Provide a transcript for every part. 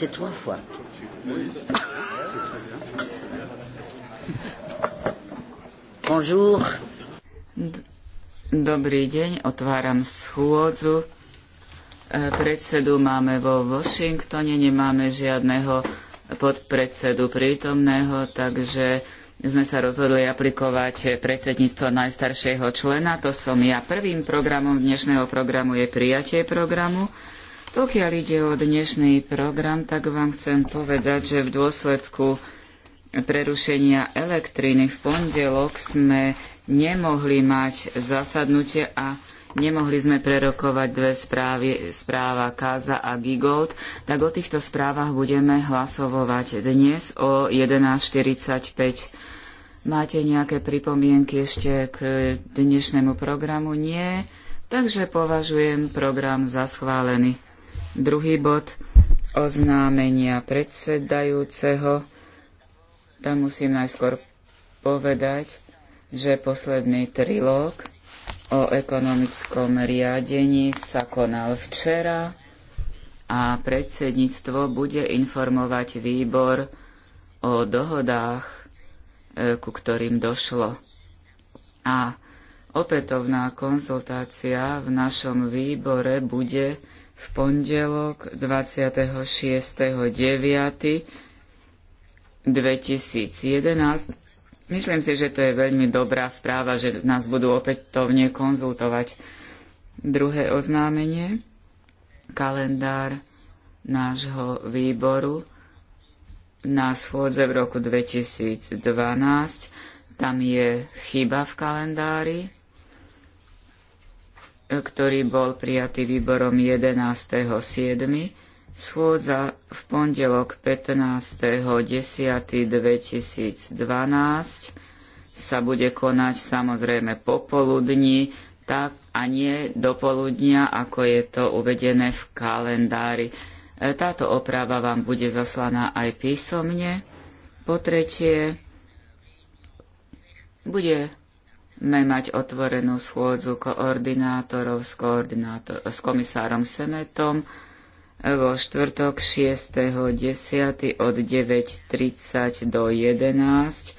C'est trois fois. Bonjour. Dobrý deň, otváram schôdzu. E, predsedu máme vo Washingtone, nemáme žiadneho podpredsedu prítomného, takže sme sa rozhodli aplikovať predsedníctvo najstaršieho člena, to som ja. Prvým programom dnešného programu je prijatie programu. Pokiaľ ide o dnešný program, tak vám chcem povedať, že v dôsledku prerušenia elektriny v pondelok sme nemohli mať zasadnutie a nemohli sme prerokovať dve správy, správa Káza a Gigold, tak o týchto správach budeme hlasovovať dnes o 11.45. Máte nejaké pripomienky ešte k dnešnému programu? Nie. Takže považujem program za schválený. Druhý bod oznámenia predsedajúceho. Tam musím najskôr povedať, že posledný trilóg o ekonomickom riadení sa konal včera a predsedníctvo bude informovať výbor o dohodách, e, ku ktorým došlo. A opätovná konzultácia v našom výbore bude v pondelok 26.9.2011. Myslím si, že to je veľmi dobrá správa, že nás budú opätovne konzultovať. Druhé oznámenie, kalendár nášho výboru na schôdze v roku 2012. Tam je chyba v kalendári ktorý bol prijatý výborom 11.7. Schôdza v pondelok 15.10.2012 sa bude konať samozrejme popoludní, tak a nie do poludnia, ako je to uvedené v kalendári. E, táto oprava vám bude zaslaná aj písomne. Po tretie, bude mať otvorenú schôdzu koordinátorov s, koordinátor- s komisárom Senetom vo štvrtok 6.10. od 9.30 do 11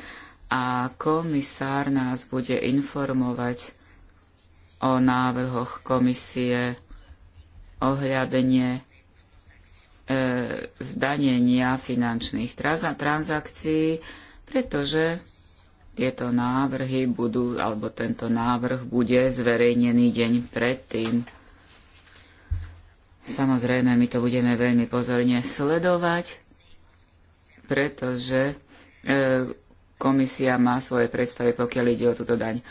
a komisár nás bude informovať o návrhoch komisie ohľadenie e, zdanenia finančných transakcií, pretože tieto návrhy budú, alebo tento návrh bude zverejnený deň predtým. Samozrejme, my to budeme veľmi pozorne sledovať, pretože e, komisia má svoje predstavy, pokiaľ ide o túto daň.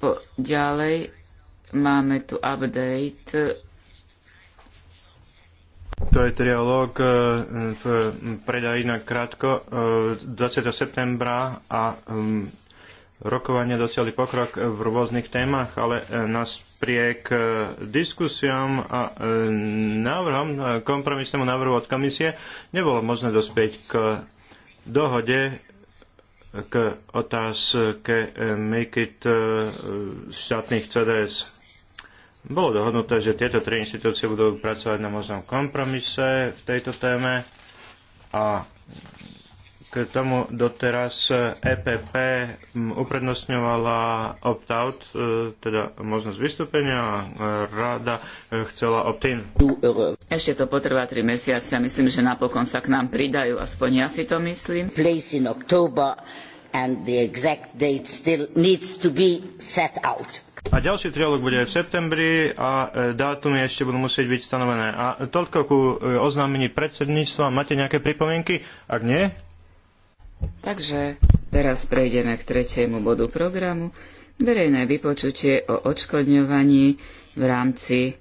Po, ďalej máme tu update to je trialóg e, v predaji na krátko 20. E, septembra a rokovania dosiahli pokrok v rôznych témach, ale nás e, napriek diskusiám a návrhom, kompromisnému návrhu od komisie nebolo možné dospieť k dohode k otázke Make It štátnych CDS. Bolo dohodnuté, že tieto tri inštitúcie budú pracovať na možnom kompromise v tejto téme a k tomu doteraz EPP mm, uprednostňovala opt-out, e, teda možnosť vystúpenia a e, rada e, chcela opt-in. Ešte to potrvá 3 mesiace a myslím, že napokon sa k nám pridajú, aspoň ja si to myslím. Place in October and the exact date still needs to be set out. A ďalší trialog bude v septembri a e, dátumy ešte budú musieť byť stanovené. A toľko ku e, oznámení predsedníctva. Máte nejaké pripomienky? Ak nie? Takže teraz prejdeme k tretiemu bodu programu. Verejné vypočutie o odškodňovaní v rámci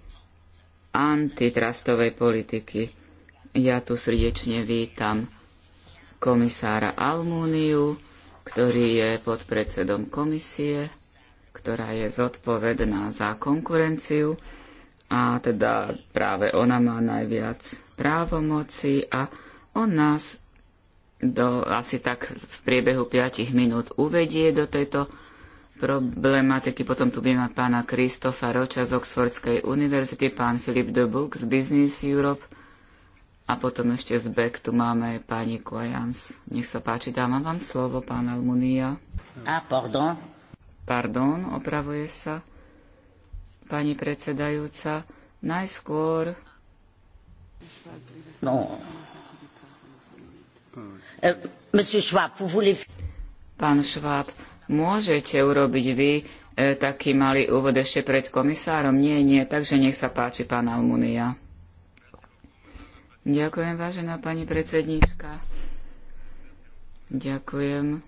antitrastovej politiky. Ja tu srdečne vítam komisára Almúniu, ktorý je podpredsedom komisie ktorá je zodpovedná za konkurenciu a teda práve ona má najviac právomoci a on nás do, asi tak v priebehu 5 minút uvedie do tejto problematiky. Potom tu by ma pána Kristofa Roča z Oxfordskej univerzity, pán Filip de Book z Business Europe a potom ešte z Beck tu máme pani Kojans. Nech sa páči, dávam vám slovo, pán Almunia. A, ah, pardon, Pardon, opravuje sa pani predsedajúca. Najskôr... No. Eh, pán Šváb, môžete urobiť vy e, taký malý úvod ešte pred komisárom? Nie, nie, takže nech sa páči, pán Almunia. Ďakujem, vážená pani predsedníčka. Ďakujem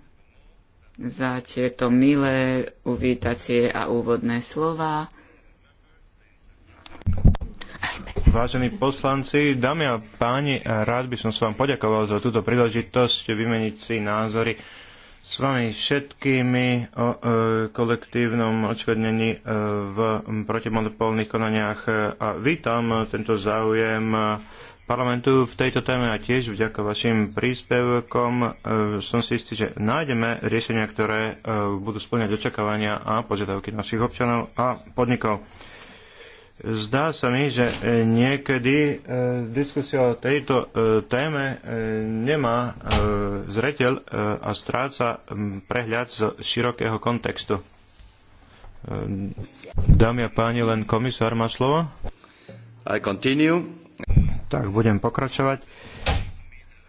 za tieto milé uvítacie a úvodné slova. Vážení poslanci, dámy a páni, rád by som s vám poďakoval za túto príležitosť vymeniť si názory s vami všetkými o e, kolektívnom očvednení e, v protimonopolných konaniach a vítam tento záujem parlamentu v tejto téme a tiež vďaka vašim príspevkom e, som si istý, že nájdeme riešenia, ktoré e, budú splňať očakávania a požiadavky našich občanov a podnikov. Zdá sa mi, že e, niekedy diskusia o tejto téme nemá zreteľ a stráca prehľad z širokého kontextu. Dámy a páni, len komisár má slovo. I continue tak budem pokračovať.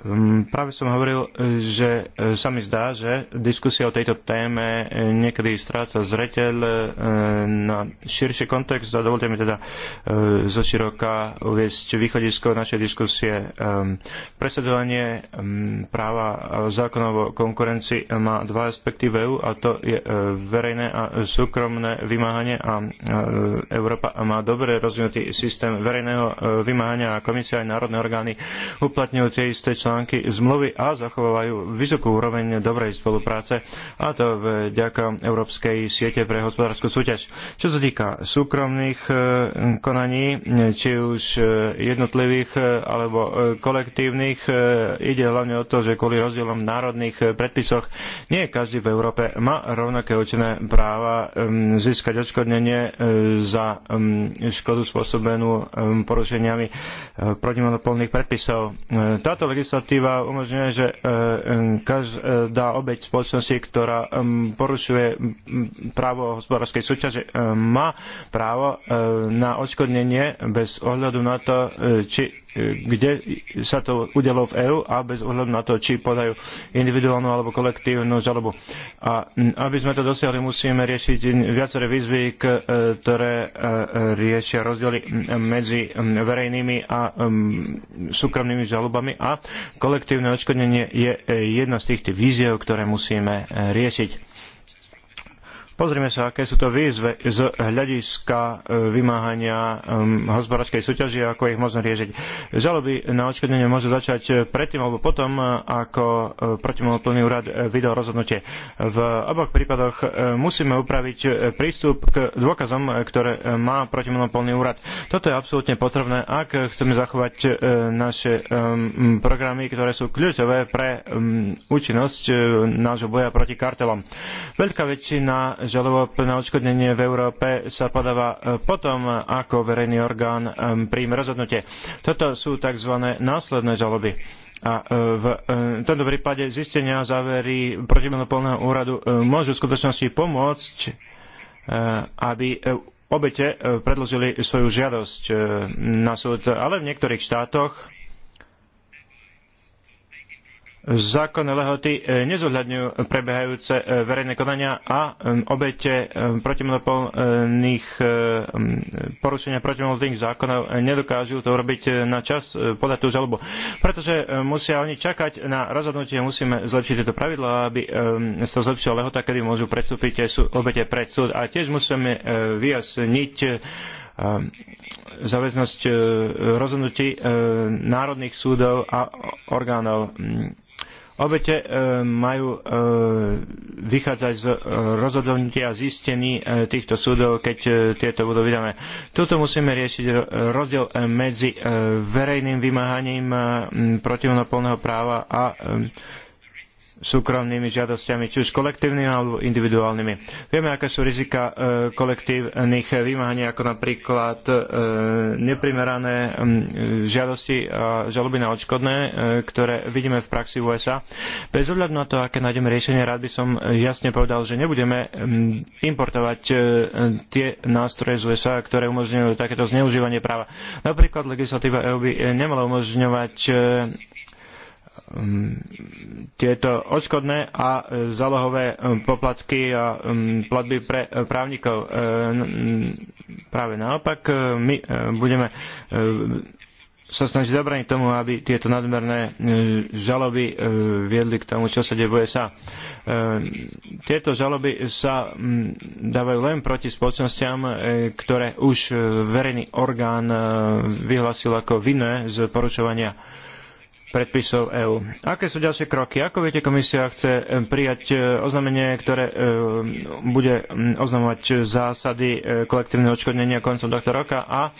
Hm, práve som hovoril, e, že e, sa mi zdá, že diskusia o tejto téme e, niekedy stráca zreteľ na širší kontext a dovolte mi teda zo široka uviesť východisko našej diskusie. Presedovanie hm, práva zákonov o konkurencii má dva aspekty v EU a to je verejné a súkromné vymáhanie a Európa má dobre rozvinutý systém verejného vymáhania a komisia aj národné orgány uplatňujú tie isté články články zmluvy a zachovávajú vysokú úroveň dobrej spolupráce a to vďaka Európskej siete pre hospodárskú súťaž. Čo sa týka súkromných e, konaní, či už e, jednotlivých e, alebo kolektívnych, ide hlavne o to, že kvôli rozdielom v národných predpisoch nie každý v Európe má rovnaké účinné práva získať odškodnenie za škodu spôsobenú porušeniami protimonopolných predpisov. Táto legislatíva legislatíva umožňuje, že e, každá obeď spoločnosti, ktorá porušuje právo hospodárskej súťaže, má právo e, na odškodnenie bez ohľadu na to, e, či kde sa to udelo v EÚ a bez ohľadu na to, či podajú individuálnu alebo kolektívnu žalobu. A aby sme to dosiahli, musíme riešiť viaceré výzvy, e, ktoré e, riešia rozdiely medzi verejnými a súkromnými žalobami a kolektívne odškodnenie je e, jedna z tých výziev, ktoré musíme riešiť. Pozrime sa, aké sú to výzve z hľadiska e, vymáhania hospodárskej súťaže a ako ich možno riešiť. Žaloby na odškodnenie môžu začať predtým alebo potom, e, ako e, protimonopolný úrad vydal rozhodnutie. V oboch prípadoch musíme upraviť prístup k dôkazom, ktoré má protimonopolný úrad. Toto je absolútne potrebné, ak chceme zachovať naše programy, ktoré sú kľúčové pre účinnosť nášho boja proti kartelom. Veľká väčšina žaloba na odškodnenie v Európe sa podáva e, potom, ako verejný orgán e, príjme rozhodnutie. Toto sú tzv. následné žaloby. A e, v tomto prípade zistenia a závery protimonopolného úradu môžu v skutočnosti pomôcť, aby obete predložili svoju žiadosť na súd. Ale v niektorých štátoch zákonné lehoty e, nezohľadňujú prebiehajúce e, verejné konania a obete e, protimonopolných porušenia protimonopolných zákonov nedokážu to urobiť na čas podať tú žalobu. Pretože musia oni čakať na rozhodnutie, musíme zlepšiť tieto pravidlá, aby sa zlepšila lehota, kedy môžu predstúpiť obete pred súd. A tiež musíme vyjasniť záväznosť rozhodnutí národných súdov a orgánov Obete e, majú e, vychádzať z e, rozhodnutia zistení týchto súdov, keď tieto budú vydané. Tuto musíme riešiť rozdiel medzi verejným vymáhaním protivnopolného práva a súkromnými žiadosťami, či už kolektívnymi alebo individuálnymi. Vieme, aké sú rizika e, kolektívnych vymáhaní, ako napríklad e, neprimerané žiadosti a žaloby na odškodné, e, ktoré vidíme v praxi USA. Bez ohľadu na to, aké nájdeme riešenie, rád by som jasne povedal, že nebudeme importovať tie nástroje z USA, ktoré umožňujú takéto zneužívanie práva. Napríklad legislatíva EU by nemala umožňovať Ehm, tieto odškodné a e, zálohové e, poplatky a e, platby pre právnikov. Práve naopak, my budeme sa snaží zabraniť tomu, aby tieto nadmerné žaloby viedli k tomu, čo sa deje v USA. Tieto žaloby sa dávajú len proti spoločnostiam, ktoré už verejný orgán vyhlasil ako vinné z porušovania predpisov EÚ. Aké sú ďalšie kroky? Ako viete, komisia chce eh, prijať eh, oznámenie, ktoré eh, bude mm, oznamovať zásady kolektívneho odškodnenia koncom tohto roka a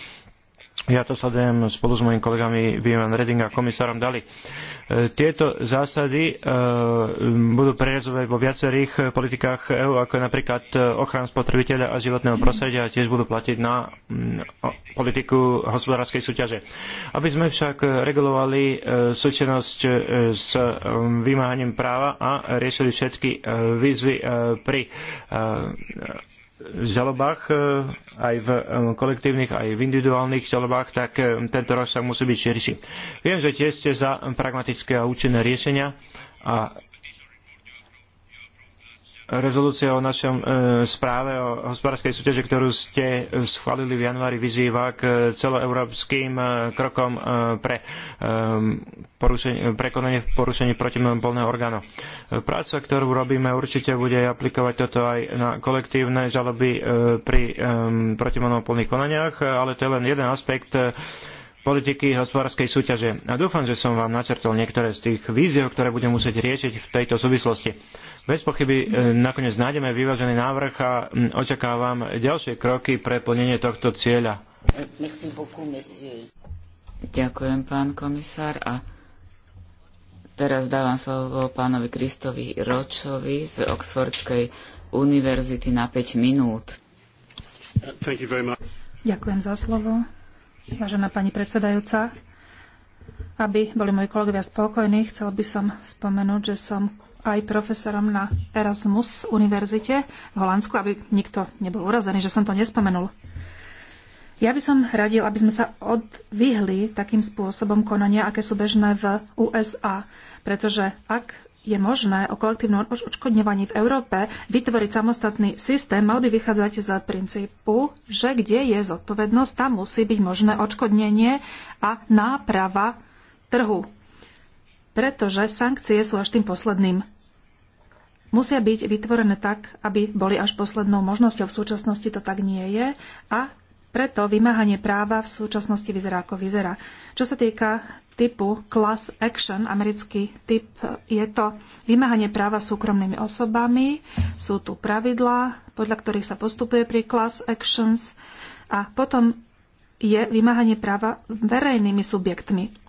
ja to sledujem spolu s mojimi kolegami Vivian Reding a komisárom Dali. E, tieto zásady e, budú prerezovať vo viacerých politikách EÚ, ako je napríklad ochrana spotrebiteľa a životného prostredia a tiež budú platiť na politiku hospodárskej súťaže. Aby sme však regulovali e, súčenosť s vymáhaním práva a riešili všetky výzvy pri žalobách, e, aj v e, kolektívnych, aj v individuálnych žalobách, tak e, tento rozsah musí byť širší. Viem, že tiež ste za pragmatické a účinné riešenia a Rezolúcia o našom e, správe o hospodárskej súťaži, ktorú ste schválili v januári, vyzýva k celoeurópskym e, krokom e, pre prekonanie v porušení protimonopolného orgánu. Práca, ktorú robíme, určite bude aplikovať toto aj na kolektívne žaloby pri protimonopolných konaniach, ale to je len jeden aspekt politiky hospodárskej súťaže. A dúfam, že som vám načrtol niektoré z tých víziev, ktoré budem musieť riešiť v tejto súvislosti. Bez pochyby e, nakoniec nájdeme vyvážený návrh a očakávam ďalšie kroky pre plnenie tohto cieľa. Ďakujem, pán komisár. A teraz dávam slovo pánovi Kristovi Ročovi z Oxfordskej univerzity na 5 minút. Ďakujem za slovo, vážená pani predsedajúca. Aby boli moji kolegovia spokojní, chcel by som spomenúť, že som aj profesorom na Erasmus univerzite v Holandsku, aby nikto nebol urazený, že som to nespomenul. Ja by som radil, aby sme sa odvyhli takým spôsobom konania, aké sú bežné v USA, pretože ak je možné o kolektívnom odškodňovaní v Európe vytvoriť samostatný systém, mal by vychádzať z princípu, že kde je zodpovednosť, tam musí byť možné odškodnenie a náprava trhu pretože sankcie sú až tým posledným. Musia byť vytvorené tak, aby boli až poslednou možnosťou. V súčasnosti to tak nie je a preto vymáhanie práva v súčasnosti vyzerá ako vyzerá. Čo sa týka typu class action, americký typ, je to vymáhanie práva súkromnými osobami. Sú tu pravidlá, podľa ktorých sa postupuje pri class actions. A potom je vymáhanie práva verejnými subjektmi.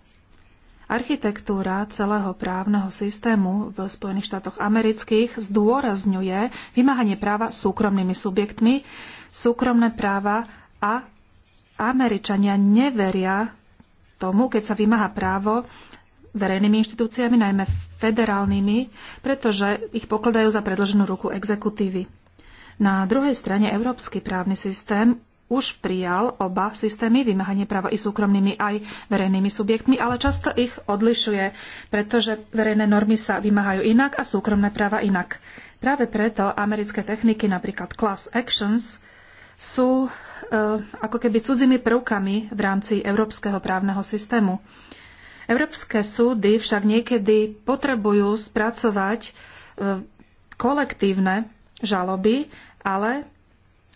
Architektúra celého právneho systému v Spojených štátoch amerických zdôrazňuje vymáhanie práva súkromnými subjektmi, súkromné práva a Američania neveria tomu, keď sa vymáha právo verejnými inštitúciami, najmä federálnymi, pretože ich pokladajú za predlženú ruku exekutívy. Na druhej strane európsky právny systém už prijal oba systémy vymáhanie práva i súkromnými aj verejnými subjektmi, ale často ich odlišuje, pretože verejné normy sa vymáhajú inak a súkromné práva inak. Práve preto americké techniky, napríklad class actions, sú e, ako keby cudzými prvkami v rámci európskeho právneho systému. Európske súdy však niekedy potrebujú spracovať e, kolektívne žaloby, ale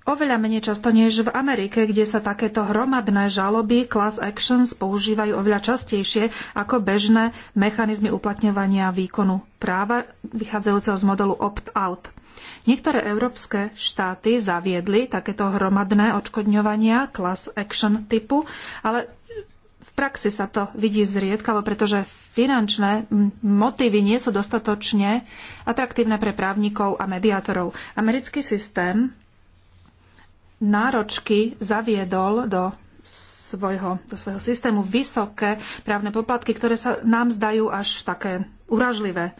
Oveľa menej často než v Amerike, kde sa takéto hromadné žaloby class actions používajú oveľa častejšie ako bežné mechanizmy uplatňovania výkonu práva vychádzajúceho z modelu opt-out. Niektoré európske štáty zaviedli takéto hromadné odškodňovania class action typu, ale v praxi sa to vidí zriedkavo, pretože finančné motívy nie sú dostatočne atraktívne pre právnikov a mediátorov. Americký systém náročky zaviedol do svojho, do svojho systému vysoké právne poplatky, ktoré sa nám zdajú až také uražlivé,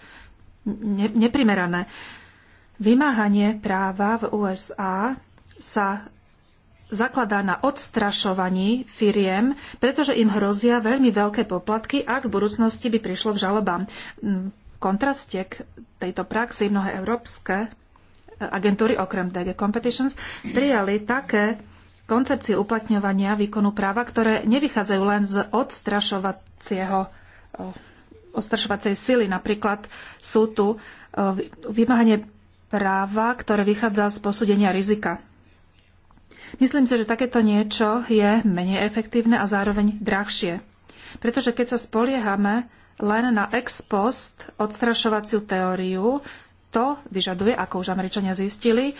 ne, neprimerané. Vymáhanie práva v USA sa zakladá na odstrašovaní firiem, pretože im hrozia veľmi veľké poplatky, ak v budúcnosti by prišlo k žalobám. V kontraste k tejto praxi mnohé európske agentúry okrem DG Competitions prijali také koncepcie uplatňovania výkonu práva, ktoré nevychádzajú len z odstrašovacieho eh, odstrašovacej sily. Napríklad sú tu eh, vymáhanie práva, ktoré vychádza z posúdenia rizika. Myslím si, že takéto niečo je menej efektívne a zároveň drahšie. Pretože keď sa spoliehame len na ex post odstrašovaciu teóriu, to vyžaduje, ako už Američania zistili, e,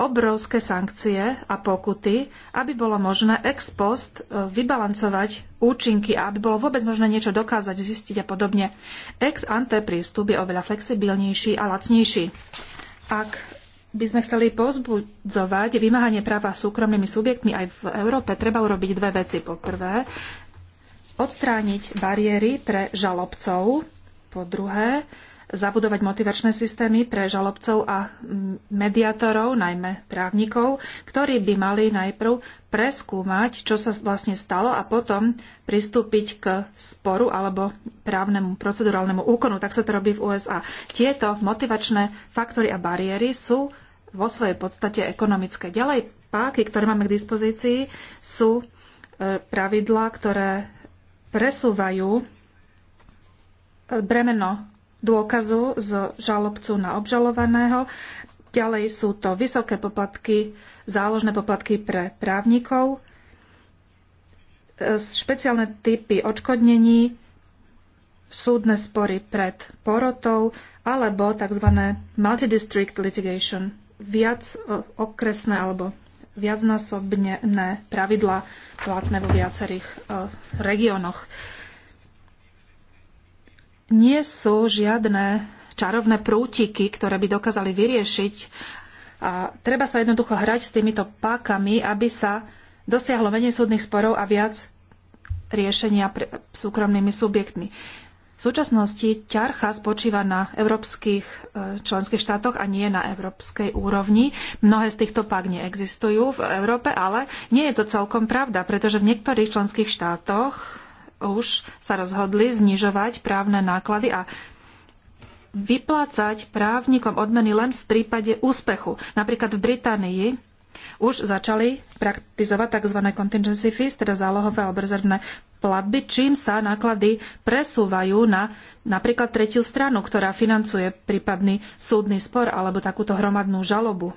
obrovské sankcie a pokuty, aby bolo možné ex post e, vybalancovať účinky a aby bolo vôbec možné niečo dokázať, zistiť a podobne. Ex ante prístup je oveľa flexibilnejší a lacnejší. Ak by sme chceli pozbudzovať vymáhanie práva súkromnými subjektmi aj v Európe, treba urobiť dve veci. Po prvé, odstrániť bariéry pre žalobcov. Po druhé, zabudovať motivačné systémy pre žalobcov a mediátorov, najmä právnikov, ktorí by mali najprv preskúmať, čo sa vlastne stalo a potom pristúpiť k sporu alebo právnemu procedurálnemu úkonu. Tak sa to robí v USA. Tieto motivačné faktory a bariéry sú vo svojej podstate ekonomické. Ďalej páky, ktoré máme k dispozícii, sú e, pravidlá, ktoré presúvajú e, bremeno dôkazu z žalobcu na obžalovaného. Ďalej sú to vysoké poplatky, záložné poplatky pre právnikov, e, špeciálne typy odškodnení, súdne spory pred porotou alebo tzv. multidistrict litigation, viac e, okresné alebo viacnásobne pravidla platné vo viacerých e, regiónoch nie sú žiadne čarovné prútiky, ktoré by dokázali vyriešiť. A treba sa jednoducho hrať s týmito pákami, aby sa dosiahlo menej súdnych sporov a viac riešenia pre súkromnými subjektmi. V súčasnosti ťarcha spočíva na európskych e, členských štátoch a nie na európskej úrovni. Mnohé z týchto pak neexistujú v Európe, ale nie je to celkom pravda, pretože v niektorých členských štátoch už sa rozhodli znižovať právne náklady a vyplácať právnikom odmeny len v prípade úspechu. Napríklad v Británii už začali praktizovať tzv. contingency fees, teda zálohové alebo rezervné platby, čím sa náklady presúvajú na napríklad tretiu stranu, ktorá financuje prípadný súdny spor alebo takúto hromadnú žalobu.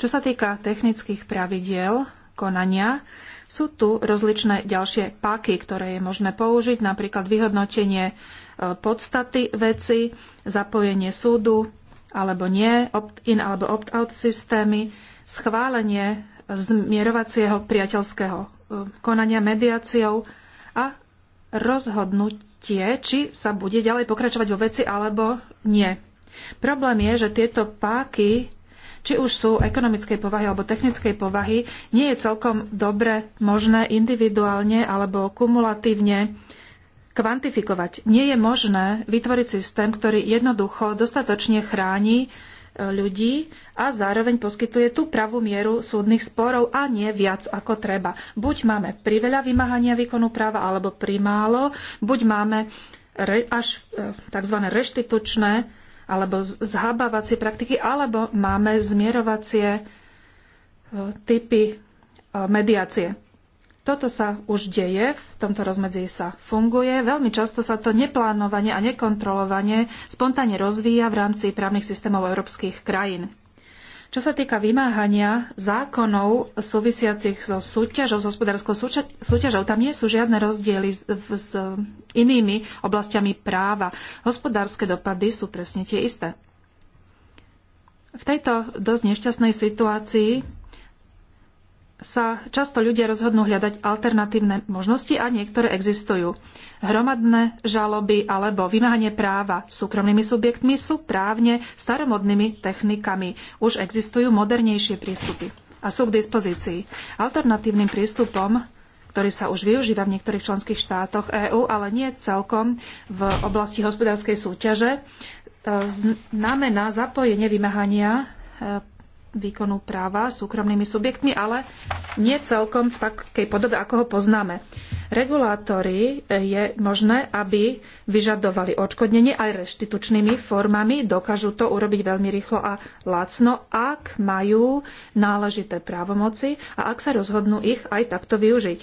Čo sa týka technických pravidiel konania, sú tu rozličné ďalšie páky, ktoré je možné použiť, napríklad vyhodnotenie e, podstaty veci, zapojenie súdu alebo nie, opt-in alebo opt-out systémy, schválenie zmierovacieho priateľského e, konania mediáciou a rozhodnutie, či sa bude ďalej pokračovať vo veci alebo nie. Problém je, že tieto páky či už sú ekonomickej povahy alebo technickej povahy, nie je celkom dobre možné individuálne alebo kumulatívne kvantifikovať. Nie je možné vytvoriť systém, ktorý jednoducho dostatočne chráni e, ľudí a zároveň poskytuje tú pravú mieru súdnych sporov a nie viac ako treba. Buď máme priveľa vymáhania výkonu práva alebo primálo, buď máme až e, tzv. reštitučné alebo zhabávacie praktiky, alebo máme zmierovacie e, typy e, mediácie. Toto sa už deje, v tomto rozmedzi sa funguje. Veľmi často sa to neplánovanie a nekontrolovanie spontánne rozvíja v rámci právnych systémov európskych krajín. Čo sa týka vymáhania zákonov súvisiacich so súťažou, s hospodárskou súťažou, tam nie sú žiadne rozdiely s, s inými oblastiami práva. Hospodárske dopady sú presne tie isté. V tejto dosť nešťastnej situácii sa často ľudia rozhodnú hľadať alternatívne možnosti a niektoré existujú. Hromadné žaloby alebo vymáhanie práva súkromnými subjektmi sú právne staromodnými technikami. Už existujú modernejšie prístupy a sú k dispozícii. Alternatívnym prístupom ktorý sa už využíva v niektorých členských štátoch EÚ, ale nie celkom v oblasti hospodárskej súťaže, e, znamená zapojenie vymáhania e, výkonu práva súkromnými subjektmi, ale nie celkom v takej podobe, ako ho poznáme. Regulátory e, je možné, aby vyžadovali odškodnenie aj reštitučnými formami. Dokážu to urobiť veľmi rýchlo a lacno, ak majú náležité právomoci a ak sa rozhodnú ich aj takto využiť.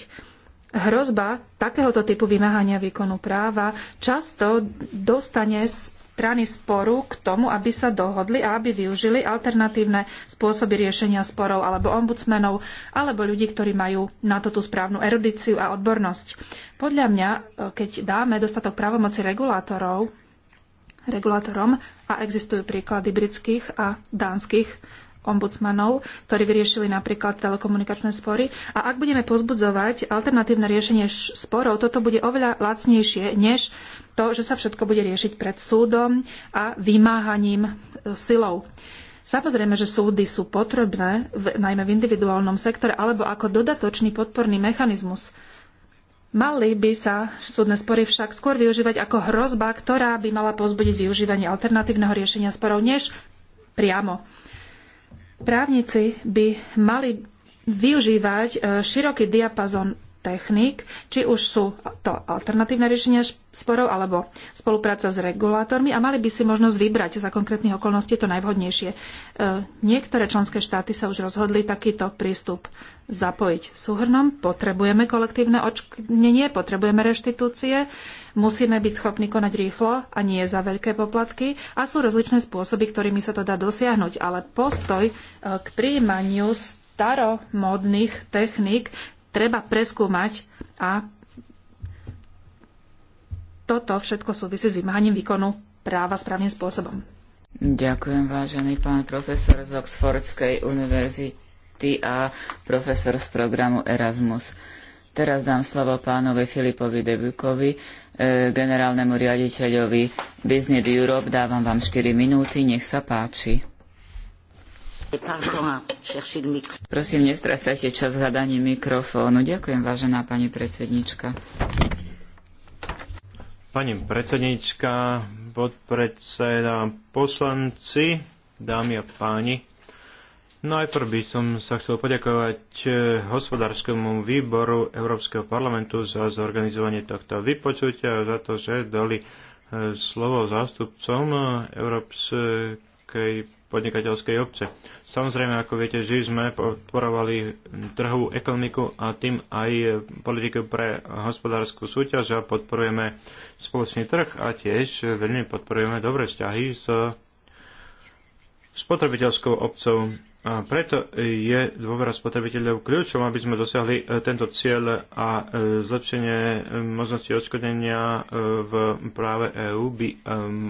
Hrozba takéhoto typu vymáhania výkonu práva často dostane z strany sporu k tomu, aby sa dohodli a aby využili alternatívne spôsoby riešenia sporov alebo ombudsmenov alebo ľudí, ktorí majú na to tú správnu erudíciu a odbornosť. Podľa mňa, e, keď dáme dostatok právomoci regulátorov, regulátorom a existujú príklady britských a dánskych ombudsmanov, ktorí vyriešili napríklad telekomunikačné spory. A ak budeme pozbudzovať alternatívne riešenie sporov, toto bude oveľa lacnejšie, než to, že sa všetko bude riešiť pred súdom a vymáhaním e, silou. Samozrejme, že súdy sú potrebné, v, najmä v individuálnom sektore, alebo ako dodatočný podporný mechanizmus. Mali by sa súdne spory však skôr využívať ako hrozba, ktorá by mala pozbudiť využívanie alternatívneho riešenia sporov, než priamo Právnici by mali využívať e, široký diapazon technik, či už sú to alternatívne riešenia sporov alebo spolupráca s regulátormi a mali by si možnosť vybrať za konkrétnych okolností to najvhodnejšie. E, niektoré členské štáty sa už rozhodli takýto prístup zapojiť súhrnom. Potrebujeme kolektívne očknenie, potrebujeme reštitúcie, musíme byť schopní konať rýchlo a nie za veľké poplatky a sú rozličné spôsoby, ktorými sa to dá dosiahnuť, ale postoj e, k príjmaniu staromodných techník treba preskúmať a toto všetko súvisí s vymáhaním výkonu práva správnym spôsobom. Ďakujem, vážený pán profesor z Oxfordskej univerzity a profesor z programu Erasmus. Teraz dám slovo pánovi Filipovi Debukovi, e, generálnemu riaditeľovi Business Europe. Dávam vám 4 minúty, nech sa páči. Prosím, nestracajte čas hľadanie mikrofónu. Ďakujem, vážená pani predsednička. Pani predsednička, podpredseda, poslanci, dámy a páni. Najprv by som sa chcel poďakovať eh, hospodárskému výboru Európskeho parlamentu za zorganizovanie tohto vypočutia, za to, že dali eh, slovo zástupcom eh, Európskej podnikateľskej obce. Samozrejme, ako viete, že sme podporovali trhovú ekonomiku a tým aj politiku pre hospodárskú súťaž a podporujeme spoločný trh a tiež veľmi podporujeme dobré vzťahy s spotrebiteľskou obcov. A preto je dôvera spotrebiteľov kľúčom, aby sme dosiahli e, tento cieľ a e, zlepšenie e, možnosti odškodnenia v práve EÚ by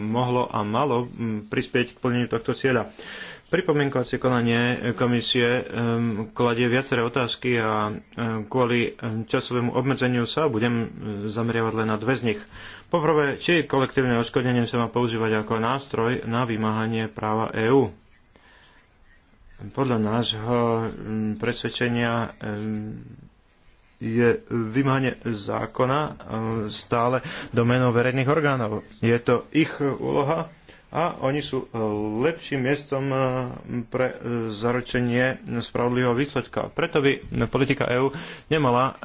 mohlo a malo prispieť k plneniu tohto cieľa. Pripomienkovacie konanie eh, komisie ehm, kladie viaceré otázky a eh, kvôli eh, časovému obmedzeniu sa budem zameriavať len na dve z nich. Poprvé, či kolektívne odškodnenie sa má používať ako nástroj na vymáhanie práva EÚ. Podľa nášho hm, presvedčenia ehm, je vymáhanie zákona stále domenou verejných orgánov. Je to ich úloha a oni sú e, lepším miestom e, pre e, zaručenie spravodlivého výsledka. Preto by politika EÚ nemala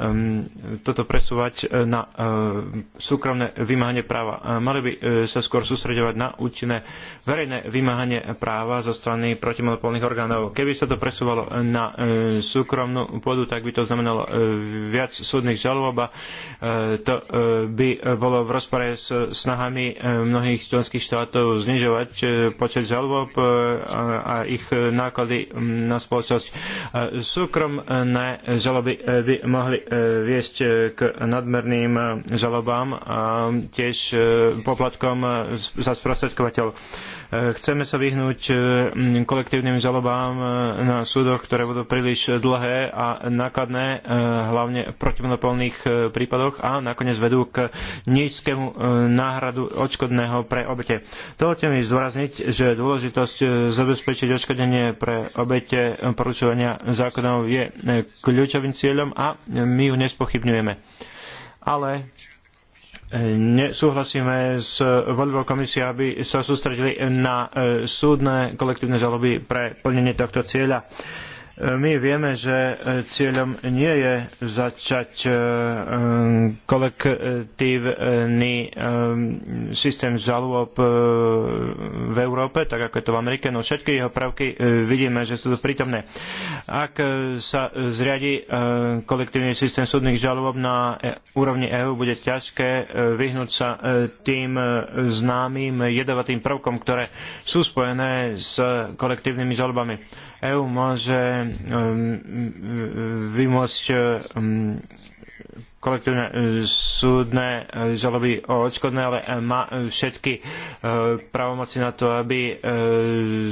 toto presúvať na súkromné vymáhanie práva. Mali by sa skôr sústredovať na účinné verejné vymáhanie práva zo strany protimonopolných orgánov. Keby sa to presúvalo na súkromnú pôdu, tak by to znamenalo viac súdnych žalob a to by bolo v rozpore s snahami mnohých členských štátov znižovať e, počet žalob e, a ich náklady na spoločnosť. E, súkromné žaloby by mohli viesť k nadmerným žalobám a tiež poplatkom za sprostredkovateľov. Eh, chceme sa vyhnúť eh, kolektívnym žalobám eh, na súdoch, ktoré budú príliš dlhé a nákladné, hlavne v protimonopolných prípadoch a nakoniec vedú k nízkemu náhradu odškodného pre obete. Dovolte mi zdôrazniť, že dôležitosť zabezpečiť odškodenie pre obete porušovania zákonov je kľúčovým cieľom a my ju nespochybňujeme. Ale nesúhlasíme s voľbou komisie, aby sa sústredili na e, súdne kolektívne žaloby pre plnenie tohto cieľa. My vieme, že e, cieľom nie je začať e, e, kolektívny systém žalôb v Európe, tak ako je to v Amerike, no všetky jeho prvky vidíme, že sú tu prítomné. Ak sa zriadi kolektívny systém súdnych žalôb na úrovni EÚ, bude ťažké vyhnúť sa tým známym jedovatým prvkom, ktoré sú spojené s kolektívnymi žalobami. EÚ môže Um, um, vymôcť um, kolektívne uh, súdne uh, žaloby o odškodné, ale uh, má všetky pravomoci na to, aby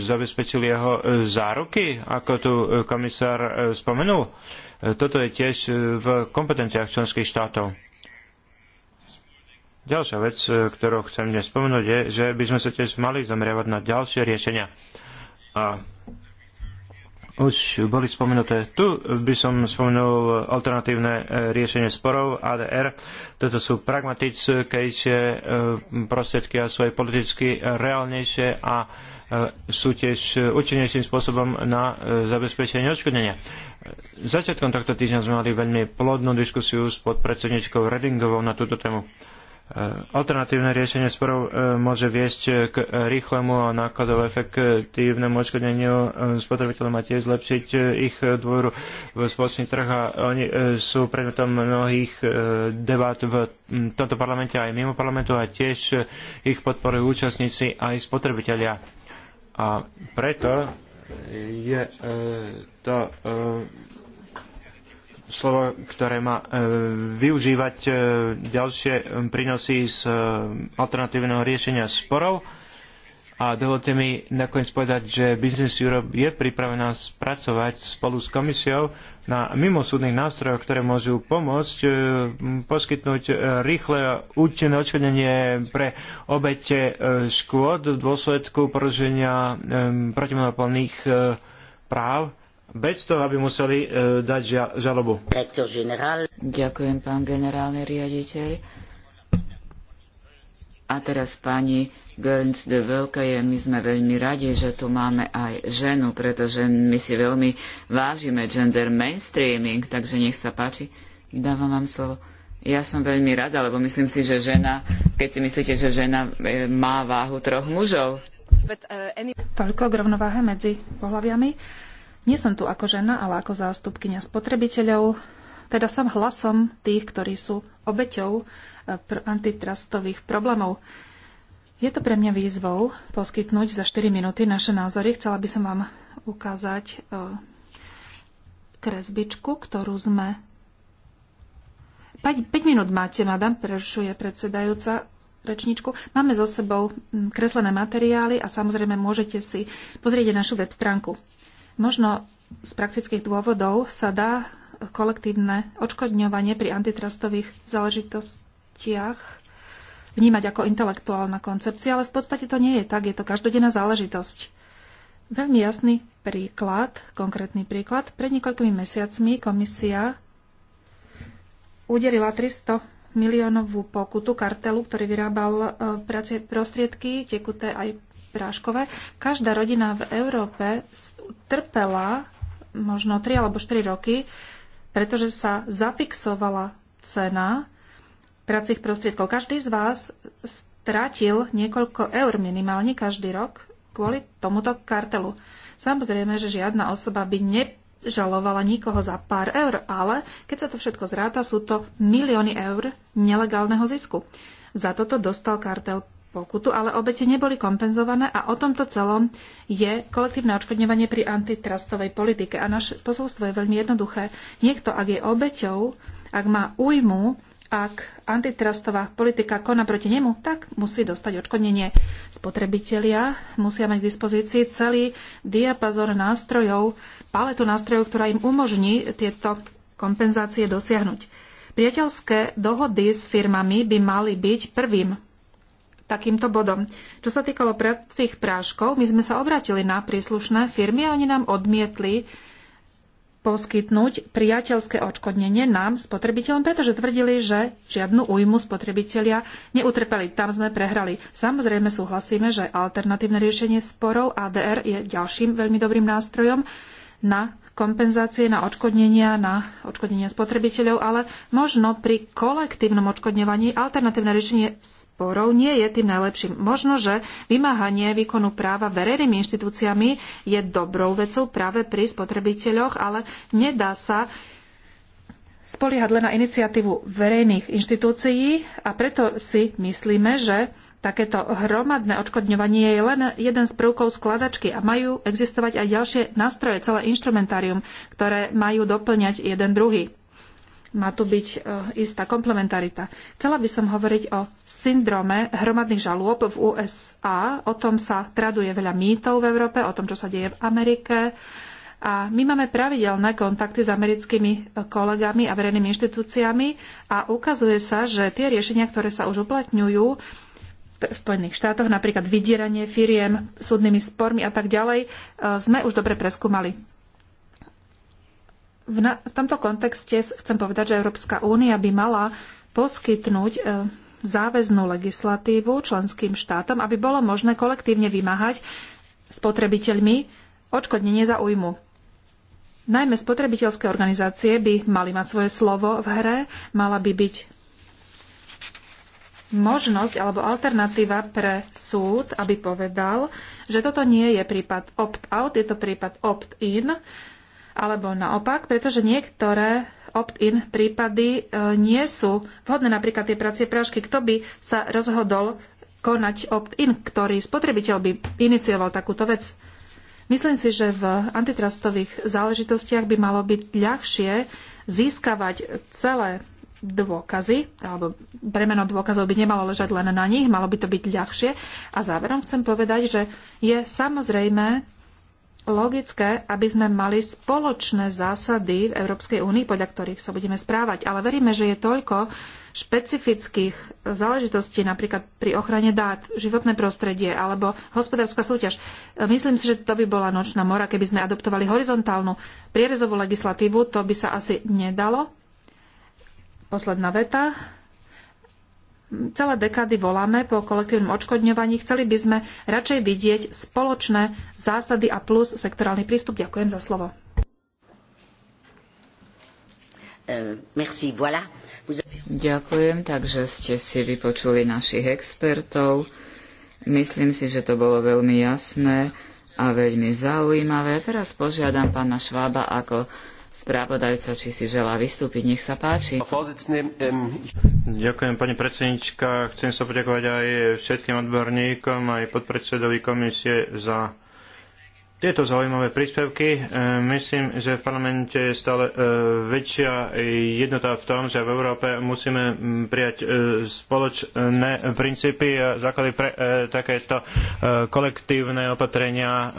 zabezpečili jeho záruky, ako tu komisár spomenul. Toto je tiež v kompetenciách členských štátov. Ďalšia vec, ktorú chcem dnes spomenúť, je, že by sme sa tiež mali zameriavať na ďalšie riešenia. A už boli spomenuté. Tu by som spomenul alternatívne e, riešenie sporov ADR. Toto sú pragmatickejšie prostriedky a sú aj politicky reálnejšie a e, sú tiež účinnejším spôsobom na e, zabezpečenie odškodnenia. Začiatkom tohto týždňa sme mali veľmi plodnú diskusiu s podpredsedničkou Redingovou na túto tému. E, alternatívne riešenie sporov e, môže viesť k rýchlemu a nákladovo efektívnemu odškodneniu e, spotrebiteľom a tiež zlepšiť ich dôveru v spoločný trh a oni sú predmetom mnohých debát v tomto parlamente aj mimo parlamentu a tiež ich podporujú účastníci aj spotrebitelia. A preto je to slovo, ktoré má e, využívať e, ďalšie prínosy z e, alternatívneho riešenia sporov. A dovolte mi nakoniec povedať, že Business Europe je pripravená spracovať spolu s komisiou na mimosúdnych nástrojoch, ktoré môžu pomôcť poskytnúť rýchle a účinné odškodnenie pre obete škôd v dôsledku porušenia protimonopolných práv bez toho, aby museli e, dať žalobu. Ďakujem, pán generálny riaditeľ. A teraz pani Görns de Veľka je, my sme veľmi radi, že tu máme aj ženu, pretože my si veľmi vážime gender mainstreaming, takže nech sa páči. Dávam vám slovo. Ja som veľmi rada, lebo myslím si, že žena, keď si myslíte, že žena e, má váhu troch mužov. E, Toľko k rovnováhe medzi pohľaviami. Nie som tu ako žena, ale ako zástupkynia spotrebiteľov, teda som hlasom tých, ktorí sú obeťou e, antitrustových problémov. Je to pre mňa výzvou poskytnúť za 4 minúty naše názory. Chcela by som vám ukázať e, kresbičku, ktorú sme... 5, 5 minút máte, madam, prerušuje predsedajúca rečničku. Máme so sebou kreslené materiály a samozrejme môžete si pozrieť našu web stránku. Možno z praktických dôvodov sa dá kolektívne odškodňovanie pri antitrustových záležitostiach vnímať ako intelektuálna koncepcia, ale v podstate to nie je tak, je to každodenná záležitosť. Veľmi jasný príklad, konkrétny príklad. Pred niekoľkými mesiacmi komisia udelila 300 miliónovú pokutu kartelu, ktorý vyrábal e, prostriedky, tekuté aj práškové. Každá rodina v Európe trpela možno 3 alebo 4 roky, pretože sa zafixovala cena pracích prostriedkov. Každý z vás stratil niekoľko eur minimálne každý rok kvôli tomuto kartelu. Samozrejme, že žiadna osoba by nežalovala nikoho za pár eur, ale keď sa to všetko zráta, sú to milióny eur nelegálneho zisku. Za toto dostal kartel pokutu, ale obete neboli kompenzované a o tomto celom je kolektívne odškodňovanie pri antitrustovej politike. A naše posolstvo je veľmi jednoduché. Niekto, ak je obeťou, ak má újmu, ak antitrustová politika koná proti nemu, tak musí dostať odškodnenie. Spotrebitelia musia mať k dispozícii celý diapazor nástrojov, paletu nástrojov, ktorá im umožní tieto kompenzácie dosiahnuť. Priateľské dohody s firmami by mali byť prvým takýmto bodom. Čo sa týkalo pracích práškov, my sme sa obratili na príslušné firmy a oni nám odmietli poskytnúť priateľské odškodnenie nám, spotrebiteľom, pretože tvrdili, že žiadnu újmu spotrebitelia neutrpeli. Tam sme prehrali. Samozrejme súhlasíme, že alternatívne riešenie sporov ADR je ďalším veľmi dobrým nástrojom na kompenzácie na odškodnenia, na odškodnenia spotrebiteľov, ale možno pri kolektívnom odškodňovaní alternatívne riešenie sporov nie je tým najlepším. Možno, že vymáhanie výkonu práva verejnými inštitúciami je dobrou vecou práve pri spotrebiteľoch, ale nedá sa spoliehať len na iniciatívu verejných inštitúcií a preto si myslíme, že Takéto hromadné odškodňovanie je len jeden z prvkov skladačky a majú existovať aj ďalšie nástroje, celé inštrumentárium, ktoré majú doplňať jeden druhý. Má tu byť e, istá komplementarita. Chcela by som hovoriť o syndrome hromadných žalôb v USA. O tom sa traduje veľa mýtov v Európe, o tom, čo sa deje v Amerike. A my máme pravidelné kontakty s americkými e, kolegami a verejnými inštitúciami a ukazuje sa, že tie riešenia, ktoré sa už uplatňujú, v Spojených štátoch, napríklad vydieranie firiem súdnymi spormi a tak ďalej, e, sme už dobre preskúmali. V, na, v tomto kontexte chcem povedať, že Európska únia by mala poskytnúť e, záväznú legislatívu členským štátom, aby bolo možné kolektívne vymáhať spotrebiteľmi odškodnenie za újmu. Najmä spotrebiteľské organizácie by mali mať svoje slovo v hre, mala by byť možnosť alebo alternatíva pre súd, aby povedal, že toto nie je prípad opt-out, je to prípad opt-in, alebo naopak, pretože niektoré opt-in prípady e, nie sú vhodné, napríklad tie pracie prášky. Kto by sa rozhodol konať opt-in, ktorý spotrebiteľ by inicioval takúto vec? Myslím si, že v antitrustových záležitostiach by malo byť ľahšie získavať celé dôkazy, alebo bremeno dôkazov by nemalo ležať len na nich, malo by to byť ľahšie. A záverom chcem povedať, že je samozrejme logické, aby sme mali spoločné zásady v Európskej únii, podľa ktorých sa budeme správať. Ale veríme, že je toľko špecifických záležitostí, napríklad pri ochrane dát, životné prostredie alebo hospodárska súťaž. Myslím si, že to by bola nočná mora, keby sme adoptovali horizontálnu prierezovú legislatívu, to by sa asi nedalo Posledná veta. Celé dekády voláme po kolektívnom odškodňovaní. Chceli by sme radšej vidieť spoločné zásady a plus sektorálny prístup. Ďakujem za slovo. Eh, merci, voilà. Ďakujem, takže ste si vypočuli našich expertov. Myslím si, že to bolo veľmi jasné a veľmi zaujímavé. Teraz požiadam pána Švába ako Správodajca, či si želá vystúpiť, nech sa páči. Ďakujem, pani predsednička. Chcem sa poďakovať aj všetkým odborníkom, aj podpredsedovi komisie za tieto zaujímavé príspevky. E, myslím, že v parlamente je stále e, väčšia jednota v tom, že v Európe musíme prijať e, spoločné princípy a základy pre takéto kolektívne opatrenia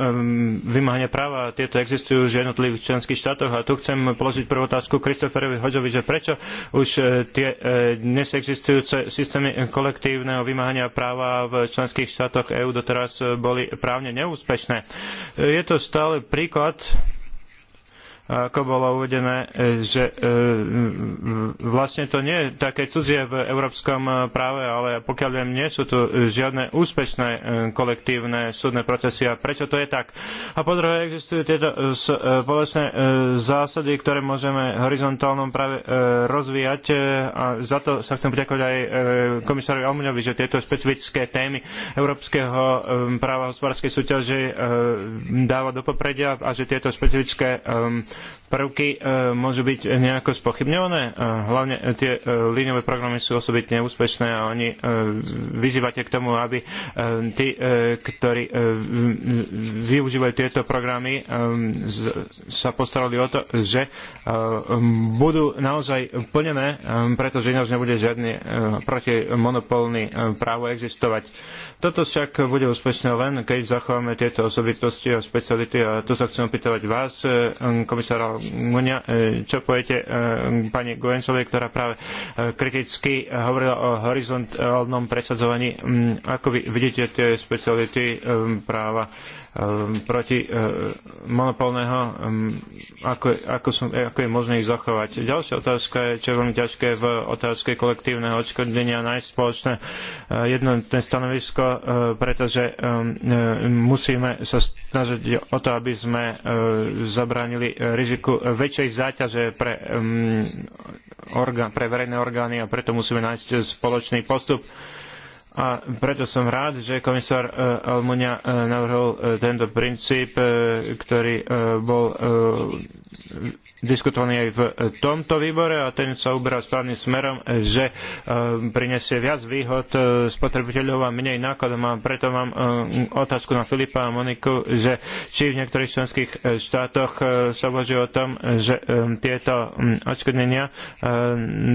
vymáhania práva. Tieto existujú už v jednotlivých členských štátoch a tu chcem položiť prvú otázku Kristoferovi Hoďovi, že prečo už tie dnes existujúce systémy kolektívneho vymáhania práva v členských štátoch EÚ doteraz boli právne neúspešné je to stále príklad ako bolo uvedené, e, že e, vlastne to nie je také cudzie v európskom e, práve, ale pokiaľ viem, nie sú tu žiadne úspešné kolektívne súdne procesy a prečo to je tak. A po druhé, existujú tieto spoločné zásady, ktoré môžeme horizontálnom práve rozvíjať a za to sa chcem poďakovať aj komisárovi Almuňovi, že tieto špecifické témy európskeho práva hospodárskej súťaže dáva do popredia a že tieto špecifické um, prvky e, môžu byť nejako spochybňované. E, hlavne e, tie líniové programy sú osobitne úspešné a oni vyzývate k tomu, aby tí, ktorí využívajú tieto programy, sa postarali o to, že budú naozaj plnené, pretože ináč nebude žiadny protimonopolný právo existovať. Toto však bude úspešné len, keď zachováme tieto osobitosti a speciality a tu sa chcem opýtať vás, e, komisára Munia. E, čo poviete e, pani Goencovej, ktorá práve e, kriticky hovorila o horizontálnom presadzovaní? Mm, ako vy vidíte tie speciality práva proti monopolného, mm, ako, ako, som, ako je možné ich zachovať? Ďalšia otázka je, čo je veľmi ťažké v otázke kolektívneho odškodnenia nájsť spoločné jednotné stanovisko, pretože musíme sa snažiť o to, aby sme zabránili riziku väčšej záťaže pre, um, pre verejné orgány a preto musíme nájsť spoločný postup. A preto som rád, že komisár e, Almunia e, navrhol e, tento princíp, ktorý bol diskutovaný aj v tomto výbore a ten sa uberá správnym smerom, že ehm, prinesie viac výhod e, spotrebiteľov a menej nákladom a preto mám ehm, otázku na Filipa a Moniku, že či v niektorých členských e, štátoch e, sa uvažuje o tom, že ehm, tieto mm, odškodnenia,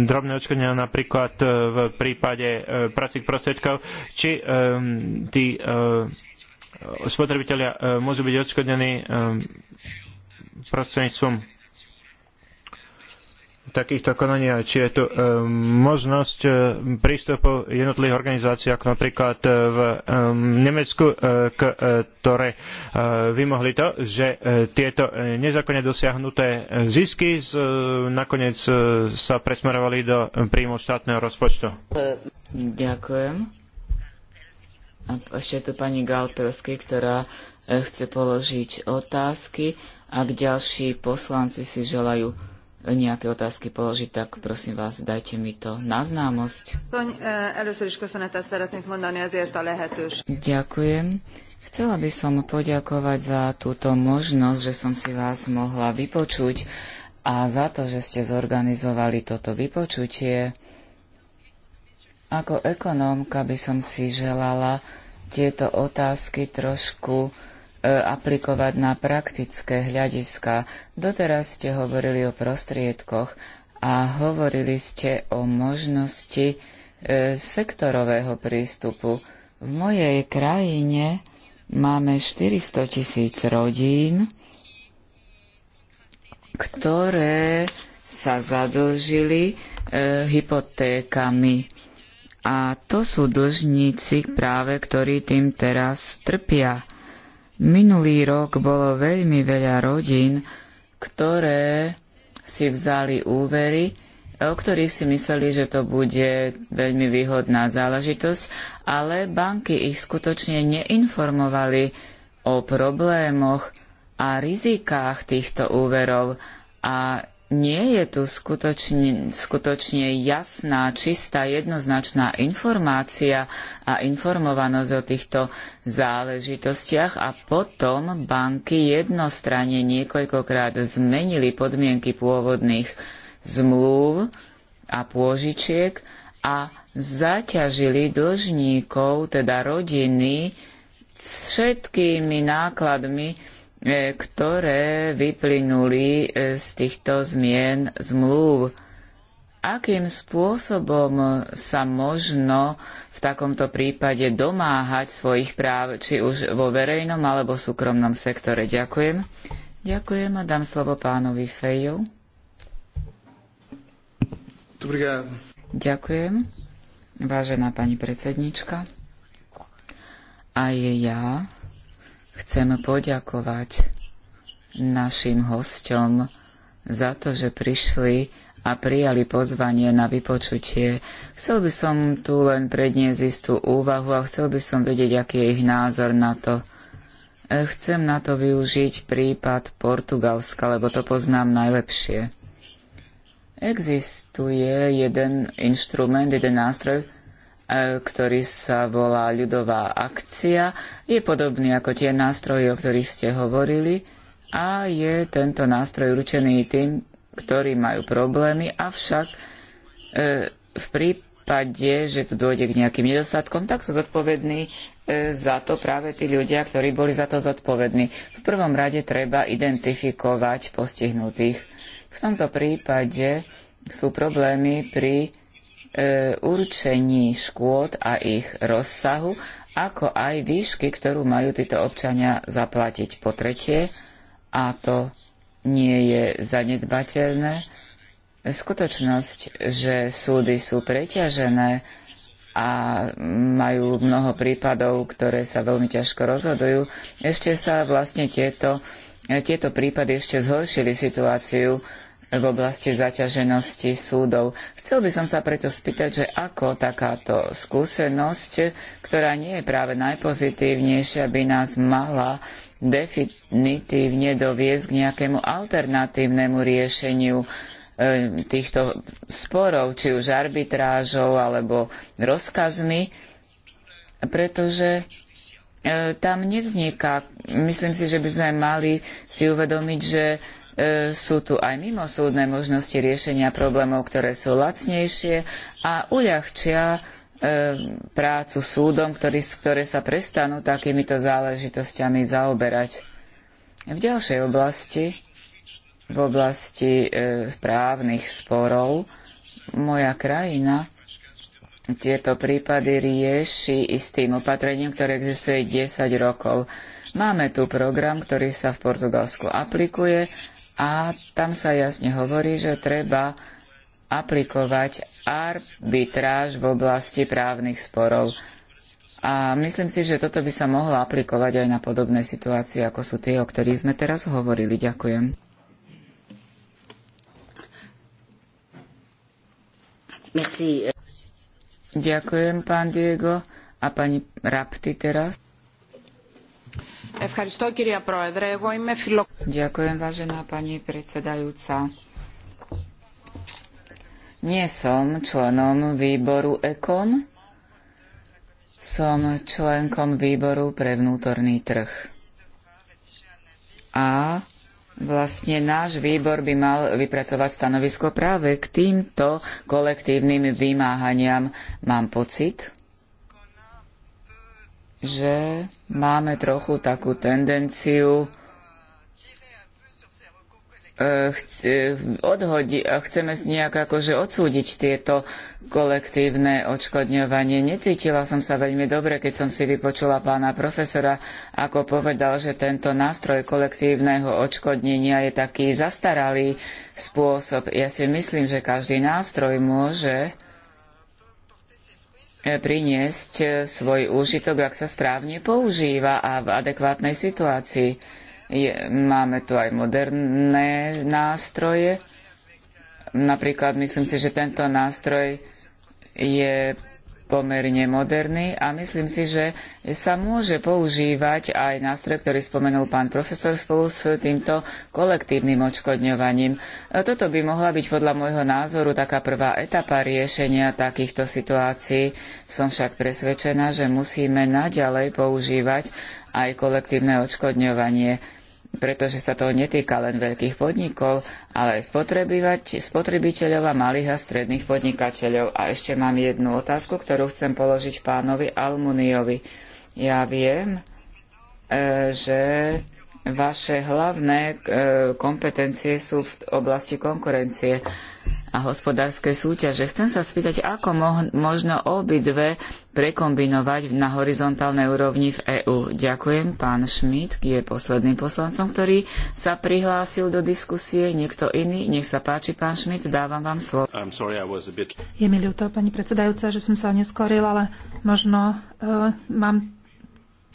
drobné odškodnenia napríklad v prípade pracích prostriedkov, či tí spotrebitelia môžu byť odškodnení prostredníctvom takýchto konaní, či je tu e, možnosť e, prístupu jednotlivých organizácií, ako napríklad e, v e, Nemecku, e, k, e, ktoré e, vymohli to, že e, tieto e, nezákonne dosiahnuté zisky z, e, nakoniec e, sa presmerovali do príjmu štátneho rozpočtu. E, ďakujem. A ešte je tu pani Galpelsky, ktorá e, chce položiť otázky. Ak ďalší poslanci si želajú nejaké otázky položiť, tak prosím vás, dajte mi to na známosť. Eh, Ďakujem. Chcela by som poďakovať za túto možnosť, že som si vás mohla vypočuť a za to, že ste zorganizovali toto vypočutie. Ako ekonómka by som si želala tieto otázky trošku E, aplikovať na praktické hľadiska. Doteraz ste hovorili o prostriedkoch a hovorili ste o možnosti e, sektorového prístupu. V mojej krajine máme 400 tisíc rodín, ktoré sa zadlžili e, hypotékami. A to sú dlžníci práve, ktorí tým teraz trpia. Minulý rok bolo veľmi veľa rodín, ktoré si vzali úvery, o ktorých si mysleli, že to bude veľmi výhodná záležitosť, ale banky ich skutočne neinformovali o problémoch a rizikách týchto úverov a nie je tu skutočne, skutočne jasná, čistá, jednoznačná informácia a informovanosť o týchto záležitostiach a potom banky jednostranne niekoľkokrát zmenili podmienky pôvodných zmluv a pôžičiek a zaťažili dlžníkov, teda rodiny, s všetkými nákladmi, E, ktoré vyplynuli e, z týchto zmien zmluv. Akým spôsobom sa možno v takomto prípade domáhať svojich práv, či už vo verejnom alebo súkromnom sektore? Ďakujem. Ďakujem a dám slovo pánovi Feju. Ďakujem, vážená pani predsednička. Aj ja Chcem poďakovať našim hostom za to, že prišli a prijali pozvanie na vypočutie. Chcel by som tu len predniesť istú úvahu a chcel by som vedieť, aký je ich názor na to. Chcem na to využiť prípad Portugalska, lebo to poznám najlepšie. Existuje jeden inštrument, jeden nástroj, E, ktorý sa volá ľudová akcia. Je podobný ako tie nástroje, o ktorých ste hovorili a je tento nástroj určený tým, ktorí majú problémy, avšak e, v prípade, že tu dôjde k nejakým nedostatkom, tak sú zodpovední e, za to práve tí ľudia, ktorí boli za to zodpovední. V prvom rade treba identifikovať postihnutých. V tomto prípade sú problémy pri E, určení škôd a ich rozsahu, ako aj výšky, ktorú majú títo občania zaplatiť po tretie, a to nie je zanedbateľné. Skutočnosť, že súdy sú preťažené a majú mnoho prípadov, ktoré sa veľmi ťažko rozhodujú, ešte sa vlastne tieto, e, tieto prípady ešte zhoršili situáciu v oblasti zaťaženosti súdov. Chcel by som sa preto spýtať, že ako takáto skúsenosť, ktorá nie je práve najpozitívnejšia, by nás mala definitívne doviesť k nejakému alternatívnemu riešeniu eh, týchto sporov, či už arbitrážov alebo rozkazmi, pretože eh, tam nevzniká. Myslím si, že by sme mali si uvedomiť, že sú tu aj mimosúdne možnosti riešenia problémov, ktoré sú lacnejšie a uľahčia e, prácu súdom, ktorý, ktoré sa prestanú takýmito záležitosťami zaoberať. V ďalšej oblasti, v oblasti e, právnych sporov, moja krajina tieto prípady rieši istým opatrením, ktoré existuje 10 rokov. Máme tu program, ktorý sa v Portugalsku aplikuje a tam sa jasne hovorí, že treba aplikovať arbitráž v oblasti právnych sporov. A myslím si, že toto by sa mohlo aplikovať aj na podobné situácie, ako sú tie, o ktorých sme teraz hovorili. Ďakujem. Merci. Ďakujem, pán Diego. A pani Rapti teraz. Ďakujem, vážená pani predsedajúca. Nie som členom výboru EKON, som členkom výboru pre vnútorný trh. A vlastne náš výbor by mal vypracovať stanovisko práve k týmto kolektívnym vymáhaniam. Mám pocit, že máme trochu takú tendenciu e, chce, odhodi, a chceme nejak akože odsúdiť tieto kolektívne odškodňovanie. Necítila som sa veľmi dobre, keď som si vypočula pána profesora, ako povedal, že tento nástroj kolektívneho odškodnenia je taký zastaralý spôsob. Ja si myslím, že každý nástroj môže priniesť eh, svoj úžitok, ak sa správne používa a v adekvátnej situácii. Je, máme tu aj moderné nástroje. Napríklad myslím si, že tento nástroj je pomerne moderný a myslím si, že sa môže používať aj nástroj, ktorý spomenul pán profesor spolu s týmto kolektívnym odškodňovaním. E, toto by mohla byť podľa môjho názoru taká prvá etapa riešenia takýchto situácií. Som však presvedčená, že musíme naďalej používať aj kolektívne odškodňovanie pretože sa to netýka len veľkých podnikov, ale aj spotrebiteľov a malých a stredných podnikateľov. A ešte mám jednu otázku, ktorú chcem položiť pánovi Almuniovi. Ja viem, e, že vaše hlavné e, kompetencie sú v oblasti konkurencie a hospodárskej súťaže. Chcem sa spýtať, ako možno obidve prekombinovať na horizontálnej úrovni v EÚ. Ďakujem, pán Šmit, je posledným poslancom, ktorý sa prihlásil do diskusie. Niekto iný? Nech sa páči, pán Šmit, dávam vám slovo. Sorry, bit... Je mi ľúto, pani predsedajúca, že som sa neskoril, ale možno uh, mám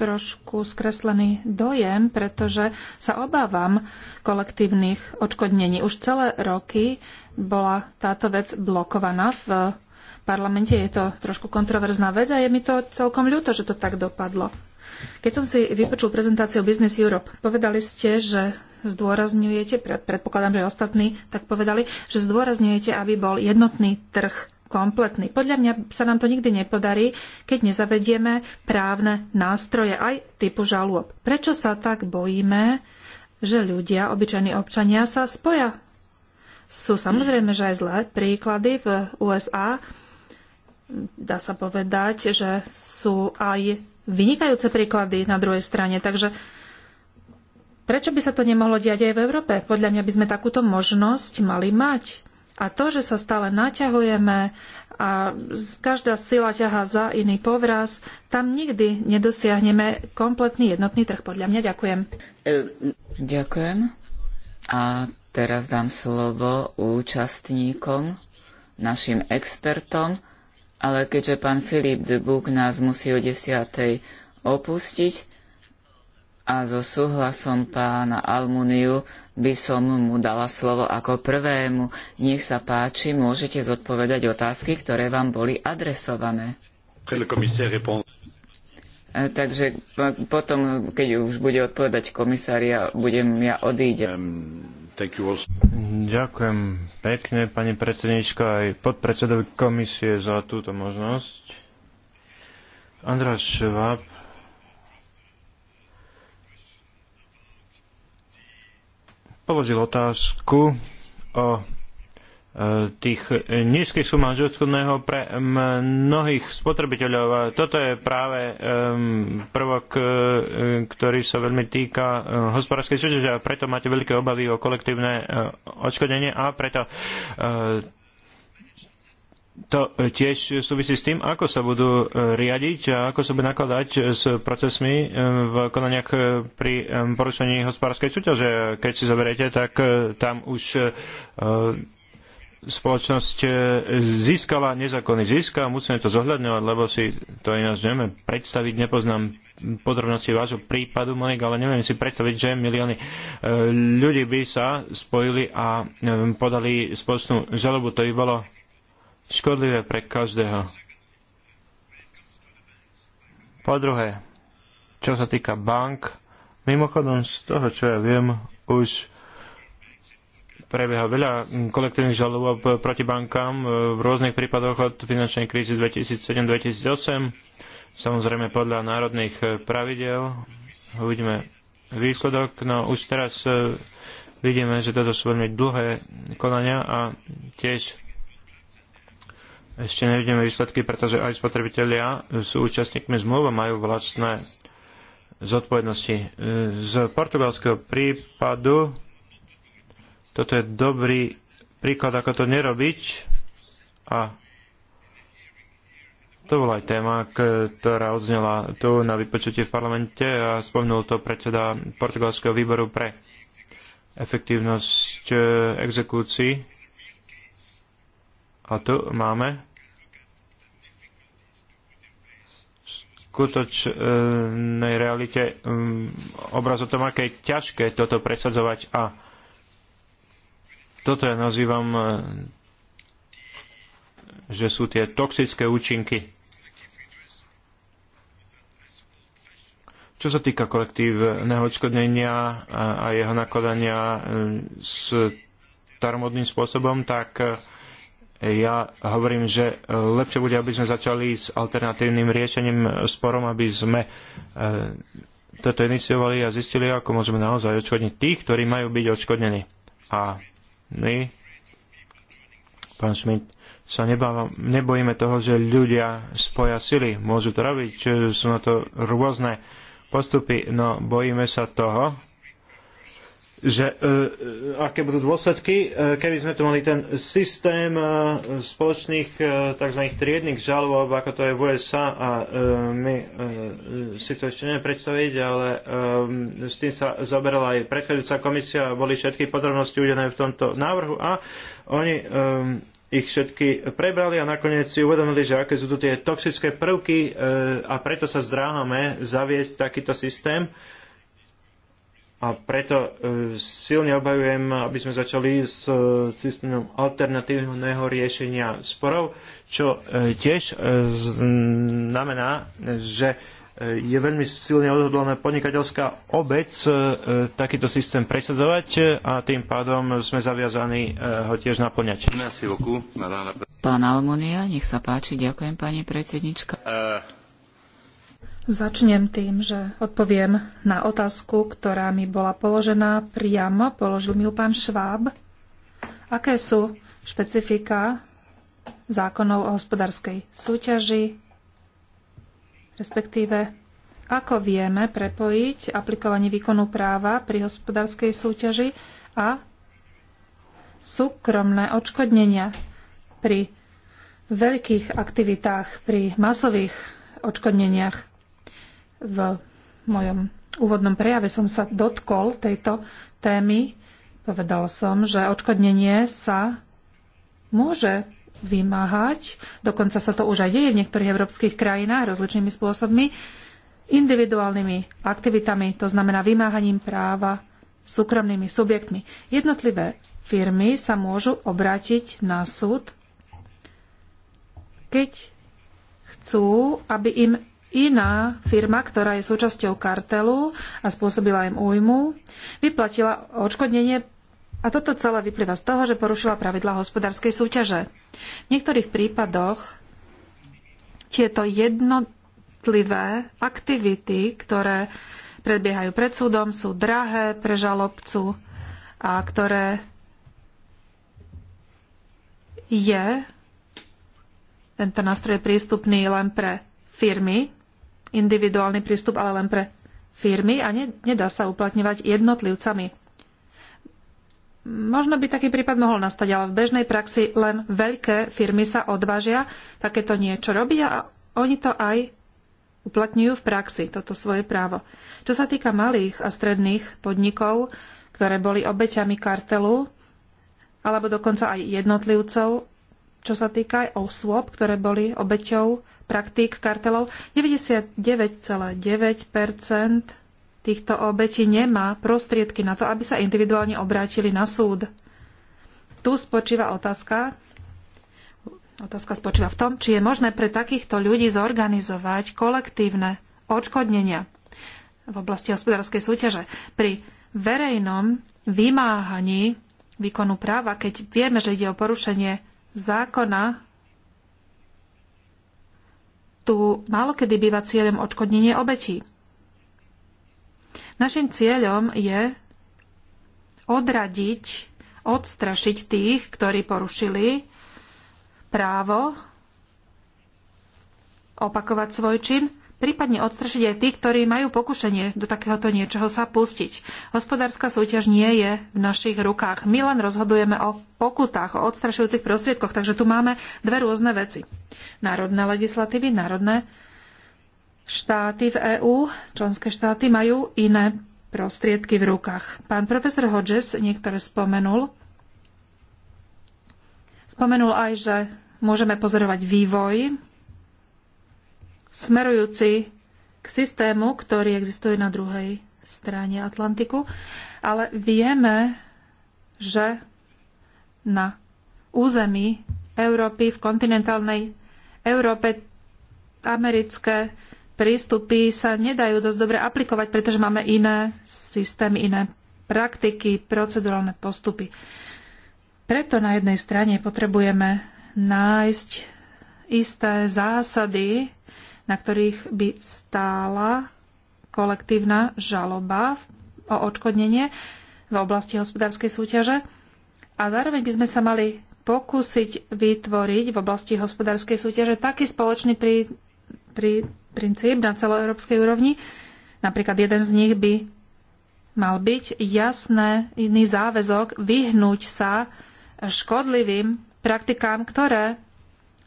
trošku skreslený dojem, pretože sa obávam kolektívnych odškodnení. Už celé roky bola táto vec blokovaná v parlamente. Je to trošku kontroverzná vec a je mi to celkom ľúto, že to tak dopadlo. Keď som si vypočul prezentáciu Business Europe, povedali ste, že zdôrazňujete, predpokladám, že ostatní tak povedali, že zdôrazňujete, aby bol jednotný trh kompletný. Podľa mňa sa nám to nikdy nepodarí, keď nezavedieme právne nástroje aj typu žalôb. Prečo sa tak bojíme, že ľudia, obyčajní občania sa spoja? Sú samozrejme, že aj zlé príklady v USA. Dá sa povedať, že sú aj vynikajúce príklady na druhej strane. Takže prečo by sa to nemohlo diať aj v Európe? Podľa mňa by sme takúto možnosť mali mať. A to, že sa stále naťahujeme a každá sila ťahá za iný povraz, tam nikdy nedosiahneme kompletný jednotný trh. Podľa mňa ďakujem. Ďakujem. A teraz dám slovo účastníkom, našim expertom, ale keďže pán Filip Dubuk nás musí o desiatej opustiť, a so súhlasom pána Almuniu by som mu dala slovo ako prvému. Nech sa páči, môžete zodpovedať otázky, ktoré vám boli adresované. E, takže e, potom, keď už bude odpovedať komisária, budem ja odíde. Um, Ďakujem pekne, pani predsednička, aj podpredsedovi komisie za túto možnosť. András Šváb položil otázku o e, tých nízkych sumách manželského pre mnohých spotrebiteľov. A toto je práve e, prvok, e, ktorý sa veľmi týka hospodárskej súťaže a preto máte veľké obavy o kolektívne odškodenie, a preto to e, tiež súvisí s tým, ako sa budú e, riadiť a ako sa bude nakladať e, s procesmi v konaniach pri porušení hospodárskej súťaže. Keď si zoberiete, tak tam už spoločnosť získala nezákonný zisk a musíme to zohľadňovať, lebo si to ináč nevieme predstaviť. Nepoznám podrobnosti vášho prípadu, Monik, ale neviem si predstaviť, že milióny ľudí by sa spojili a podali spoločnú žalobu. To by bolo škodlivé pre každého. Po druhé, čo sa týka bank, mimochodom z toho, čo ja viem, už prebieha veľa kolektívnych žalob proti bankám v rôznych prípadoch od finančnej krízy 2007-2008. Samozrejme podľa národných pravidel uvidíme výsledok, no už teraz vidíme, že toto sú veľmi dlhé konania a tiež ešte nevidíme výsledky, pretože aj spotrebitelia sú účastníkmi zmluv a majú vlastné zodpovednosti. Z portugalského prípadu toto je dobrý príklad, ako to nerobiť a to bola aj téma, ktorá odznela tu na vypočutí v parlamente a spomenul to predseda portugalského výboru pre efektívnosť eh, exekúcií. A tu máme skutočnej realite um, obraz o tom, aké je ťažké toto presadzovať a toto ja nazývam, uh, že sú tie toxické účinky. Čo sa týka kolektívneho odškodnenia a jeho nakladania um, s staromodným spôsobom, tak uh, ja hovorím, že e, lepšie bude, aby sme začali s alternatívnym riešením e, sporom, aby sme e, toto iniciovali a zistili, ako môžeme naozaj odškodniť tých, ktorí majú byť odškodnení. A my, pán Šmit, sa nebávam, nebojíme toho, že ľudia spoja sily. Môžu to robiť, sú na to rôzne postupy, no bojíme sa toho, že e, e, aké budú dôsledky, e, keby sme tu mali ten systém spoločných tzv. triednych žalob, ako to je v USA a my si to ešte neviem predstaviť, ale s tým sa zaberala aj predchádzajúca komisia a boli všetky podrobnosti uvedené v tomto návrhu a oni ich všetky prebrali a nakoniec si uvedomili, že aké sú tu tie toxické prvky a preto sa zdráhame zaviesť takýto systém. A preto e, silne obhajujem, aby sme začali s e, systémom alternatívneho riešenia sporov, čo e, tiež znamená, že je veľmi silne odhodlaná podnikateľská obec takýto systém presadzovať a tým pádom sme zaviazaní ho tiež naplňať. Pán Almonia, nech sa páči, ďakujem pani predsednička. Uh, Začnem tým, že odpoviem na otázku, ktorá mi bola položená priamo. Položil mi ju pán Šváb. Aké sú špecifika zákonov o hospodárskej súťaži, respektíve ako vieme prepojiť aplikovanie výkonu práva pri hospodárskej súťaži a súkromné odškodnenia pri veľkých aktivitách, pri masových odškodneniach v mojom úvodnom prejave som sa dotkol tejto témy. Povedal som, že odškodnenie sa môže vymáhať, dokonca sa to už aj deje v niektorých európskych krajinách rozličnými spôsobmi, individuálnymi aktivitami, to znamená vymáhaním práva súkromnými subjektmi. Jednotlivé firmy sa môžu obrátiť na súd, keď chcú, aby im iná firma, ktorá je súčasťou kartelu a spôsobila im újmu, vyplatila odškodnenie a toto celé vyplýva z toho, že porušila pravidla hospodárskej súťaže. V niektorých prípadoch tieto jednotlivé aktivity, ktoré predbiehajú pred súdom, sú drahé pre žalobcu a ktoré je tento nástroj je prístupný len pre firmy, individuálny prístup, ale len pre firmy a ne, nedá sa uplatňovať jednotlivcami. Možno by taký prípad mohol nastať, ale v bežnej praxi len veľké firmy sa odvážia takéto niečo robia a oni to aj uplatňujú v praxi, toto svoje právo. Čo sa týka malých a stredných podnikov, ktoré boli obeťami kartelu, alebo dokonca aj jednotlivcov, čo sa týka aj osôb, ktoré boli obeťou praktík kartelov. 99,9 týchto obetí nemá prostriedky na to, aby sa individuálne obrátili na súd. Tu spočíva otázka, otázka spočíva v tom, či je možné pre takýchto ľudí zorganizovať kolektívne odškodnenia v oblasti hospodárskej súťaže. Pri verejnom vymáhaní výkonu práva, keď vieme, že ide o porušenie zákona, tu málo kedy býva cieľom odškodnenie obetí. Našim cieľom je odradiť, odstrašiť tých, ktorí porušili právo opakovať svoj čin prípadne odstrašiť aj tých, ktorí majú pokušenie do takéhoto niečoho sa pustiť. Hospodárska súťaž nie je v našich rukách. My len rozhodujeme o pokutách, o odstrašujúcich prostriedkoch, takže tu máme dve rôzne veci. Národné legislatívy, národné štáty v EÚ, členské štáty majú iné prostriedky v rukách. Pán profesor Hodges niektoré spomenul. Spomenul aj, že môžeme pozorovať vývoj smerujúci k systému, ktorý existuje na druhej strane Atlantiku, ale vieme, že na území Európy, v kontinentálnej Európe, americké prístupy sa nedajú dosť dobre aplikovať, pretože máme iné systémy, iné praktiky, procedurálne postupy. Preto na jednej strane potrebujeme nájsť isté zásady, na ktorých by stála kolektívna žaloba o odškodnenie v oblasti hospodárskej súťaže. A zároveň by sme sa mali pokúsiť vytvoriť v oblasti hospodárskej súťaže taký spoločný prí, prí, princíp na celoeurópskej úrovni. Napríklad jeden z nich by mal byť jasný záväzok vyhnúť sa škodlivým praktikám, ktoré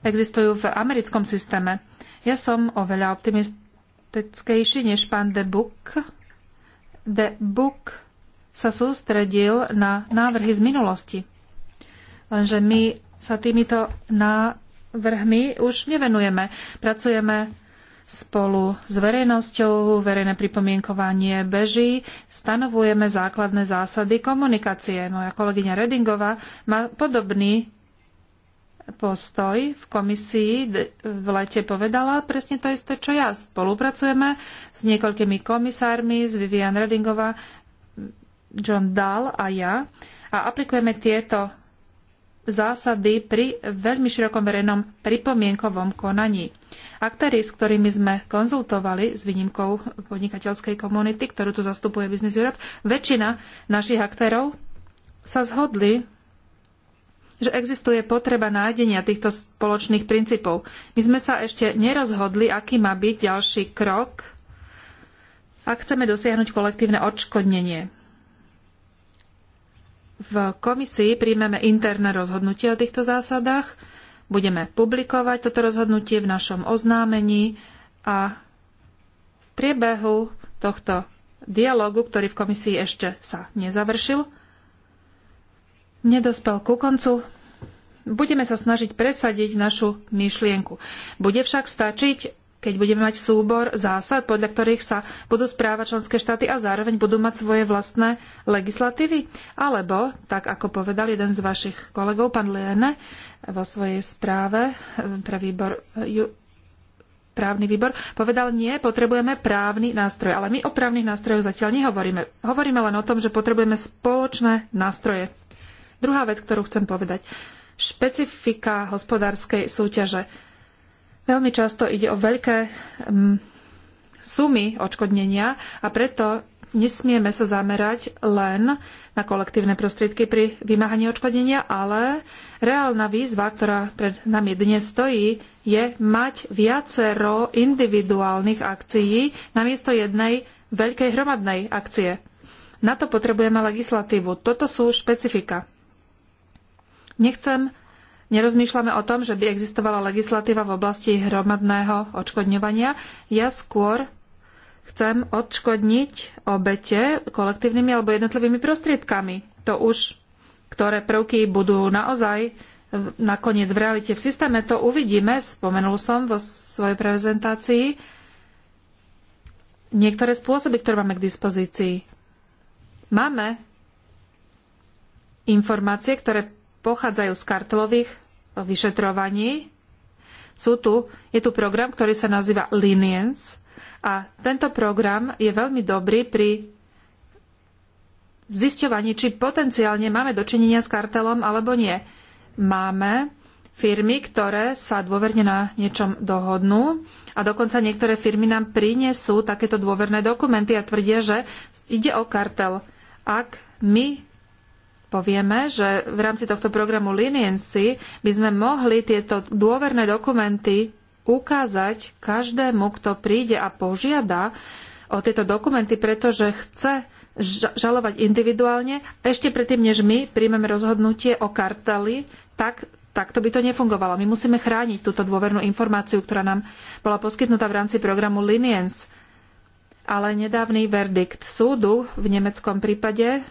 existujú v americkom systéme. Ja som oveľa optimistickejší než pán De Book. De Book sa sústredil na návrhy z minulosti. Lenže my sa týmito návrhmi už nevenujeme. Pracujeme spolu s verejnosťou, verejné pripomienkovanie beží, stanovujeme základné zásady komunikácie. Moja kolegyňa Redingová má podobný postoj v komisii v lete povedala presne to isté, čo ja. Spolupracujeme s niekoľkými komisármi, s Vivian Redingová, John Dahl a ja a aplikujeme tieto zásady pri veľmi širokom verejnom pripomienkovom konaní. Aktéry, s ktorými sme konzultovali, s výnimkou podnikateľskej komunity, ktorú tu zastupuje Business Europe, väčšina našich aktérov sa zhodli že existuje potreba nájdenia týchto spoločných princípov. My sme sa ešte nerozhodli, aký má byť ďalší krok, ak chceme dosiahnuť kolektívne odškodnenie. V komisii príjmeme interné rozhodnutie o týchto zásadách, budeme publikovať toto rozhodnutie v našom oznámení a v priebehu tohto dialogu, ktorý v komisii ešte sa nezavršil, nedospel ku koncu. Budeme sa snažiť presadiť našu myšlienku. Bude však stačiť, keď budeme mať súbor zásad, podľa ktorých sa budú správať členské štáty a zároveň budú mať svoje vlastné legislatívy? Alebo, tak ako povedal jeden z vašich kolegov, pán Liene, vo svojej správe eh, pre výbor eh, ju, právny výbor, povedal, nie, potrebujeme právny nástroj. Ale my o právnych nástrojoch zatiaľ nehovoríme. Hovoríme len o tom, že potrebujeme spoločné nástroje. Druhá vec, ktorú chcem povedať. Špecifika hospodárskej súťaže. Veľmi často ide o veľké mm, sumy odškodnenia a preto nesmieme sa zamerať len na kolektívne prostriedky pri vymáhaní odškodnenia, ale reálna výzva, ktorá pred nami dnes stojí, je mať viacero individuálnych akcií namiesto jednej veľkej hromadnej akcie. Na to potrebujeme legislatívu. Toto sú špecifika. Nechcem, nerozmýšľame o tom, že by existovala legislatíva v oblasti hromadného odškodňovania. Ja skôr chcem odškodniť obete kolektívnymi alebo jednotlivými prostriedkami. To už, ktoré prvky budú naozaj nakoniec v realite v systéme, to uvidíme. Spomenul som vo svojej prezentácii niektoré spôsoby, ktoré máme k dispozícii. Máme informácie, ktoré pochádzajú z kartelových eh, vyšetrovaní. Sú tu, je tu program, ktorý sa nazýva Lenience a tento program je veľmi dobrý pri zisťovaní, či potenciálne máme dočinenia s kartelom alebo nie. Máme firmy, ktoré sa dôverne na niečom dohodnú a dokonca niektoré firmy nám prinesú takéto dôverné dokumenty a tvrdia, že ide o kartel. Ak my povieme, že v rámci tohto programu Leniency by sme mohli tieto dôverné dokumenty ukázať každému, kto príde a požiada o tieto dokumenty, pretože chce žalovať individuálne, ešte predtým, než my príjmeme rozhodnutie o karteli, tak takto by to nefungovalo. My musíme chrániť túto dôvernú informáciu, ktorá nám bola poskytnutá v rámci programu Liniens. Ale nedávny verdikt súdu v nemeckom prípade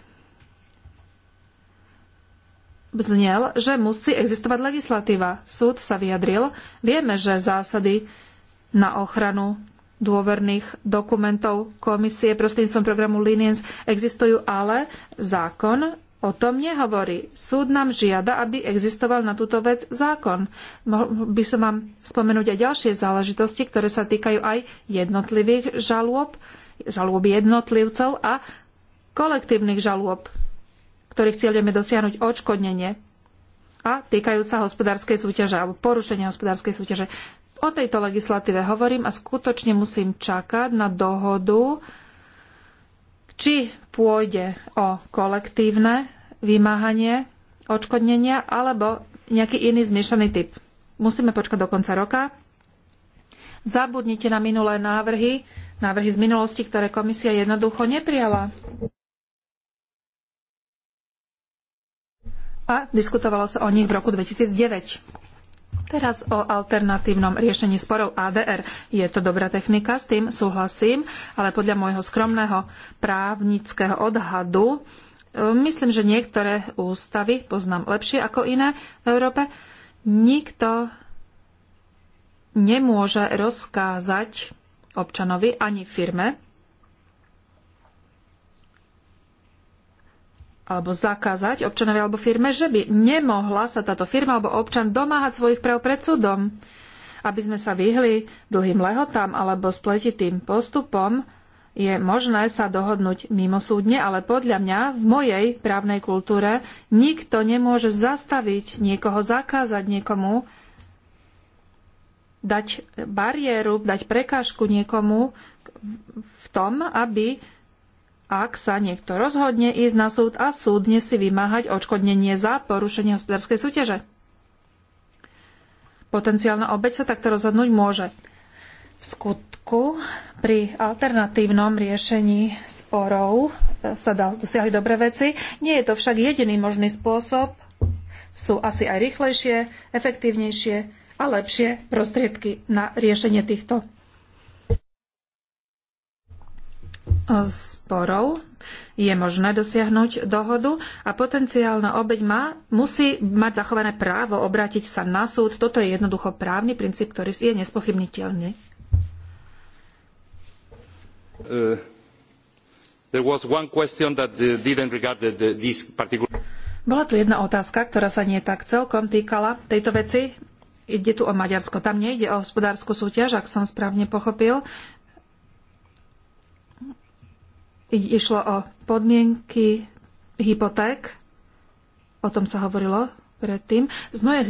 znel, že musí existovať legislatíva. Súd sa vyjadril. Vieme, že zásady na ochranu dôverných dokumentov komisie prostredníctvom programu Liniens existujú, ale zákon o tom nehovorí. Súd nám žiada, aby existoval na túto vec zákon. Mohol by som vám spomenúť aj ďalšie záležitosti, ktoré sa týkajú aj jednotlivých žalôb, žalôb jednotlivcov a kolektívnych žalôb ktorých cieľom dosiahnuť odškodnenie a týkajú sa hospodárskej súťaže alebo porušenia hospodárskej súťaže. O tejto legislatíve hovorím a skutočne musím čakať na dohodu, či pôjde o kolektívne vymáhanie odškodnenia alebo nejaký iný zmiešaný typ. Musíme počkať do konca roka. Zabudnite na minulé návrhy, návrhy z minulosti, ktoré komisia jednoducho neprijala. a diskutovalo sa o nich v roku 2009. Teraz o alternatívnom riešení sporov ADR. Je to dobrá technika, s tým súhlasím, ale podľa môjho skromného právnického odhadu, e, myslím, že niektoré ústavy poznám lepšie ako iné v Európe, nikto nemôže rozkázať občanovi ani firme, alebo zakázať občanovi alebo firme, že by nemohla sa táto firma alebo občan domáhať svojich práv pred súdom, aby sme sa vyhli dlhým lehotám alebo spletitým postupom, je možné sa dohodnúť mimo súdne, ale podľa mňa v mojej právnej kultúre nikto nemôže zastaviť niekoho, zakázať niekomu, dať bariéru, dať prekážku niekomu v tom, aby ak sa niekto rozhodne ísť na súd a súdne si vymáhať odškodnenie za porušenie hospodárskej súťaže. Potenciálna obeď sa takto rozhodnúť môže. V skutku pri alternatívnom riešení sporov sa dá dosiahnuť dobré veci. Nie je to však jediný možný spôsob. Sú asi aj rýchlejšie, efektívnejšie a lepšie prostriedky na riešenie týchto sporov je možné dosiahnuť dohodu a potenciálna obeď má, musí mať zachované právo obrátiť sa na súd. Toto je jednoducho právny princíp, ktorý je nespochybniteľný. Uh, uh, Bola tu jedna otázka, ktorá sa nie tak celkom týkala tejto veci. Ide tu o Maďarsko. Tam nejde o hospodárskú súťaž, ak som správne pochopil. Išlo o podmienky hypoték, o tom sa hovorilo predtým. Z, moje,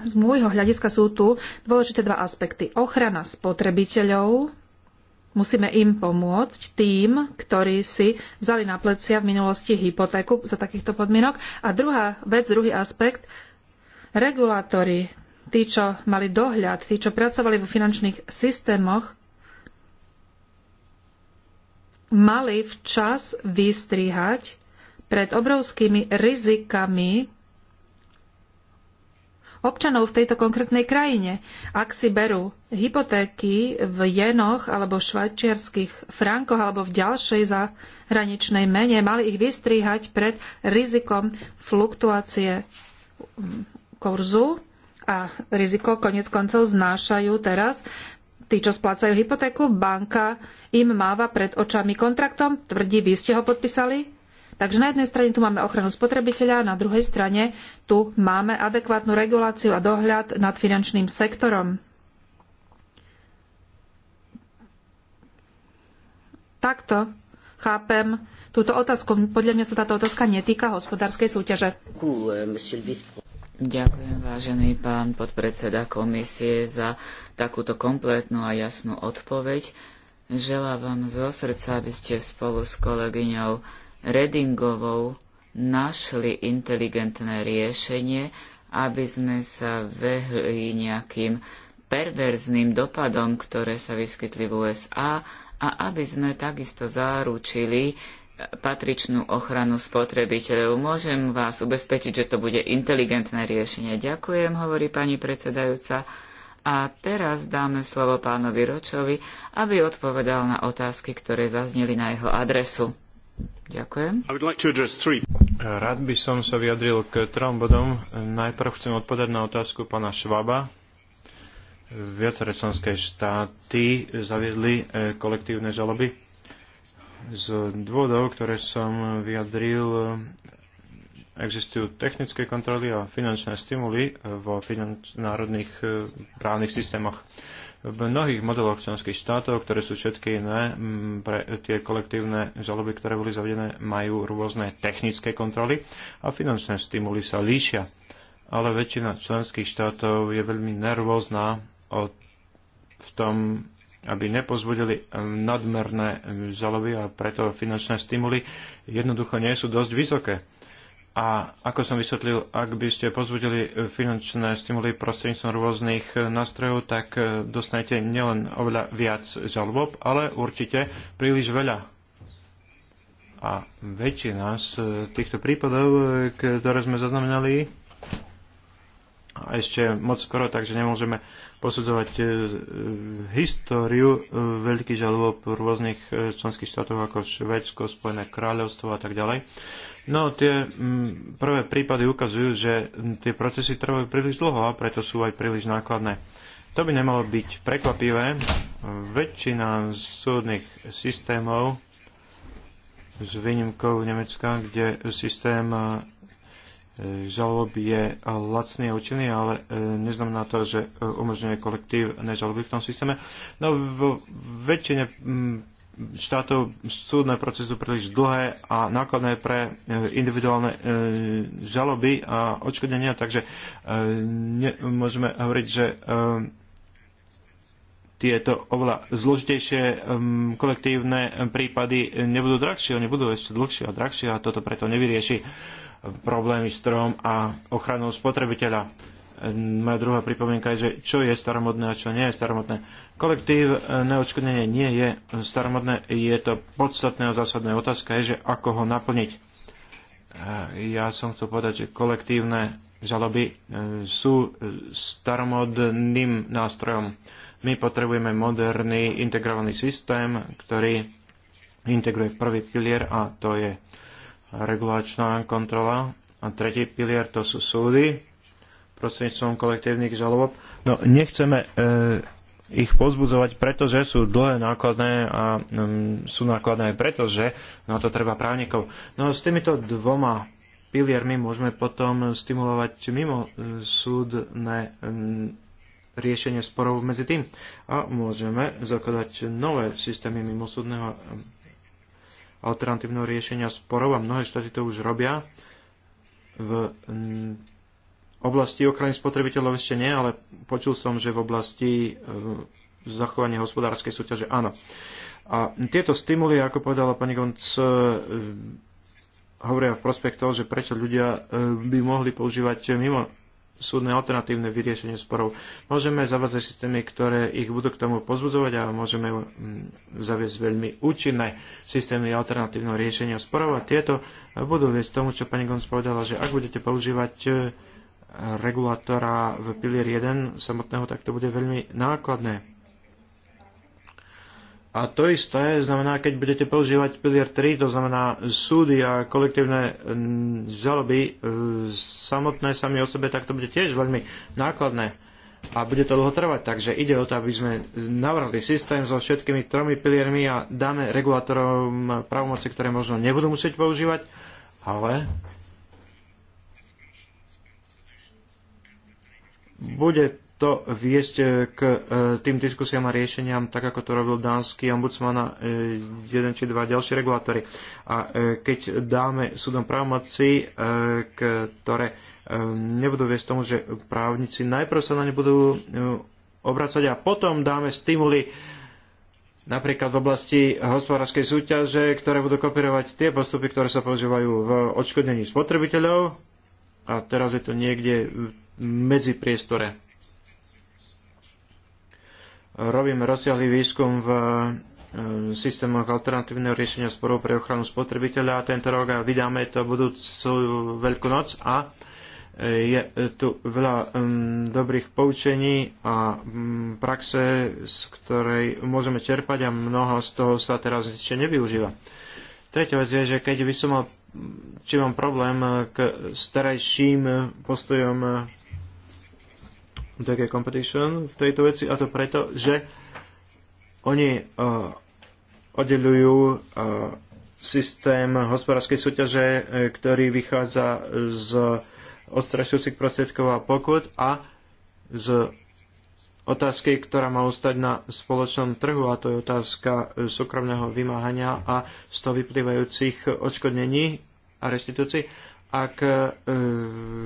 z môjho hľadiska sú tu dôležité dva aspekty. Ochrana spotrebiteľov, musíme im pomôcť tým, ktorí si vzali na plecia v minulosti hypotéku za takýchto podmienok. A druhá vec, druhý aspekt, regulátory, tí, čo mali dohľad, tí, čo pracovali vo finančných systémoch, mali včas vystrihať pred obrovskými rizikami občanov v tejto konkrétnej krajine. Ak si berú hypotéky v jenoch alebo švajčiarských frankoch alebo v ďalšej zahraničnej mene, mali ich vystriehať pred rizikom fluktuácie kurzu a riziko konec koncov znášajú teraz tí, čo splácajú hypotéku, banka im máva pred očami kontraktom, tvrdí, vy ste ho podpísali. Takže na jednej strane tu máme ochranu spotrebiteľa, na druhej strane tu máme adekvátnu reguláciu a dohľad nad finančným sektorom. Takto chápem túto otázku. Podľa mňa sa táto otázka netýka hospodárskej súťaže. Euh, Ďakujem, vážený pán podpredseda komisie, za takúto kompletnú a jasnú odpoveď. Želám vám zo srdca, aby ste spolu s kolegyňou Redingovou našli inteligentné riešenie, aby sme sa vehli nejakým perverzným dopadom, ktoré sa vyskytli v USA a aby sme takisto zaručili patričnú ochranu spotrebiteľov. Môžem vás ubezpečiť, že to bude inteligentné riešenie. Ďakujem, hovorí pani predsedajúca. A teraz dáme slovo pánovi Ročovi, aby odpovedal na otázky, ktoré zazneli na jeho adresu. Ďakujem. Rád by som sa vyjadril k trom bodom. Najprv chcem odpovedať na otázku pána Švaba. Viaceré členské štáty zaviedli eh, kolektívne žaloby z dôvodov, ktoré som vyjadril, existujú technické kontroly a finančné stimuly vo finanč- národných e, právnych systémoch. V mnohých modeloch členských štátov, ktoré sú všetky iné, pre tie kolektívne žaloby, ktoré boli zavedené, majú rôzne technické kontroly a finančné stimuly sa líšia. Ale väčšina členských štátov je veľmi nervózna o, v tom, aby nepozbudili nadmerné žaloby a preto finančné stimuly jednoducho nie sú dosť vysoké. A ako som vysvetlil, ak by ste pozbudili finančné stimuly prostredníctvom rôznych nástrojov, tak dostanete nielen oveľa viac žalob, ale určite príliš veľa. A väčšina z týchto prípadov, ktoré sme zaznamenali, a ešte moc skoro, takže nemôžeme posudzovať e, históriu e, veľkých žalob v rôznych e, členských štátoch ako Švedsko, Spojené kráľovstvo a tak ďalej. No tie prvé prípady ukazujú, že tie procesy trvajú príliš dlho a preto sú aj príliš nákladné. To by nemalo byť prekvapivé. Väčšina súdnych systémov s výnimkou Nemecka, kde systém žalob je lacný a účinný, ale e, neznamená to, že e, umožňuje kolektívne žaloby v tom systéme. No v väčšine štátov súdne procesy sú príliš dlhé a nákladné pre e, individuálne žaloby a odškodnenia, takže môžeme hovoriť, že tieto oveľa zložitejšie kolektívne prípady nebudú drahšie, oni budú ešte dlhšie a drahšie a toto preto nevyrieši problémy s trhom a ochranou spotrebiteľa. Moja druhá pripomienka je, že čo je staromodné a čo nie je staromodné. Kolektív neočkodnenie nie je staromodné, je to podstatná a zásadná otázka, je, že ako ho naplniť. Ja som chcel povedať, že kolektívne žaloby e, sú staromodným nástrojom. My potrebujeme moderný integrovaný systém, ktorý integruje prvý pilier a to je regulačná kontrola a tretí pilier to sú súdy prostredníctvom kolektívnych žalob. No nechceme e, ich pozbudzovať, pretože sú dlhé nákladné a um, sú nákladné aj preto, že na no to treba právnikov. No s týmito dvoma piliermi môžeme potom stimulovať mimo e, súdne mm, riešenie sporov medzi tým a môžeme zakladať nové systémy mimosúdneho alternatívneho riešenia sporov a mnohé štáty to už robia. V mm, oblasti ochrany spotrebiteľov ešte nie, ale počul som, že v oblasti mm, zachovania hospodárskej súťaže áno. A tieto stimuly, ako povedala pani Gonc, e, hovoria v prospech toho, že prečo ľudia e, by mohli používať mimo súdne alternatívne vyriešenie sporov. Môžeme zavádzať systémy, ktoré ich budú k tomu pozbudzovať a môžeme mm, zaviesť veľmi účinné systémy alternatívneho riešenia sporov a tieto budú viesť tomu, čo pani Gons povedala, že ak budete používať e, regulátora v pilier 1 samotného, tak to bude veľmi nákladné. A to isté znamená, keď budete používať pilier 3, to znamená súdy a kolektívne mm, žaloby e, samotné sami o sebe, tak to bude tiež veľmi nákladné a bude to dlho trvať. Takže ide o to, aby sme navrhli systém so všetkými tromi piliermi a dáme regulátorom pravomoci, ktoré možno nebudú musieť používať, ale bude to viesť eh, k eh, tým diskusiám a riešeniam, tak ako to robil dánsky ombudsman a eh, jeden či dva ďalší regulátory. A keď dáme súdom právomoci, ktoré nebudú viesť tomu, že právnici najprv sa na ne budú obracať a potom dáme stimuly napríklad v oblasti hospodárskej súťaže, ktoré budú kopírovať tie postupy, ktoré sa používajú v odškodnení spotrebiteľov. A teraz je to niekde medzi priestore. Robím rozsiahly výskum v e, systémoch alternatívneho riešenia sporov pre ochranu spotrebiteľa tento rok a vydáme to budúcu Veľkú noc a e, je tu veľa um, dobrých poučení a um, praxe, z ktorej môžeme čerpať a mnoho z toho sa teraz ešte nevyužíva. Tretia vec je, že keď by som mal, či mám problém e, k starejším postojom také Competition v tejto veci a to preto, že oni uh, oddelujú uh, systém hospodárskej súťaže, eh, ktorý vychádza z odstrašujúcich prostriedkov a pokut a z otázky, ktorá má ostať na spoločnom trhu, a to je otázka súkromného vymáhania a z toho vyplývajúcich odškodnení a reštitúcií. Ak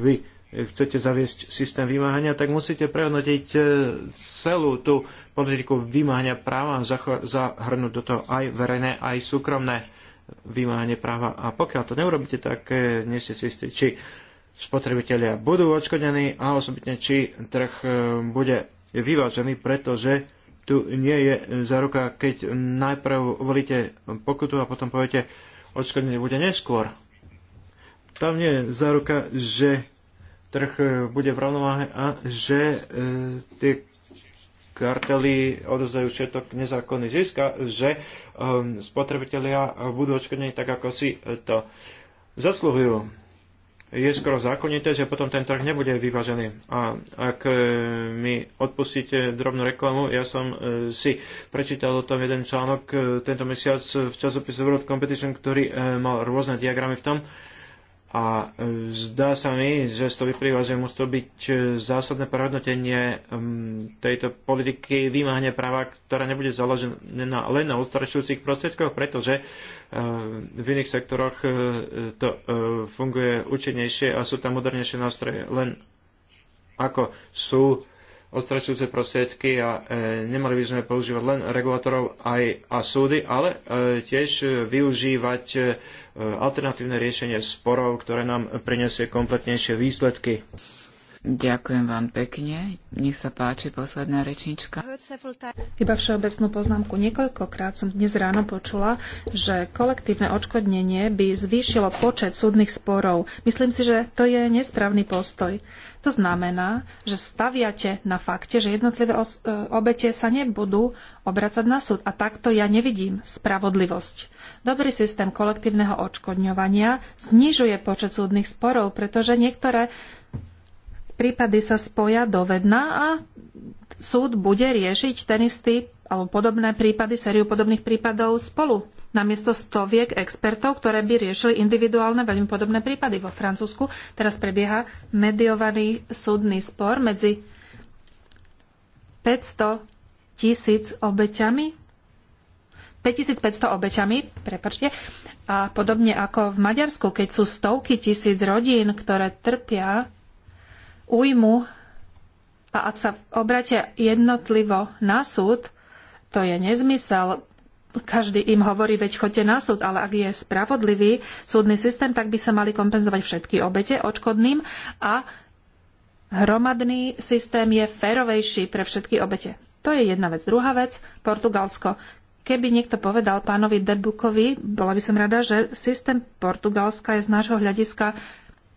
vy chcete zaviesť systém vymáhania, tak musíte prehodnotiť e, celú tú politiku vymáhania práva a zahrnúť do toho aj verejné, aj súkromné vymáhanie práva. A pokiaľ to neurobíte, tak e, nie ste si istí, či spotrebitelia budú odškodení a osobitne, či trh e, bude vyvážený, pretože tu nie je záruka, keď najprv volíte pokutu a potom poviete, odškodnenie bude neskôr. Tam nie je záruka, že trh e, bude v rovnováhe a že e, tie kartely odozdajú všetok nezákonný zisk a že e, spotrebitelia budú odškodnení tak, ako si to zasluhujú je skoro zákonité, že potom ten trh nebude vyvážený. A ak mi odpustíte drobnú reklamu, ja som si prečítal o tom jeden článok tento mesiac v časopise World Competition, ktorý mal rôzne diagramy v tom a e, zdá sa mi, že z toho vyplýva, že musí to byť e, zásadné prehodnotenie tejto politiky vymáhania práva, ktorá nebude založená len na odstrašujúcich prostriedkoch, pretože e, v iných sektoroch to funguje účinnejšie a sú tam modernejšie nástroje. Len ako sú odstrašujúce prostriedky a e, nemali by sme používať len regulátorov aj a súdy, ale e, tiež využívať e, alternatívne riešenie sporov, ktoré nám prinesie kompletnejšie výsledky. Ďakujem vám pekne. Nech sa páči posledná rečnička. Iba všeobecnú poznámku. Niekoľkokrát som dnes ráno počula, že kolektívne odškodnenie by zvýšilo počet súdnych sporov. Myslím si, že to je nesprávny postoj. To znamená, že staviate na fakte, že jednotlivé e, obete sa nebudú obracať na súd. A takto ja nevidím spravodlivosť. Dobrý systém kolektívneho odškodňovania znižuje počet súdnych sporov, pretože niektoré prípady sa spoja do vedna a súd bude riešiť ten istý alebo podobné prípady, sériu podobných prípadov spolu namiesto stoviek expertov, ktoré by riešili individuálne veľmi podobné prípady. Vo Francúzsku teraz prebieha mediovaný súdny spor medzi 500 tisíc obeťami 5500 obeťami, prepačte, a podobne ako v Maďarsku, keď sú stovky tisíc rodín, ktoré trpia újmu a ak sa obratia jednotlivo na súd, to je nezmysel. Každý im hovorí, veď chodte na súd, ale ak je spravodlivý súdny systém, tak by sa mali kompenzovať všetky obete odškodným a hromadný systém je férovejší pre všetky obete. To je jedna vec. Druhá vec, Portugalsko. Keby niekto povedal pánovi Debukovi, bola by som rada, že systém Portugalska je z nášho hľadiska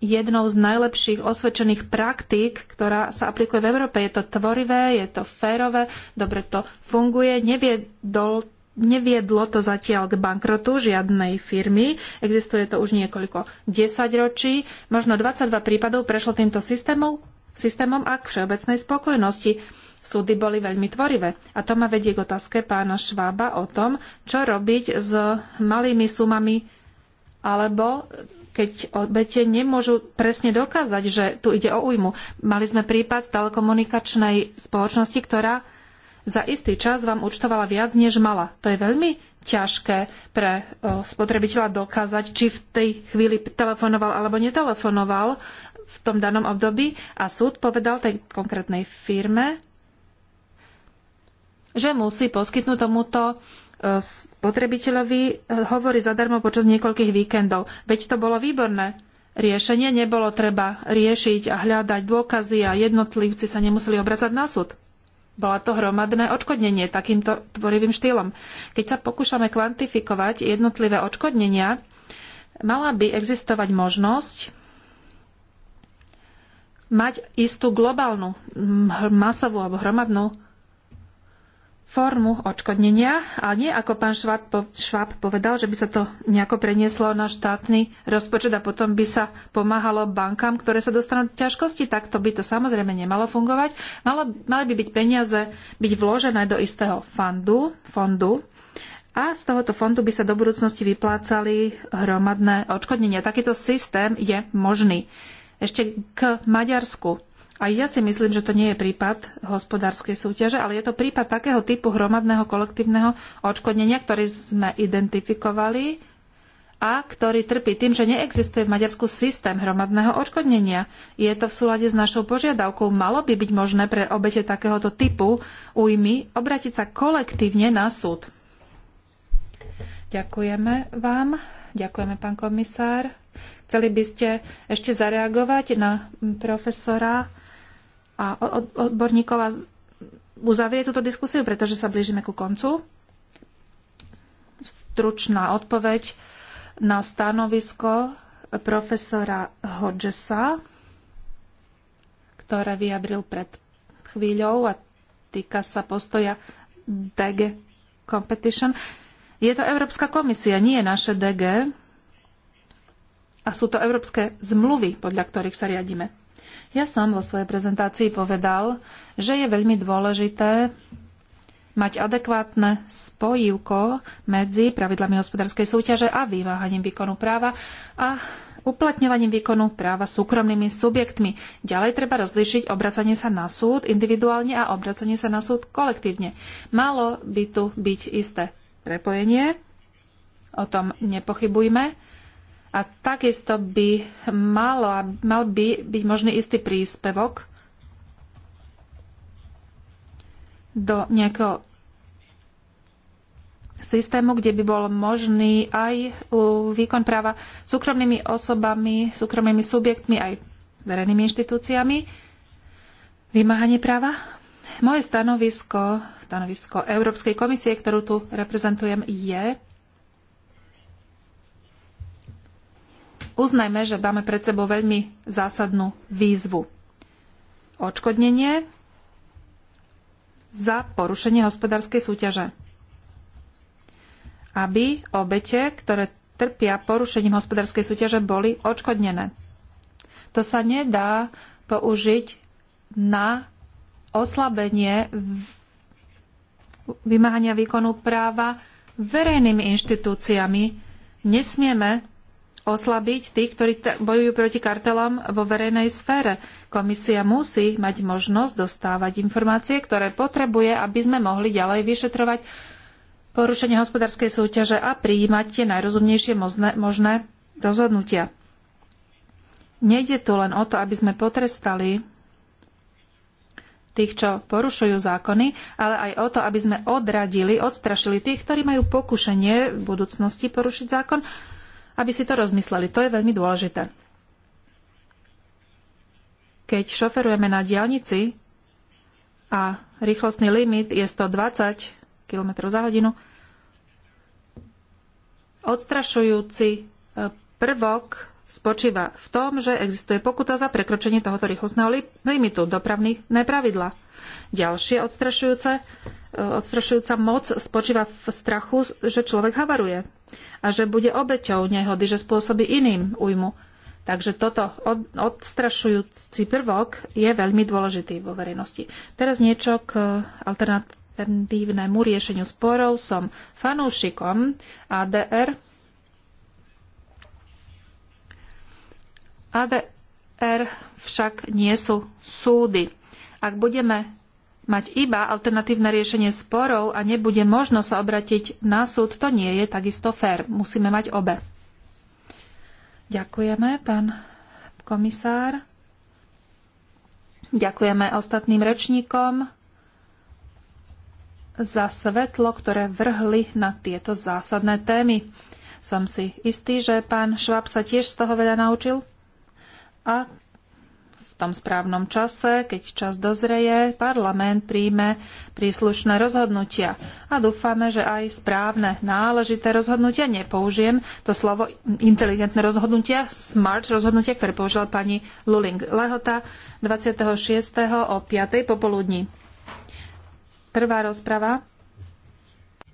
jednou z najlepších osvedčených praktík, ktorá sa aplikuje v Európe. Je to tvorivé, je to férové, dobre to funguje. Neviedol, neviedlo to zatiaľ k bankrotu žiadnej firmy. Existuje to už niekoľko desaťročí. Možno 22 prípadov prešlo týmto systémom, systémom a k všeobecnej spokojnosti. Súdy boli veľmi tvorivé. A to ma vedie k otázke pána Švába o tom, čo robiť s malými sumami alebo keď obete nemôžu presne dokázať, že tu ide o újmu. Mali sme prípad telekomunikačnej spoločnosti, ktorá za istý čas vám účtovala viac, než mala. To je veľmi ťažké pre spotrebiteľa dokázať, či v tej chvíli telefonoval alebo netelefonoval v tom danom období a súd povedal tej konkrétnej firme, že musí poskytnúť tomuto spotrebiteľovi e, hovorí zadarmo počas niekoľkých víkendov. Veď to bolo výborné. Riešenie nebolo treba riešiť a hľadať dôkazy a jednotlivci sa nemuseli obracať na súd. Bola to hromadné odškodnenie takýmto tvorivým štýlom. Keď sa pokúšame kvantifikovať jednotlivé odškodnenia, mala by existovať možnosť mať istú globálnu, masovú alebo hromadnú formu odškodnenia a nie, ako pán Šváb, povedal, že by sa to nejako prenieslo na štátny rozpočet a potom by sa pomáhalo bankám, ktoré sa dostanú do ťažkosti, tak to by to samozrejme nemalo fungovať. Malo, mali by byť peniaze byť vložené do istého fondu, fondu a z tohoto fondu by sa do budúcnosti vyplácali hromadné odškodnenia. Takýto systém je možný. Ešte k Maďarsku a ja si myslím, že to nie je prípad hospodárskej súťaže, ale je to prípad takého typu hromadného kolektívneho odškodnenia, ktorý sme identifikovali a ktorý trpí tým, že neexistuje v Maďarsku systém hromadného odškodnenia. Je to v súlade s našou požiadavkou. Malo by byť možné pre obete takéhoto typu újmy obrátiť sa kolektívne na súd. Ďakujeme vám. Ďakujeme, pán komisár. Chceli by ste ešte zareagovať na profesora a odborníkov a uzavrie túto diskusiu, pretože sa blížime ku koncu. Stručná odpoveď na stanovisko profesora Hodgesa, ktoré vyjadril pred chvíľou a týka sa postoja DG Competition. Je to Európska komisia, nie naše DG. A sú to európske zmluvy, podľa ktorých sa riadíme. Ja som vo svojej prezentácii povedal, že je veľmi dôležité mať adekvátne spojivko medzi pravidlami hospodárskej súťaže a vymáhaním výkonu práva a uplatňovaním výkonu práva súkromnými subjektmi. Ďalej treba rozlíšiť obracanie sa na súd individuálne a obracanie sa na súd kolektívne. Malo by tu byť isté prepojenie, o tom nepochybujme a takisto by malo, mal by byť možný istý príspevok do nejakého systému, kde by bol možný aj výkon práva súkromnými osobami, súkromnými subjektmi, aj verejnými inštitúciami. Vymáhanie práva? Moje stanovisko, stanovisko Európskej komisie, ktorú tu reprezentujem, je, uznajme, že máme pred sebou veľmi zásadnú výzvu. Odškodnenie za porušenie hospodárskej súťaže. Aby obete, ktoré trpia porušením hospodárskej súťaže, boli odškodnené. To sa nedá použiť na oslabenie vymáhania výkonu práva verejnými inštitúciami. Nesmieme oslabiť tých, ktorí bojujú proti kartelom vo verejnej sfére. Komisia musí mať možnosť dostávať informácie, ktoré potrebuje, aby sme mohli ďalej vyšetrovať porušenie hospodárskej súťaže a prijímať tie najrozumnejšie možné, možné rozhodnutia. Nejde tu len o to, aby sme potrestali tých, čo porušujú zákony, ale aj o to, aby sme odradili, odstrašili tých, ktorí majú pokušenie v budúcnosti porušiť zákon aby si to rozmysleli. To je veľmi dôležité. Keď šoferujeme na diálnici a rýchlostný limit je 120 km za hodinu, odstrašujúci e, prvok spočíva v tom, že existuje pokuta za prekročenie tohoto rýchlostného limitu dopravných nepravidla. Ďalšie odstrašujúce, e, odstrašujúca moc spočíva v strachu, že človek havaruje a že bude obeťou nehody, že spôsobí iným újmu. Takže toto odstrašujúci prvok je veľmi dôležitý vo verejnosti. Teraz niečo k eh, alternatívnemu riešeniu sporov. Som fanúšikom ADR. ADR však nie sú súdy. Ak budeme mať iba alternatívne riešenie sporov a nebude možno sa obratiť na súd, to nie je takisto fér. Musíme mať obe. Ďakujeme, pán komisár. Ďakujeme ostatným rečníkom za svetlo, ktoré vrhli na tieto zásadné témy. Som si istý, že pán Šváb sa tiež z toho veľa naučil a tom správnom čase, keď čas dozreje, parlament príjme príslušné rozhodnutia. A dúfame, že aj správne, náležité rozhodnutia, nepoužijem to slovo inteligentné rozhodnutia, smart rozhodnutia, ktoré použila pani Luling. Lehota 26. o 5. popoludní. Prvá rozprava.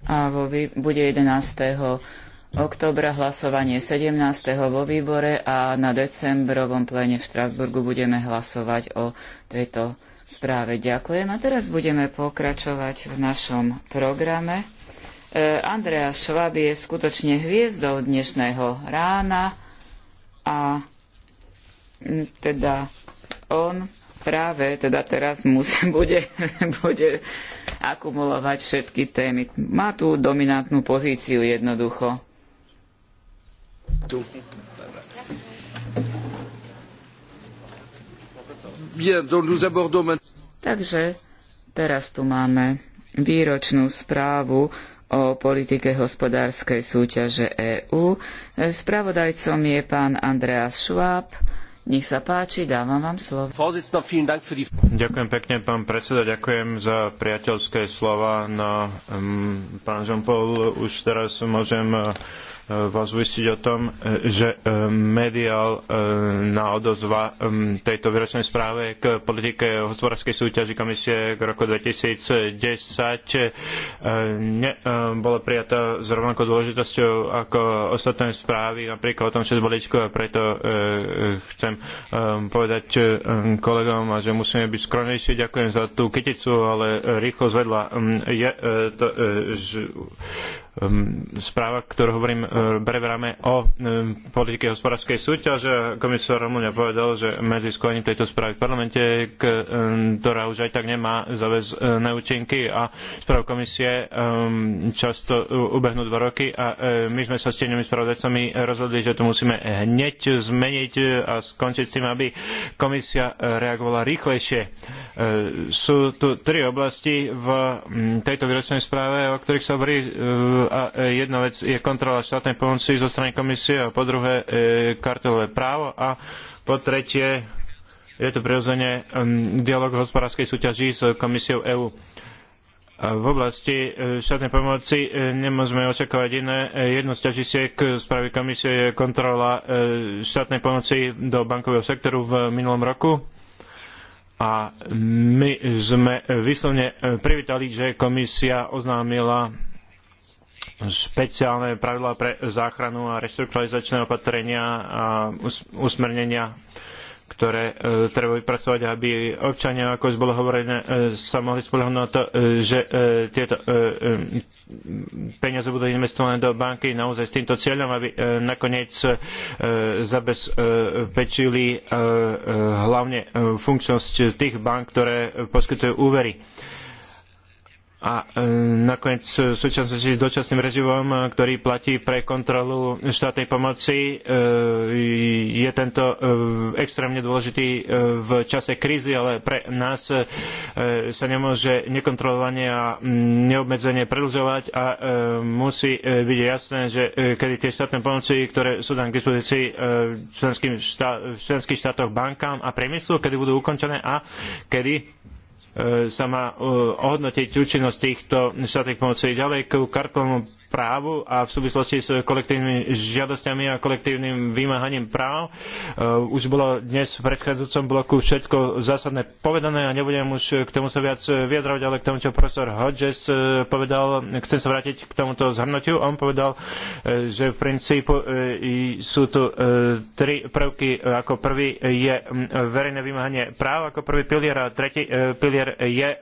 A vo, bude 11 októbra hlasovanie 17. vo výbore a na decembrovom plene v Štrasburgu budeme hlasovať o tejto správe. Ďakujem a teraz budeme pokračovať v našom programe. E, Andreas Schwab je skutočne hviezdou dnešného rána a teda on práve teda teraz musí, bude, bude akumulovať všetky témy. Má tú dominantnú pozíciu jednoducho. Tu. Takže teraz tu máme výročnú správu o politike hospodárskej súťaže EÚ. Spravodajcom je pán Andreas Schwab. Nech sa páči, dávam vám slovo. Ďakujem pekne, pán predseda, ďakujem za priateľské slova. No, um, pán Jean-Paul, už teraz môžem uh, Eh, vás uistiť o tom, eh, že eh, na odozva tejto výročnej správe k politike hospodárskej súťaži komisie k roku 2010 ne, bola prijatá s rovnakou dôležitosťou ako ostatné správy, napríklad o tom 6 a preto chcem povedať kolegom, že musíme byť skromnejší. Ďakujem za tú kyticu, ale rýchlo zvedla. Mm, je to, Ehm, správa, ktorú hovorím, e, preberáme o e, politike hospodárskej súťaže. Komisár Romuňa povedal, že medzi sklením tejto správy v parlamente, e, ktorá už aj tak nemá záväzné účinky a správ komisie ehm, často ubehnú dva roky a my sme sa s tieňovými spravodajcami rozhodli, že to musíme hneď zmeniť a skončiť s tým, aby komisia reagovala rýchlejšie. Sú tu tri oblasti v tejto výročnej správe, o ktorých sa hovorí a e, jedna vec je kontrola štátnej pomoci zo strany komisie, a po druhé e, kartelové právo a po tretie je to prirodzene dialog o hospodárskej súťaži s komisiou EÚ. V oblasti e, štátnej pomoci nemôžeme očakávať iné. Jedno z ťažisiek správy komisie je kontrola štátnej pomoci do bankového sektoru v minulom roku. A my sme vyslovne privítali, že komisia oznámila špeciálne pravidlá pre záchranu a reštrukturalizačné opatrenia a usmernenia ktoré e, treba vypracovať, aby občania, ako už bolo hovorené, e, sa mohli spolehnúť na to, e, že e, tieto e, e, peniaze budú investované do banky naozaj s týmto cieľom, aby e, nakoniec e, zabezpečili e, e, hlavne e, funkčnosť tých bank, ktoré poskytujú úvery. E, a e, nakoniec v súčasnosti s dočasným režimom, ktorý platí pre kontrolu štátnej pomoci, e, je tento e, extrémne dôležitý e, v čase krízy, ale pre nás e, sa nemôže nekontrolovanie a neobmedzenie predlžovať a e, musí e, byť jasné, že e, kedy tie štátne pomoci, ktoré sú tam k dispozícii e, členským štá, v členských štátoch bankám a priemyslu, kedy budú ukončené a kedy E, sa má e, ohodnotiť účinnosť týchto štátnych pomoci ďalej k kartelovému právu a v súvislosti s kolektívnymi žiadosťami a kolektívnym vymáhaním práv. Eh, už bolo dnes v predchádzajúcom bloku všetko zásadné povedané a nebudem už k tomu sa viac vyjadrovať, ale k tomu, čo profesor Hodges eh, povedal, chcem sa vrátiť k tomuto zhrnutiu. On povedal, eh, že v princípu sú tu tri prvky. Ako prvý je mm, verejné vymáhanie práv, ako prvý pilier a tretí pilier je mm,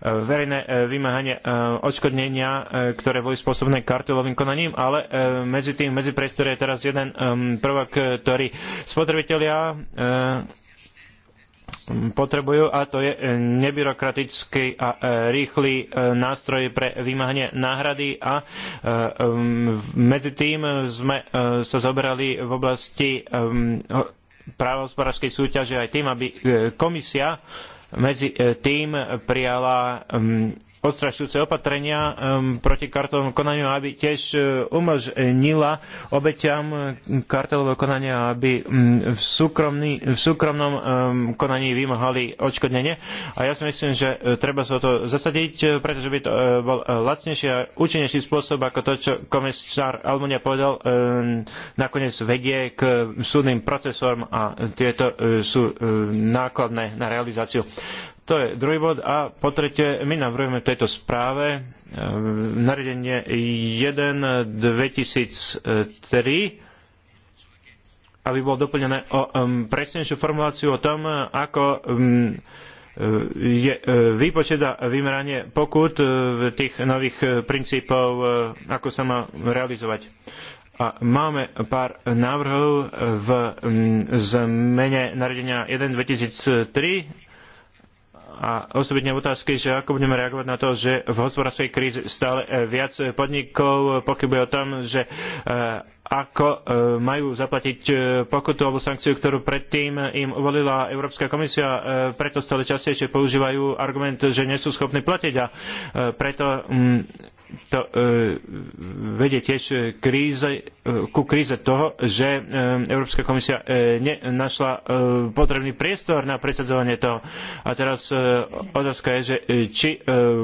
verejné vymáhanie odškodnenia, ktoré boli spoločné spôsobené kartelovým konaním, ale e, medzi tým, medzi priestore je teraz jeden e, prvok, e, ktorý spotrebitelia potrebujú a to je nebyrokratický a rýchly nástroj pre vymáhanie náhrady a medzi tým sme sa zoberali v oblasti práva hospodárskej súťaže aj tým, aby komisia medzi tým prijala odstrašujúce opatrenia um, proti kartelovému konaniu, aby tiež uh, umožnila obeťam um, kartelového konania, aby um, v, súkromný, v súkromnom konaní vymáhali odškodnenie. A ja si myslím, že uh, treba sa o to zasadiť, uh, pretože by to bol lacnejší a účinnejší spôsob, ako to, čo komisár Almunia povedal, nakoniec vedie k súdnym procesom a tieto sú nákladné na realizáciu. To je druhý bod. A po tretie, my navrhujeme v tejto správe e, nariadenie 1 aby bolo doplnené o um, presnejšiu formuláciu o tom, ako um, je e, výpočet a vymeranie pokut v tých nových princípov, ako sa má realizovať. A máme pár návrhov v zmene nariadenia 1 a osobitne otázky, že ako budeme reagovať na to, že v hospodárskej kríze stále e, viac podnikov pochybuje o tom, že e, ako e, majú zaplatiť pokutu alebo sankciu, ktorú predtým im uvolila Európska komisia. Preto stále častejšie používajú argument, že nie sú schopní platiť a preto mm, to e, vedie tiež kríze, e, ku kríze toho, že e, Európska komisia našla potrebný priestor na presadzovanie toho. A teraz otázka je, že či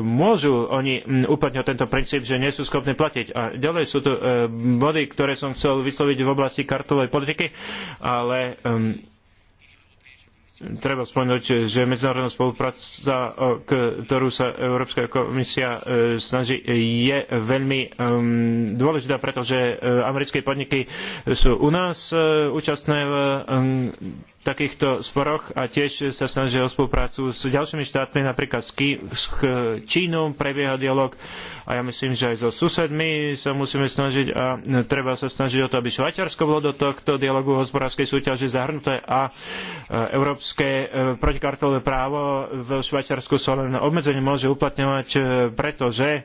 môžu oni uplatňovať tento princíp, že nie sú schopní platiť. A ďalej sú tu body, ktoré som chcel vysloviť v oblasti kartovej politiky, ale treba spomenúť, že medzinárodná spolupráca, o ktorú sa Európska komisia e, snaží, je veľmi dôležitá, pretože e, americké podniky sú u nás e, účastné v takýchto sporoch a tiež sa snažia o spoluprácu s ďalšími štátmi, napríklad s, Ký- s Čínou prebieha dialog a ja myslím, že aj so susedmi sa musíme snažiť a treba sa snažiť o to, aby Švajčiarsko bolo do tohto dialogu hospodárskej súťaže zahrnuté a e, európske e, protikartelové právo v Švajčiarsku sa len obmedzenie môže uplatňovať, e, pretože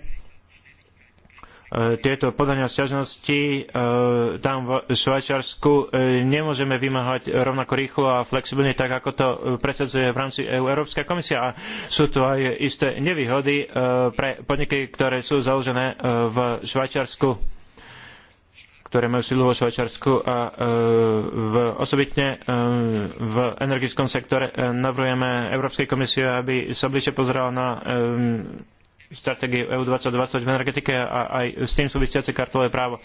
E, tieto podania sťažnosti e, tam v Švajčiarsku e, nemôžeme vymáhať rovnako rýchlo a flexibilne, tak ako to presadzuje v rámci EU Európska komisia. A sú tu aj isté nevýhody pre podniky, ktoré sú založené v Švajčiarsku ktoré majú sídlo vo Švajčiarsku a v, osobitne v energetickom sektore navrujeme Európskej komisie, aby sa bližšie pozerala na stratégiu EU 2020 v energetike a aj s tým súvisiace kartové právo.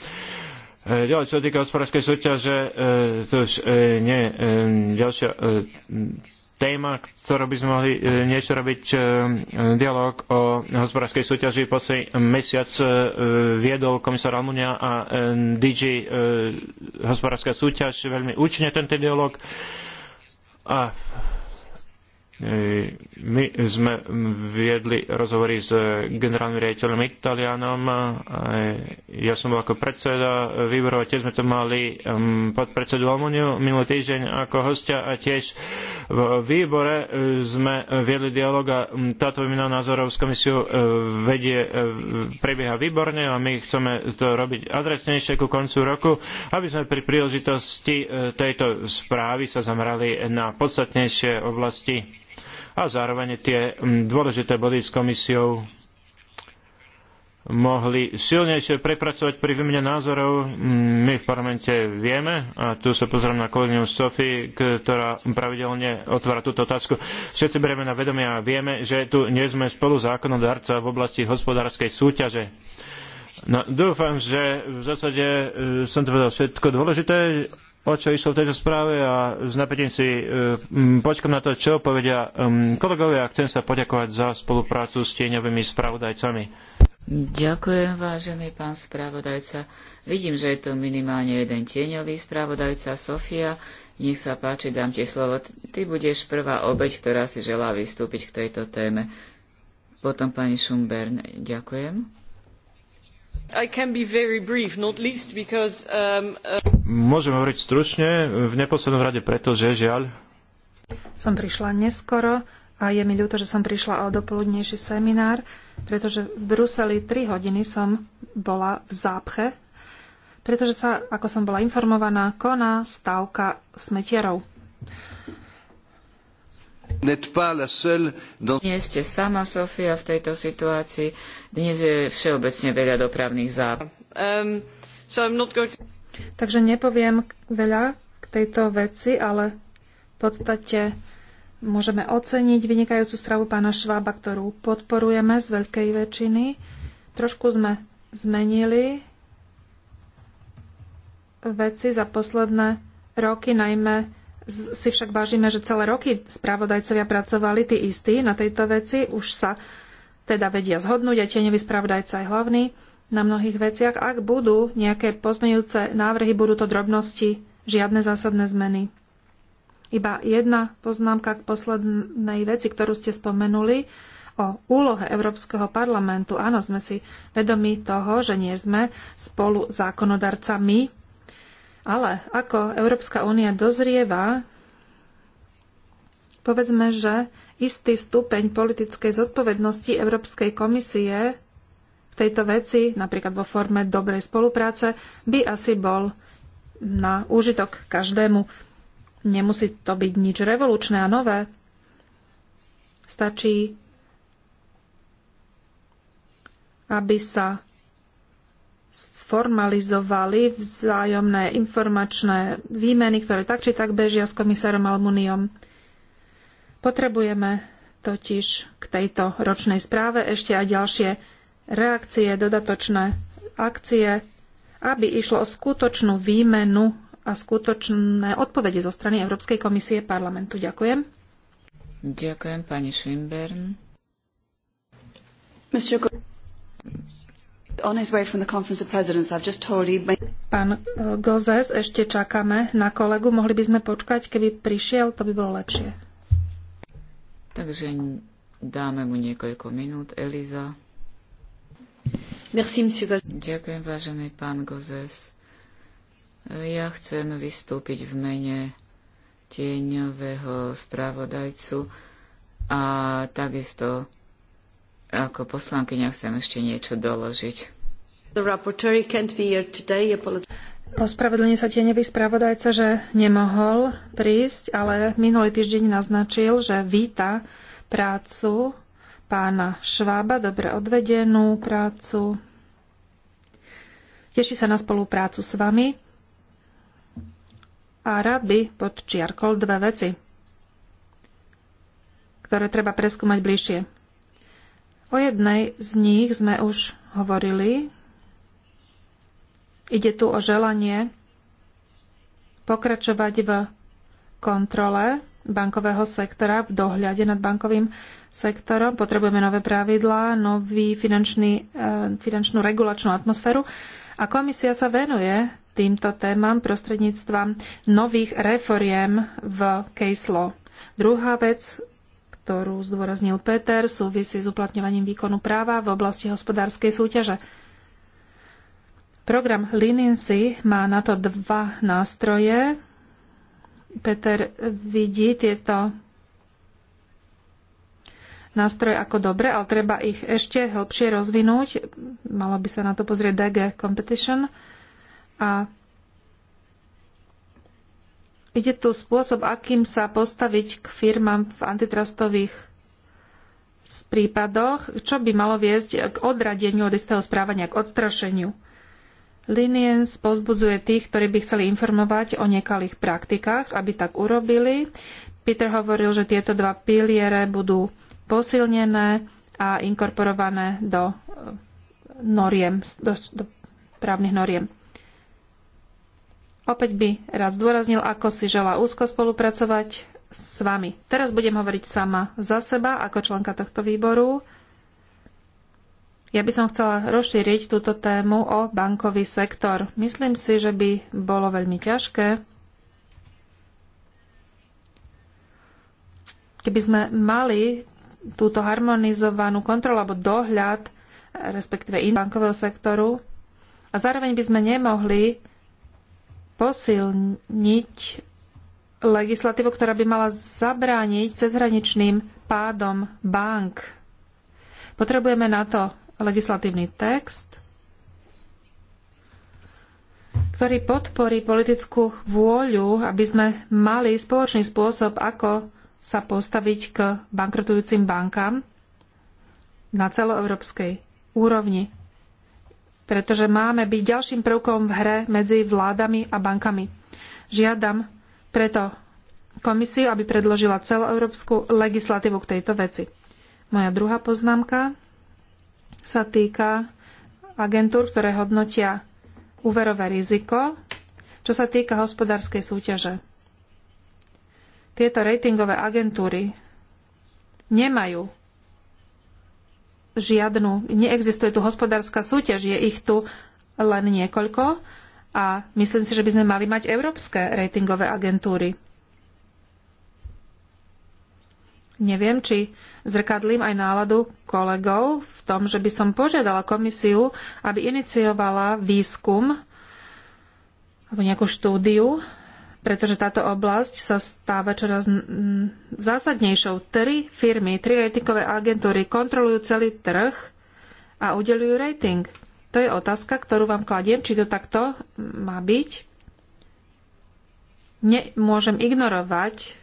E, ďalej, čo týka hospodárskej súťaže, e, to už e, nie je ďalšia téma, ktorú by sme mohli niečo robiť. Dialóg o hospodárskej súťaži posledný mesiac viedol komisár Almunia a DG hospodárska súťaž veľmi účinne tento dialóg. A my sme viedli rozhovory s generálnym riaditeľom Italianom. Ja som bol ako predseda výboru a tiež sme to mali um, podpredsedu Almuniu minulý týždeň ako hostia a tiež v výbore uh, sme viedli dialog a um, táto výmena názorov s komisiou uh, vedie, uh, prebieha výborne a my chceme to robiť adresnejšie ku koncu roku, aby sme pri príležitosti tejto správy sa zamerali na podstatnejšie oblasti a zároveň tie mm, dôležité body s komisiou mohli silnejšie prepracovať pri výmene názorov. Mm, my v parlamente vieme, a tu sa pozriem na kolegyňu Sofi, ktorá pravidelne otvára túto otázku. Všetci berieme na vedomie a vieme, že tu nie sme spolu zákonodárca v oblasti hospodárskej súťaže. No, dúfam, že v zásade e, som to povedal všetko dôležité o čo išlo v tejto správe a s napätím si e, počkam na to, čo povedia kolegovia a chcem sa poďakovať za spoluprácu s tieňovými spravodajcami. Ďakujem, vážený pán spravodajca. Vidím, že je to minimálne jeden tieňový spravodajca, Sofia. Nech sa páči, dám ti slovo. Ty budeš prvá obeď, ktorá si želá vystúpiť k tejto téme. Potom pani Šumbern, ďakujem. Um, uh, Môžem hovoriť stručne, v neposlednom rade preto, že žiaľ. Som prišla neskoro a je mi ľúto, že som prišla o dopoludnejší seminár, pretože v Bruseli 3 hodiny som bola v zápche, pretože sa, ako som bola informovaná, koná stávka smetierov. Nie ste sama, Sofia, v tejto situácii. Dnes je všeobecne veľa dopravných záp. Um, Takže nepoviem veľa k tejto veci, ale v podstate môžeme oceniť vynikajúcu správu pána Švába, ktorú podporujeme z veľkej väčšiny. Trošku sme zmenili veci za posledné roky, najmä si však vážime, že celé roky spravodajcovia pracovali tí istí na tejto veci, už sa teda vedia zhodnúť, aj tieňový spravodajca aj hlavný na mnohých veciach. Ak budú nejaké pozmeňujúce návrhy, budú to drobnosti, žiadne zásadné zmeny. Iba jedna poznámka k poslednej veci, ktorú ste spomenuli o úlohe Európskeho parlamentu. Áno, sme si vedomi toho, že nie sme spolu zákonodarcami ale ako Európska únia dozrieva, povedzme, že istý stupeň politickej zodpovednosti Európskej komisie v tejto veci, napríklad vo forme dobrej spolupráce, by asi bol na úžitok každému. Nemusí to byť nič revolučné a nové. Stačí, aby sa sformalizovali vzájomné informačné výmeny, ktoré tak či tak bežia s komisárom Almuniom. Potrebujeme totiž k tejto ročnej správe ešte aj ďalšie reakcie, dodatočné akcie, aby išlo o skutočnú výmenu a skutočné odpovede zo strany Európskej komisie parlamentu. Ďakujem. Ďakujem pani Schwimbern. On Pán eh, Gozes, ešte čakáme na kolegu. Mohli by sme počkať, keby prišiel, to by bolo lepšie. Takže dáme mu niekoľko minút. Eliza. Merci, monsieur. Ďakujem, vážený pán Gozes. Ja chcem vystúpiť v mene tieňového správodajcu a takisto ako poslankyňa chcem ešte niečo doložiť. Ospravedlňuje sa tieňový spravodajca, že nemohol prísť, ale minulý týždeň naznačil, že víta prácu pána Švába, dobre odvedenú prácu. Teší sa na spoluprácu s vami a rád by podčiarkol dve veci, ktoré treba preskúmať bližšie. O jednej z nich sme už hovorili. Ide tu o želanie pokračovať v kontrole bankového sektora, v dohľade nad bankovým sektorom. Potrebujeme nové pravidlá, nový finančný, eh, finančnú regulačnú atmosféru. A komisia sa venuje týmto témam prostredníctvom nových reforiem v case law. Druhá vec, ktorú zdôraznil Peter, súvisí s uplatňovaním výkonu práva v oblasti hospodárskej súťaže. Program Lininsi má na to dva nástroje. Peter vidí tieto nástroje ako dobre, ale treba ich ešte hĺbšie rozvinúť. Malo by sa na to pozrieť DG Competition. A Ide tu spôsob, akým sa postaviť k firmám v antitrustových prípadoch, čo by malo viesť k odradeniu od istého správania, k odstrašeniu. Liniens pozbudzuje tých, ktorí by chceli informovať o nekalých praktikách, aby tak urobili. Peter hovoril, že tieto dva piliere budú posilnené a inkorporované do eh, noriem, do, do právnych noriem. Opäť by rád zdôraznil, ako si želá úzko spolupracovať s vami. Teraz budem hovoriť sama za seba ako členka tohto výboru. Ja by som chcela rozšíriť túto tému o bankový sektor. Myslím si, že by bolo veľmi ťažké, keby sme mali túto harmonizovanú kontrolu alebo dohľad, respektíve in bankového sektoru, a zároveň by sme nemohli posilniť legislatívu, ktorá by mala zabrániť cezhraničným pádom bank. Potrebujeme na to legislatívny text, ktorý podporí politickú vôľu, aby sme mali spoločný spôsob, ako sa postaviť k bankrotujúcim bankám na celoeurópskej úrovni pretože máme byť ďalším prvkom v hre medzi vládami a bankami. Žiadam preto komisiu, aby predložila celoeurópsku legislatívu k tejto veci. Moja druhá poznámka sa týka agentúr, ktoré hodnotia úverové riziko, čo sa týka hospodárskej súťaže. Tieto ratingové agentúry nemajú žiadnu, neexistuje tu hospodárska súťaž, je ich tu len niekoľko a myslím si, že by sme mali mať európske ratingové agentúry. Neviem, či zrkadlím aj náladu kolegov v tom, že by som požiadala komisiu, aby iniciovala výskum alebo nejakú štúdiu pretože táto oblasť sa stáva čoraz zásadnejšou. Tri firmy, tri ratingové agentúry kontrolujú celý trh a udelujú rating. To je otázka, ktorú vám kladiem, či to takto má byť. Nemôžem ignorovať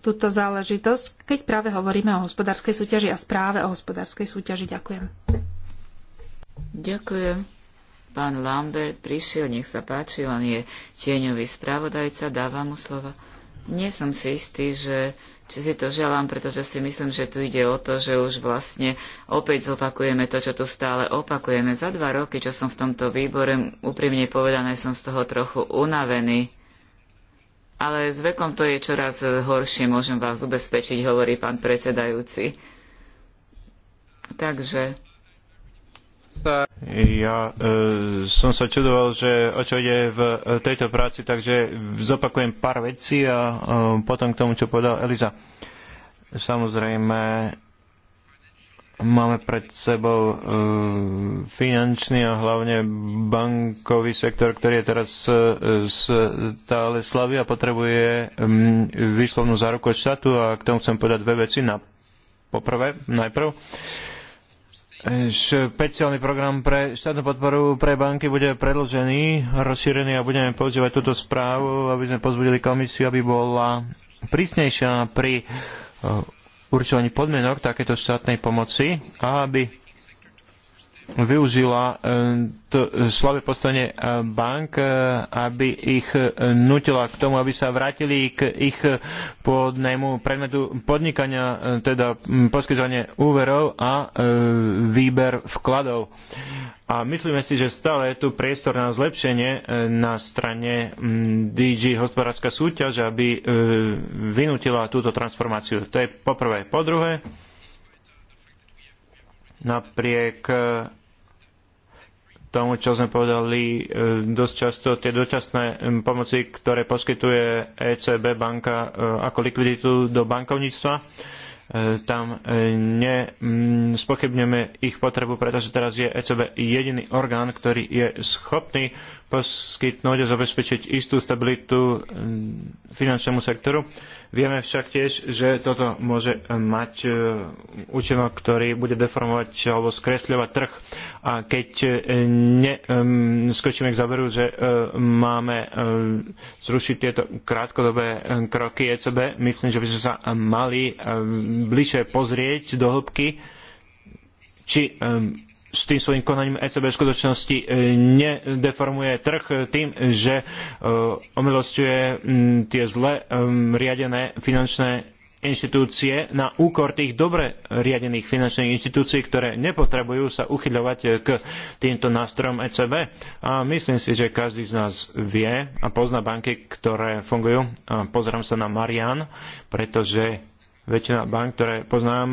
túto záležitosť, keď práve hovoríme o hospodárskej súťaži a správe o hospodárskej súťaži. Ďakujem. Ďakujem. Pán Lambert prišiel, nech sa páči, on je tieňový spravodajca, dávam mu slova. Nie som si istý, že či si to želám, pretože si myslím, že tu ide o to, že už vlastne opäť zopakujeme to, čo tu stále opakujeme. Za dva roky, čo som v tomto výbore, úprimne povedané, som z toho trochu unavený. Ale s vekom to je čoraz horšie, môžem vás ubezpečiť, hovorí pán predsedajúci. Takže ja e, som sa čudoval, že o čo ide v e, tejto práci, takže zopakujem pár vecí a e, potom k tomu, čo povedal Eliza. Samozrejme, máme pred sebou e, finančný a hlavne bankový sektor, ktorý je teraz e, stále slavý a potrebuje e, výslovnú záruku od štátu a k tomu chcem povedať dve veci. Na, poprvé, najprv. E, špeciálny program pre štátnu podporu pre banky bude predlžený, rozšírený a budeme používať túto správu, aby sme pozbudili komisiu, aby bola prísnejšia pri eh, určovaní podmienok takéto štátnej pomoci a aby využila e, to slabé postavenie e, bank, e, aby ich nutila k tomu, aby sa vrátili k ich podnajmu predmetu podnikania, teda poskytovanie úverov a výber vkladov. A myslíme si, že stále je tu priestor na zlepšenie na strane DG hospodárska súťaž, aby vynutila túto transformáciu. To je poprvé. Po druhé, napriek e, tomu, čo sme povedali, e, dosť často tie dočasné pomoci, ktoré poskytuje ECB banka e, ako likviditu do bankovníctva, tam nespochybneme ich potrebu, pretože teraz je ECB jediný orgán, ktorý je schopný poskytnúť a zabezpečiť istú stabilitu finančnému sektoru Vieme však tiež, že toto môže mať e, účinok, ktorý bude deformovať alebo skresľovať trh. A keď e, neskočíme skočíme k záveru, že e, máme zrušiť tieto krátkodobé kroky ECB, myslím, že by sme sa mali bližšie pozrieť do hĺbky, či s tým svojím konaním ECB v skutočnosti e, nedeformuje trh tým, že e, omilostuje tie zle e, riadené finančné inštitúcie na úkor tých dobre riadených finančných inštitúcií, ktoré nepotrebujú sa uchyľovať k týmto nástrojom ECB. A myslím si, že každý z nás vie a pozná banky, ktoré fungujú. A pozerám sa na Marian, pretože väčšina bank, ktoré poznám,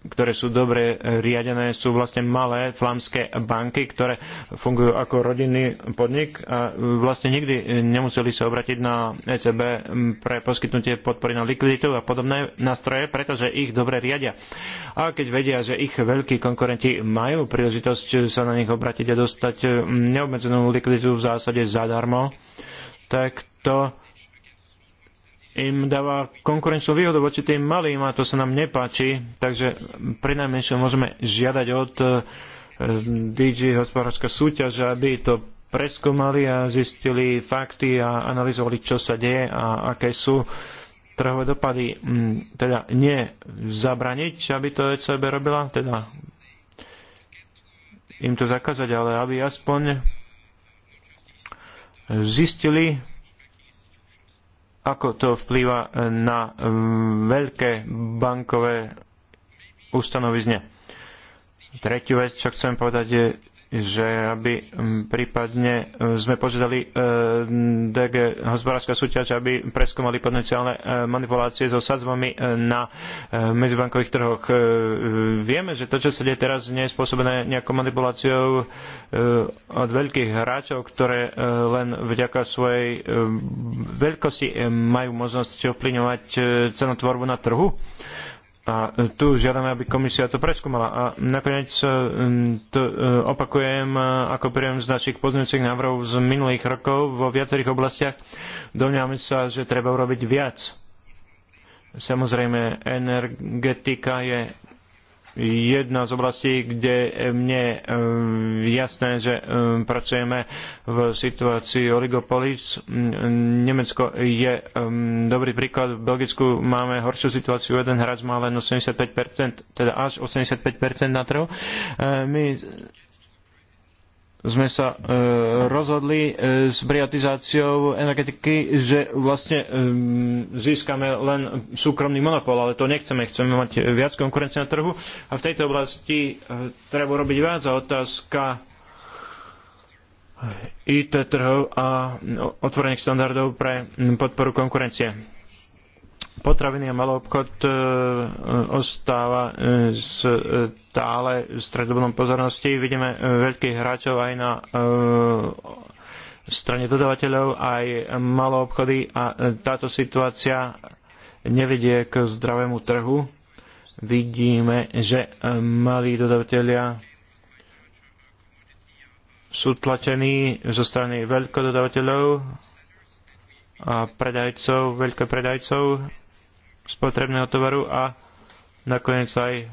ktoré sú dobre riadené, sú vlastne malé flámske banky, ktoré fungujú ako rodinný podnik a vlastne nikdy nemuseli sa obratiť na ECB pre poskytnutie podpory na likviditu a podobné nástroje, pretože ich dobre riadia. A keď vedia, že ich veľkí konkurenti majú príležitosť sa na nich obratiť a dostať neobmedzenú likviditu v zásade zadarmo, tak to im dáva konkurenčnú výhodu voči tým malým a to sa nám nepáči, takže pri najmenšom môžeme žiadať od e, DG hospodárska súťaž, aby to preskúmali a zistili fakty a analyzovali, čo sa deje a aké sú trhové dopady. Mm, teda nie zabraniť, aby to ECB robila, teda im to zakázať, ale aby aspoň zistili, ako to vplýva na mm, veľké bankové ustanovizne. Tretiu vec, čo chcem povedať, je, že aby prípadne e, sme požiadali e, DG hospodárska súťaž, aby preskúmali potenciálne e, manipulácie so sadzbami na medzibankových trhoch. Vieme, že to, čo sa deje teraz, nie je spôsobené nejakou manipuláciou od veľkých hráčov, ktoré len vďaka svojej veľkosti majú možnosť ovplyvňovať cenotvorbu na trhu. A tu žiadame, aby komisia to preskúmala. A nakoniec e, to e, opakujem e, ako príjem z našich pozmeňujúcich návrhov z minulých rokov vo viacerých oblastiach. Domňame sa, že treba urobiť viac. Samozrejme, energetika je jedna z oblastí, kde mne e, jasné, že e, pracujeme v situácii oligopolis. Nemecko je e, dobrý príklad. V Belgicku máme horšiu situáciu. Jeden hráč má len 85%, teda až 85% na trhu. My sme sa e, rozhodli e, s privatizáciou energetiky, že vlastne e, získame len súkromný monopol, ale to nechceme. Chceme mať viac konkurencie na trhu a v tejto oblasti treba robiť viac a otázka IT trhov a otvorených štandardov pre podporu konkurencie potraviny a maloobchod e, e, ostáva e, stále v stredobnom pozornosti. Vidíme veľkých hráčov aj na strane dodavateľov, aj maloobchody a táto situácia nevedie k zdravému trhu. Vidíme, že malí dodavatelia sú tlačení zo strany veľkododavateľov a predajcov, veľkopredajcov spotrebného tovaru a nakoniec aj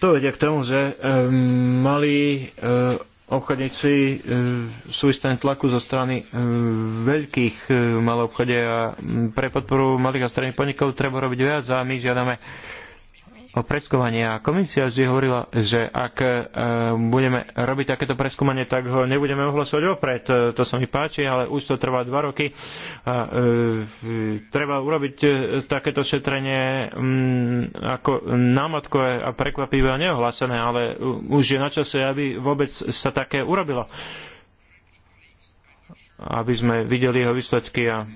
to vedie k tomu, že e, mali e, obchodníci e, eh, sú istém tlaku zo strany e, veľkých e, obchodov a hm, pre podporu malých a stredných podnikov treba robiť viac a my žiadame o preskúmanie a komisia vždy hovorila, že ak e, budeme robiť takéto preskúmanie, tak ho nebudeme ohlasovať opred. E, to sa mi páči, ale už to trvá dva roky. A, e, treba urobiť takéto šetrenie mm, ako námatkové a prekvapivé a neohlásené, ale už je na čase, aby vôbec sa také urobilo. Aby sme videli jeho výsledky a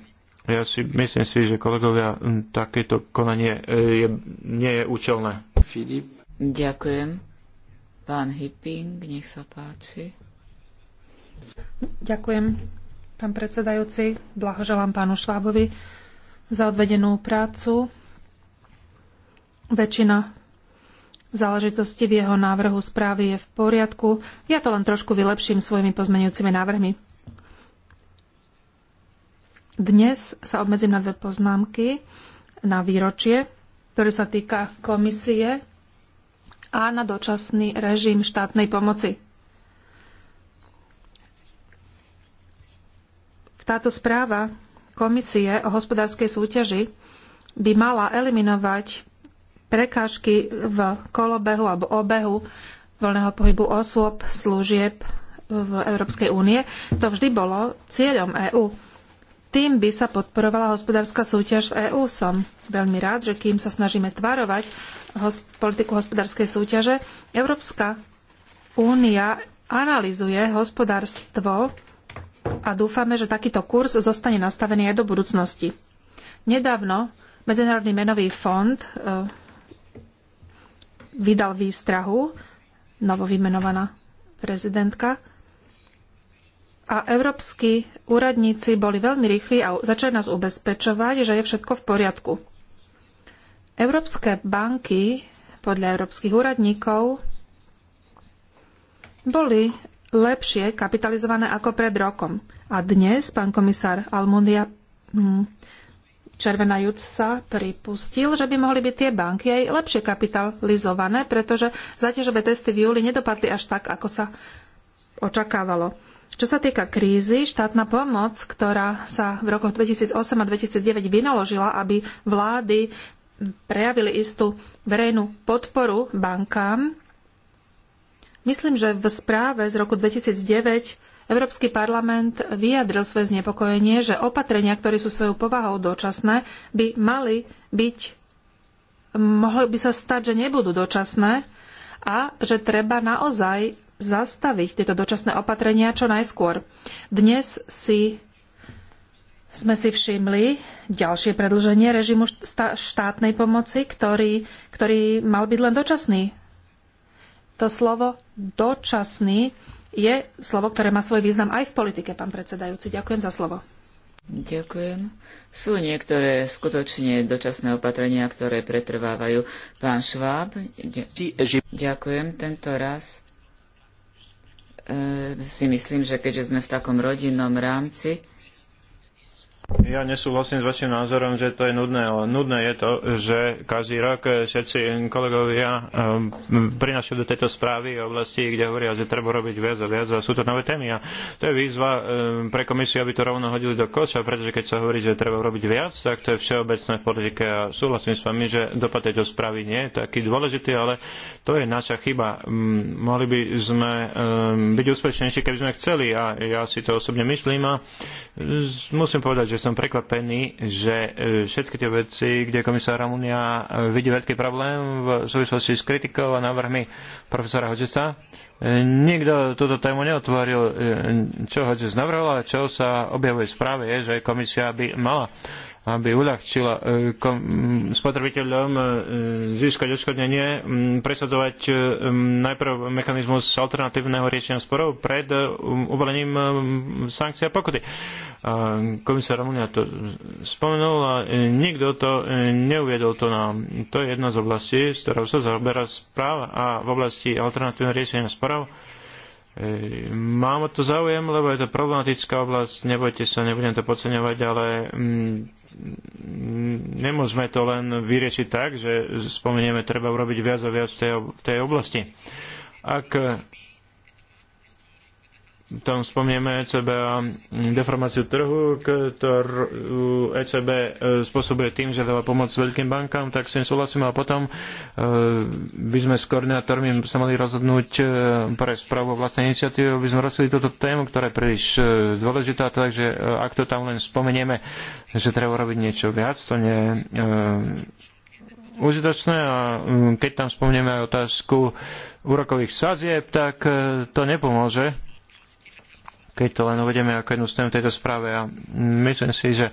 ja si myslím si, že kolegovia, takéto konanie e, je, nie je účelné. Filip. Ďakujem. Pán Hipping, nech sa páči. Ďakujem, pán predsedajúci. Blahoželám pánu Švábovi za odvedenú prácu. Väčšina záležitosti v jeho návrhu správy je v poriadku. Ja to len trošku vylepším svojimi pozmenujúcimi návrhmi. Dnes sa obmedzím na dve poznámky na výročie, ktoré sa týka komisie a na dočasný režim štátnej pomoci. Táto správa komisie o hospodárskej súťaži by mala eliminovať prekážky v kolobehu alebo obehu voľného pohybu osôb, služieb v Európskej únie. To vždy bolo cieľom EÚ. Tým by sa podporovala hospodárska súťaž v EÚ. Som veľmi rád, že kým sa snažíme tvarovať politiku hospodárskej súťaže, Európska únia analýzuje hospodárstvo a dúfame, že takýto kurz zostane nastavený aj do budúcnosti. Nedávno Medzinárodný menový fond e, vydal výstrahu, novovymenovaná prezidentka a európsky úradníci boli veľmi rýchli a začali nás ubezpečovať, že je všetko v poriadku. Európske banky podľa európskych úradníkov boli lepšie kapitalizované ako pred rokom. A dnes pán komisár Almundia hm, Červenajúc sa pripustil, že by mohli byť tie banky aj lepšie kapitalizované, pretože zaťažové testy v júli nedopadli až tak, ako sa očakávalo. Čo sa týka krízy, štátna pomoc, ktorá sa v rokoch 2008 a 2009 vynaložila, aby vlády prejavili istú verejnú podporu bankám, myslím, že v správe z roku 2009 Európsky parlament vyjadril svoje znepokojenie, že opatrenia, ktoré sú svojou povahou dočasné, by mali byť, mohlo by sa stať, že nebudú dočasné a že treba naozaj zastaviť tieto dočasné opatrenia čo najskôr. Dnes si sme si všimli ďalšie predlženie režimu štátnej pomoci, ktorý, ktorý mal byť len dočasný. To slovo dočasný je slovo, ktoré má svoj význam aj v politike, pán predsedajúci. Ďakujem za slovo. Ďakujem. Sú niektoré skutočne dočasné opatrenia, ktoré pretrvávajú. Pán Šváb, ďakujem tento raz. E, si myslím, že keďže sme v takom rodinnom rámci, ja nesúhlasím s vašim názorom, že to je nudné, ale nudné je to, že každý rok eh, všetci kolegovia eh, prinašajú do tejto správy oblasti, kde hovoria, že treba robiť viac a viac a sú to nové témy. A to je výzva eh, pre komisiu, aby to rovno hodili do koša, pretože keď sa hovorí, že treba robiť viac, tak to je všeobecné v politike a súhlasím s vami, že dopad tejto správy nie je taký dôležitý, ale to je naša chyba. Mohli by sme byť úspešnejší, keby sme chceli a ja si to osobne myslím a musím povedať, že že som prekvapený, že e, všetky tie veci, kde komisár Ramunia e, vidí veľký problém v súvislosti s kritikou a návrhmi profesora Hodžesa, e, nikto túto tému neotvoril. Čo Hodges navrhol a čo sa objavuje v správe je, že komisia by mala aby uľahčila e, mm, spotrebiteľom e, získať odškodnenie, mm, presadzovať e, mm, najprv mechanizmus alternatívneho riešenia sporov pred um, uvolením sankcií a pokuty. Komisár Romania to spomenul a nikto to neuviedol to nám. To je jedna z oblastí, s ktorou sa zaoberá správa a v oblasti alternatívneho riešenia sporov Mám o to záujem, lebo je to problematická oblasť, nebojte sa, nebudem to podceňovať, ale mm, nemôžeme to len vyriešiť tak, že spomenieme, treba urobiť viac a viac v tej, v tej oblasti. Ak tam spomnieme ECB a deformáciu trhu, ktorú ECB e, spôsobuje tým, že dáva pomoc veľkým bankám, tak s tým súhlasím a potom e, by sme s koordinátormi sa mali rozhodnúť e, pre správu vlastnej iniciatívy, aby sme rozhodli túto tému, ktorá je príliš dôležitá, takže ak to tam len spomenieme, že treba robiť niečo viac, to nie užitočné a keď tam spomnieme aj otázku úrokových sadzieb, tak to nepomôže keď to len uvedieme ako jednu z tejto správe. A myslím si, že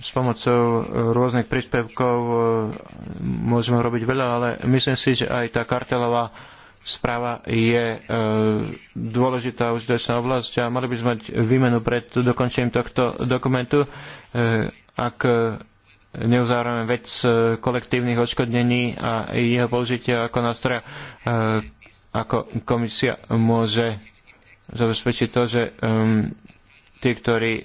s pomocou rôznych príspevkov e, môžeme robiť veľa, ale myslím si, že aj tá kartelová správa je e, dôležitá užitočná oblasť a mali by sme mať výmenu pred dokončením tohto dokumentu. E, ak neuzávame vec kolektívnych odškodnení a jeho použitia ako nástroja, ako komisia môže zabezpečiť to, že um, tí, ktorí uh,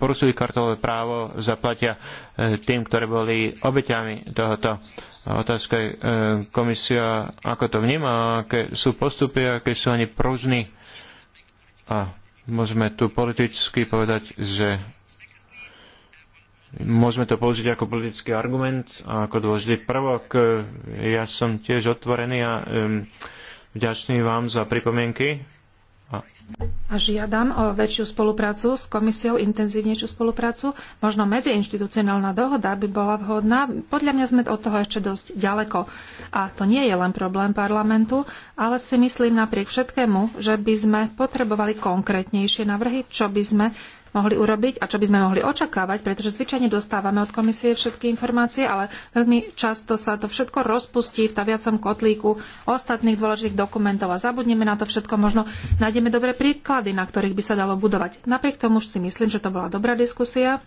porušili kartelové právo, zaplatia uh, tým, ktorí boli obeťami tohoto. Otázka je, uh, komisia ako to vníma, aké sú postupy, aké sú oni pružní. A môžeme tu politicky povedať, že môžeme to použiť ako politický argument a ako dôležitý prvok. Ja som tiež otvorený a um, vďačný vám za pripomienky a žiadam o väčšiu spoluprácu s komisiou, intenzívnejšiu spoluprácu. Možno medziinstitucionálna dohoda by bola vhodná. Podľa mňa sme od toho ešte dosť ďaleko. A to nie je len problém parlamentu, ale si myslím napriek všetkému, že by sme potrebovali konkrétnejšie navrhy, čo by sme mohli urobiť a čo by sme mohli očakávať, pretože zvyčajne dostávame od komisie všetky informácie, ale veľmi často sa to všetko rozpustí v taviacom kotlíku ostatných dôležitých dokumentov a zabudneme na to všetko. Možno nájdeme dobré príklady, na ktorých by sa dalo budovať. Napriek tomu už si myslím, že to bola dobrá diskusia.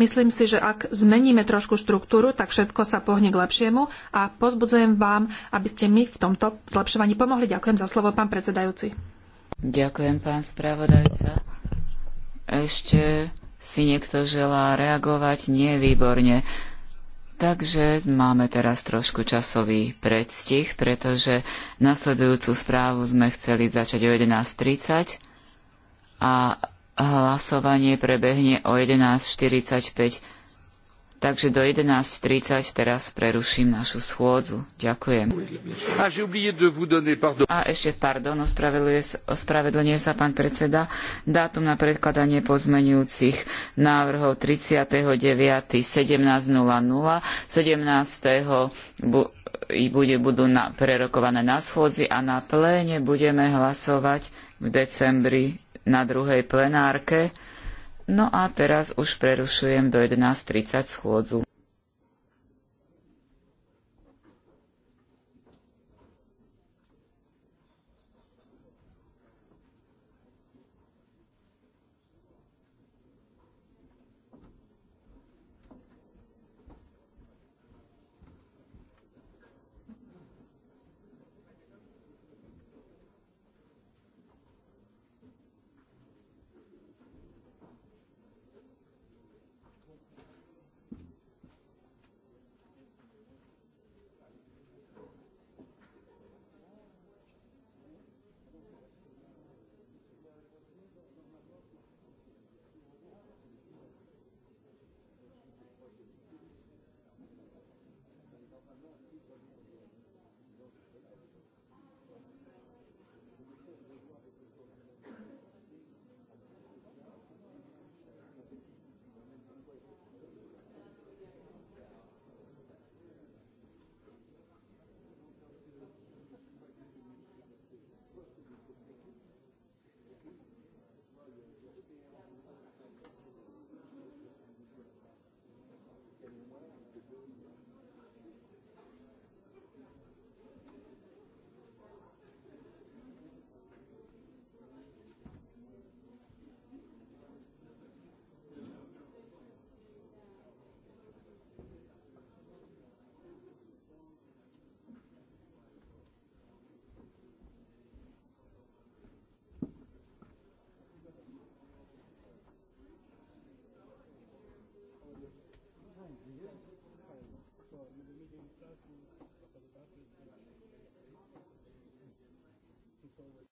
Myslím si, že ak zmeníme trošku štruktúru, tak všetko sa pohne k lepšiemu a pozbudzujem vám, aby ste mi v tomto zlepšovaní pomohli. Ďakujem za slovo, pán predsedajúci. Ďakujem, pán spravodajca. Ešte si niekto želá reagovať? nevýborne, Takže máme teraz trošku časový predstih, pretože nasledujúcu správu sme chceli začať o 11.30 a hlasovanie prebehne o 11.45. Takže do 11.30 teraz preruším našu schôdzu. Ďakujem. Ah, a ešte pardon, ospravedlňuje sa pán predseda. Dátum na predkladanie pozmenujúcich návrhov 39.17.00, 17 bude, budú na, prerokované na schôdzi a na pléne budeme hlasovať v decembri na druhej plenárke. No a teraz už prerušujem do 11.30 schôdzu. to, to, to, to, to, to, to,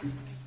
Thank you.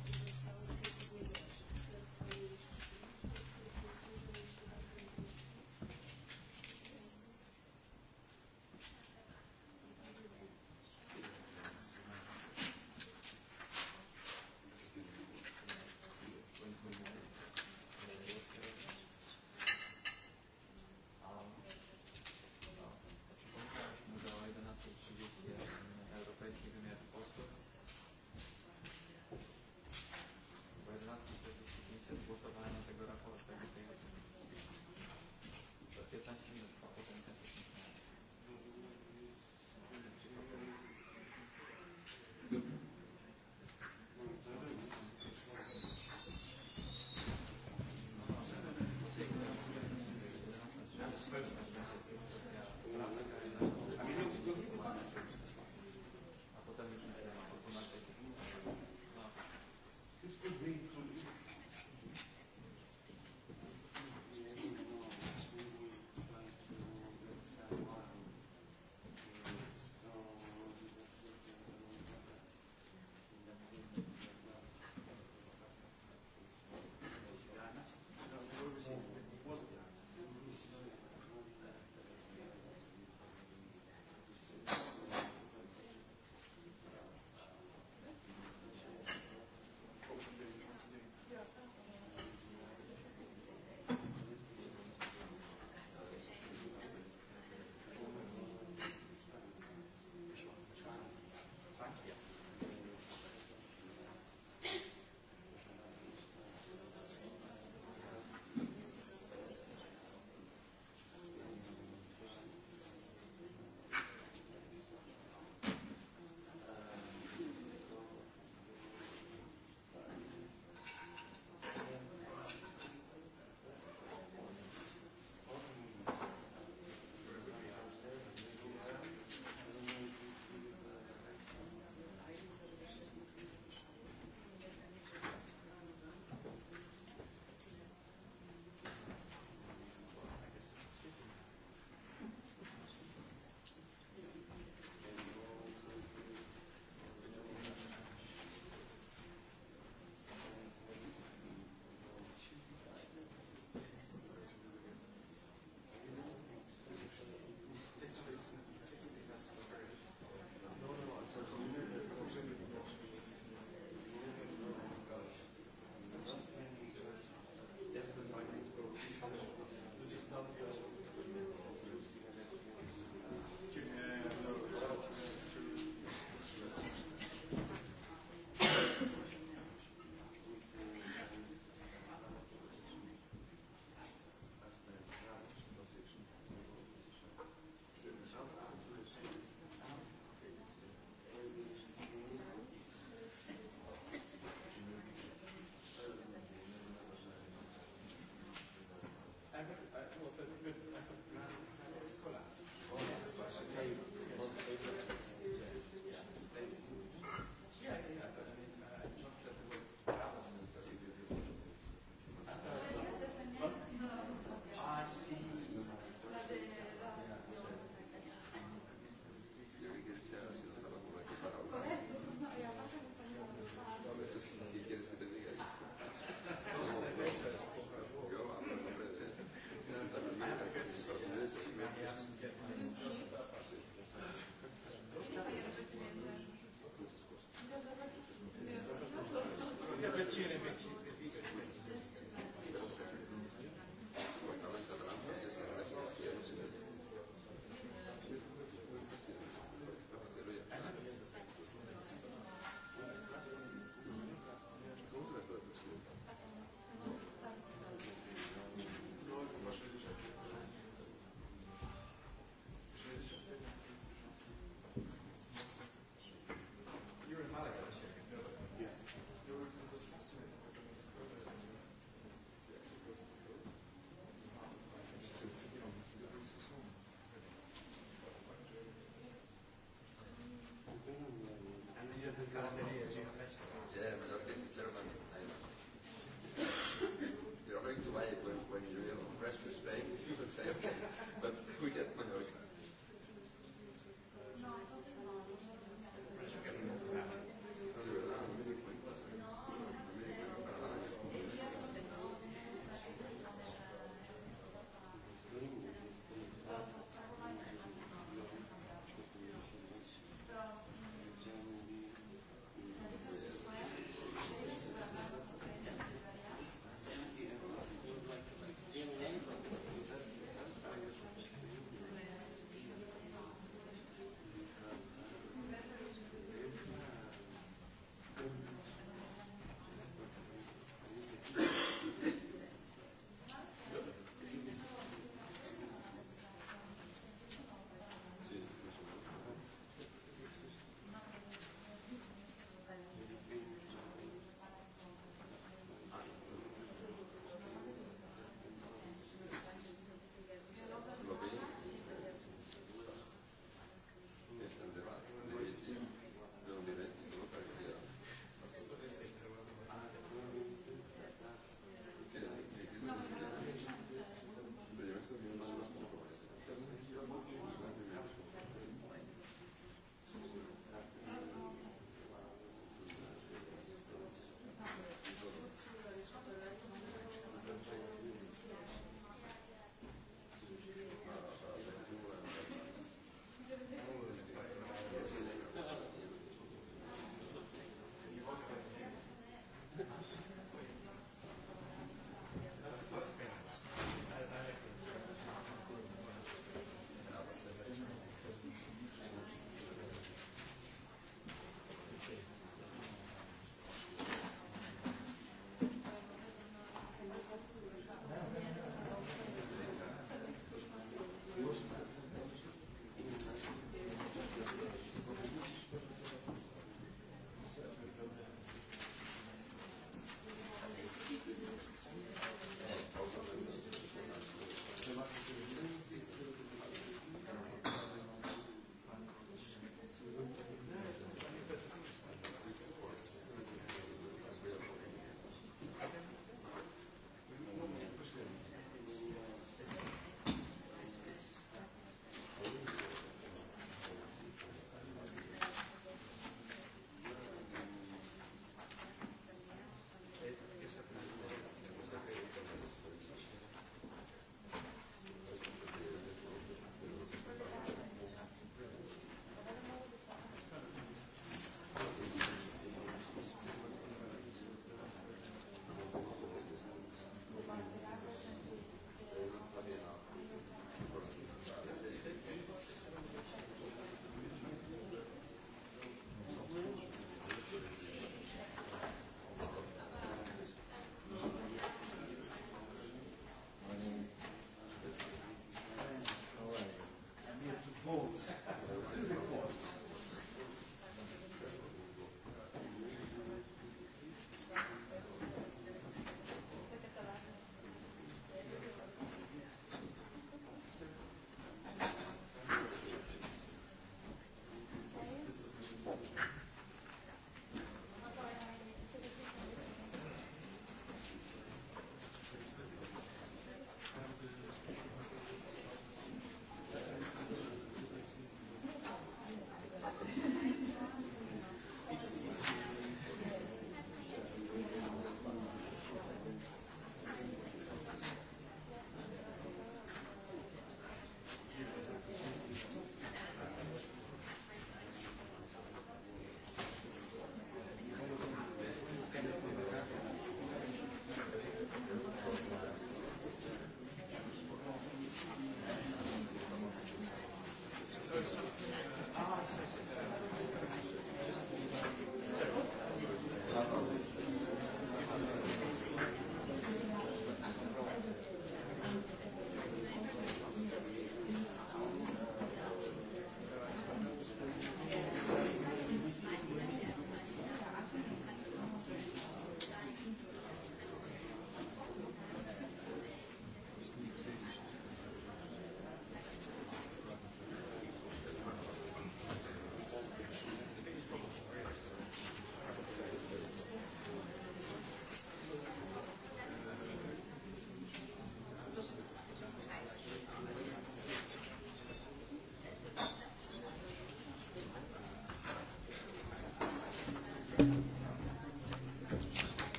Yeah, but I've been to Germany.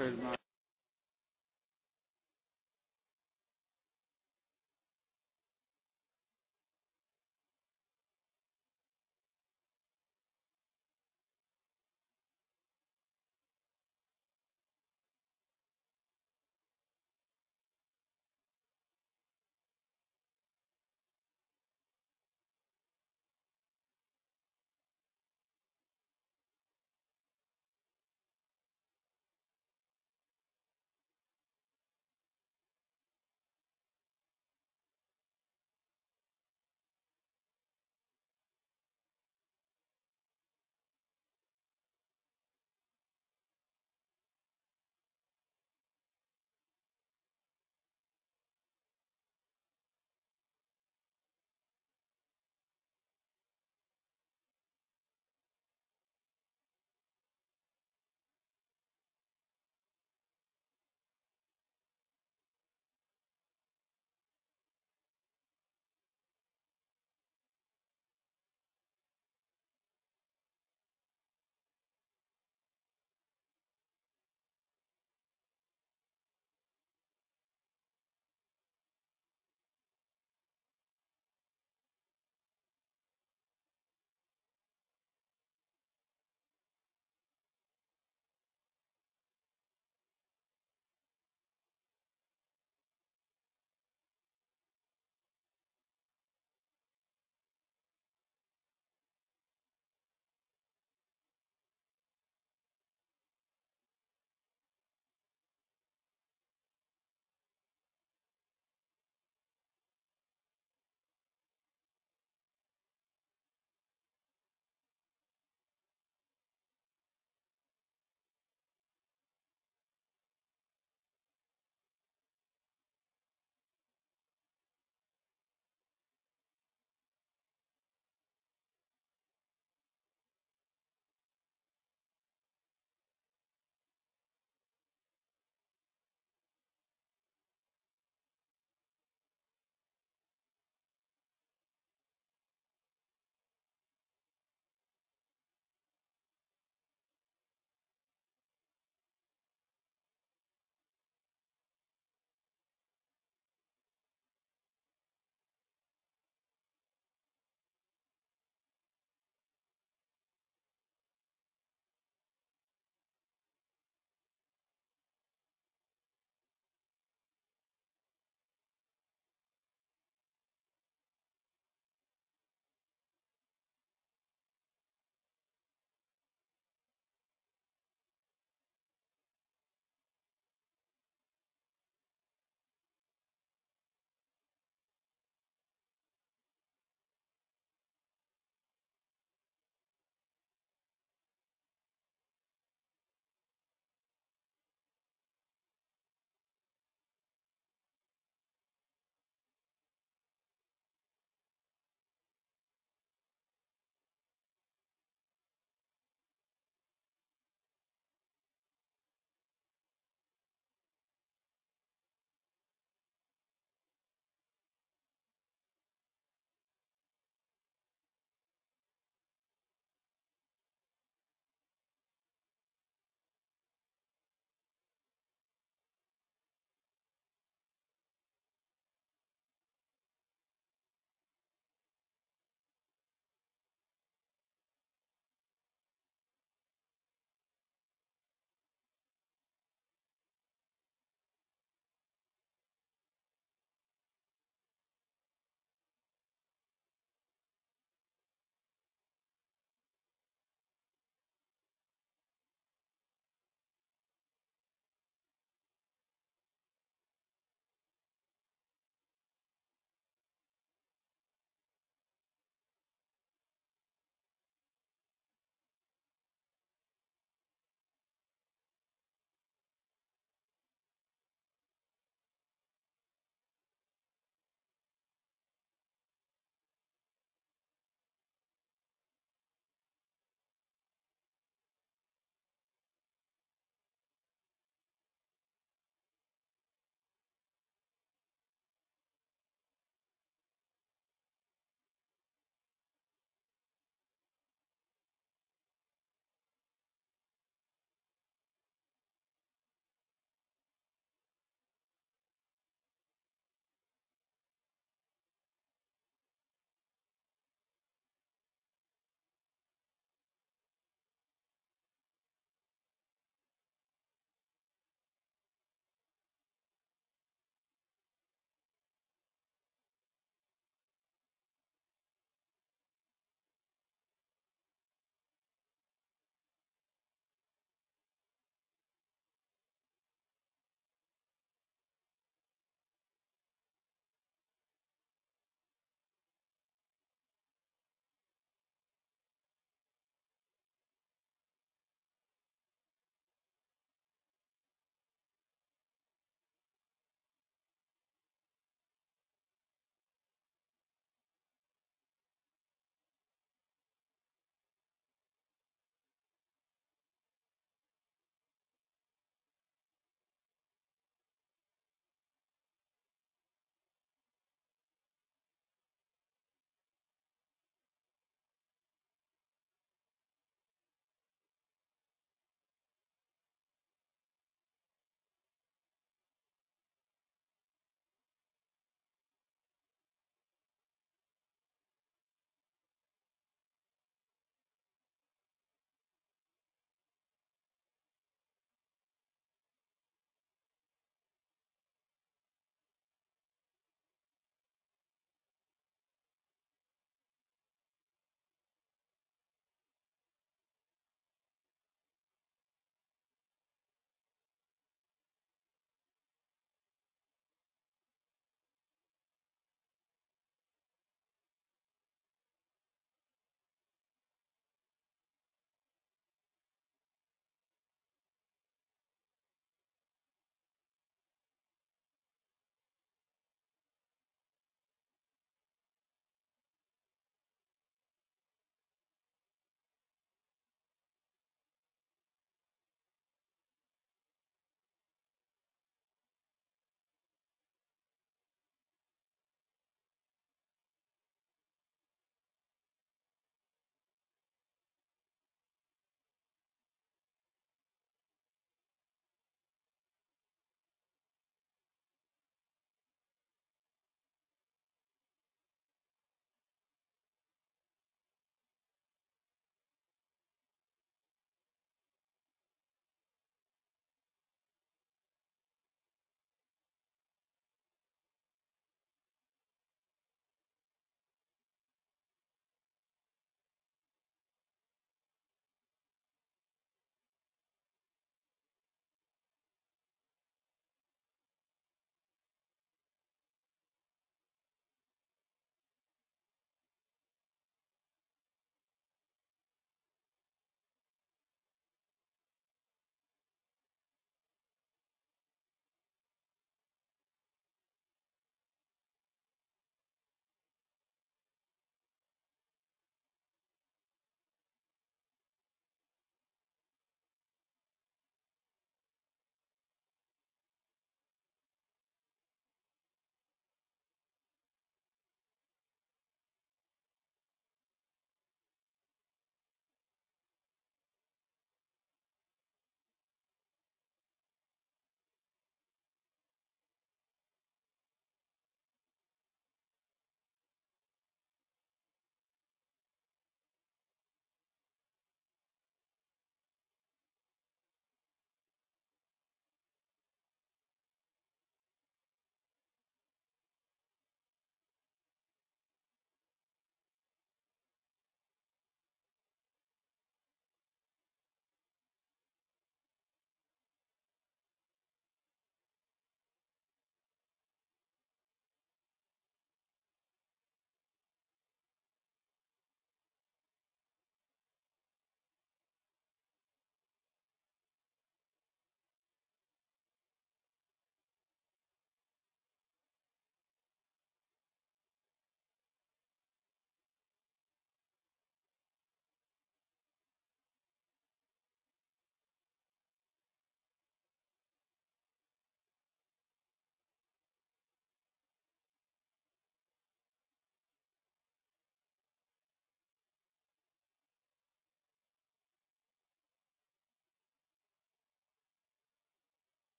record.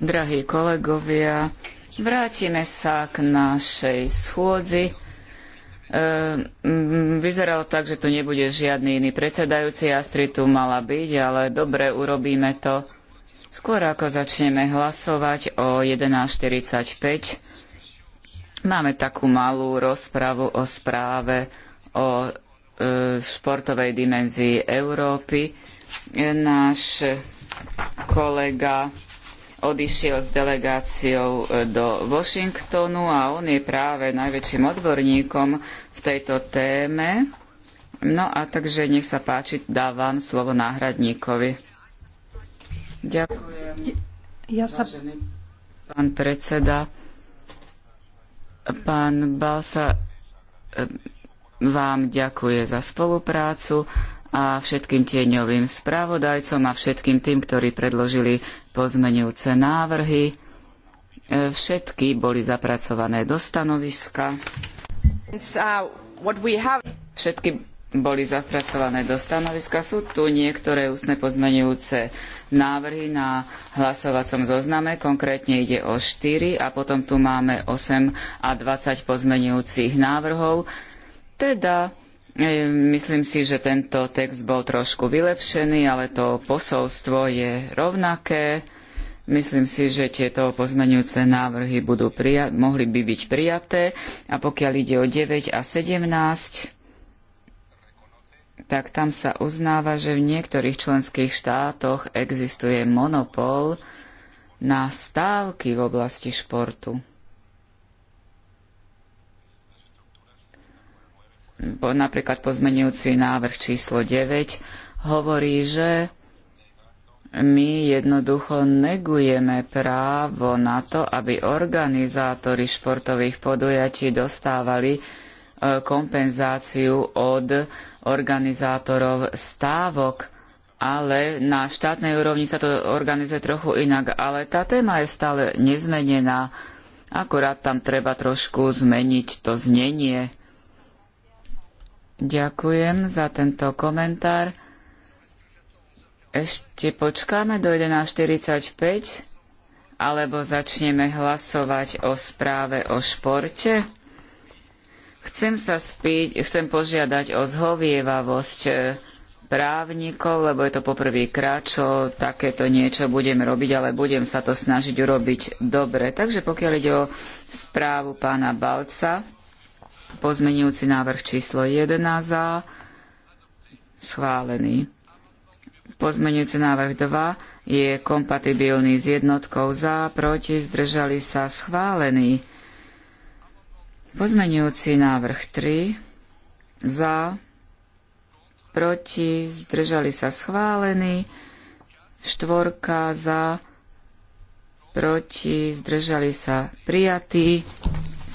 Drahí kolegovia, vrátime sa k našej schôdzi. E, vyzeralo tak, že tu nebude žiadny iný predsedajúci, Astrid tu mala byť, ale dobre, urobíme to. Skôr ako začneme hlasovať o 11.45, máme takú malú rozpravu o správe o e, športovej dimenzii Európy. E, náš kolega odišiel s delegáciou e, do Washingtonu a on je práve najväčším odborníkom v tejto téme. No a takže nech sa páči, dávam slovo náhradníkovi. Ďakujem. Ja sa... Pán predseda, pán Balsa e, vám ďakuje za spoluprácu a všetkým tieňovým spravodajcom a všetkým tým, ktorí predložili pozmenujúce návrhy. E, všetky boli zapracované do stanoviska. Všetky boli zapracované do stanoviska. Sú tu niektoré ústne pozmenujúce návrhy na hlasovacom zozname. Konkrétne ide o 4 a potom tu máme 8 a 20 pozmenujúcich návrhov. Teda E, myslím si, že tento text bol trošku vylepšený, ale to posolstvo je rovnaké. Myslím si, že tieto pozmenujúce návrhy budú prija- mohli by byť prijaté. A pokiaľ ide o 9 a 17, tak tam sa uznáva, že v niektorých členských štátoch existuje monopol na stávky v oblasti športu. bo napríklad pozmenujúci návrh číslo 9 hovorí, že my jednoducho negujeme právo na to, aby organizátori športových podujatí dostávali e, kompenzáciu od organizátorov stávok, ale na štátnej úrovni sa to organizuje trochu inak. Ale tá téma je stále nezmenená, akurát tam treba trošku zmeniť to znenie. Ďakujem za tento komentár. Ešte počkáme do 11.45 alebo začneme hlasovať o správe o športe. Chcem sa spíť, chcem požiadať o zhovievavosť e, právnikov, lebo je to poprvýkrát, čo takéto niečo budem robiť, ale budem sa to snažiť urobiť dobre. Takže pokiaľ ide o správu pána Balca, Pozmenujúci návrh číslo 1 za. Schválený. Pozmenujúci návrh 2 je kompatibilný s jednotkou za, proti, zdržali sa, schválený. Pozmenujúci návrh 3 za, proti, zdržali sa, schválený. Štvorka za, proti, zdržali sa, prijatý.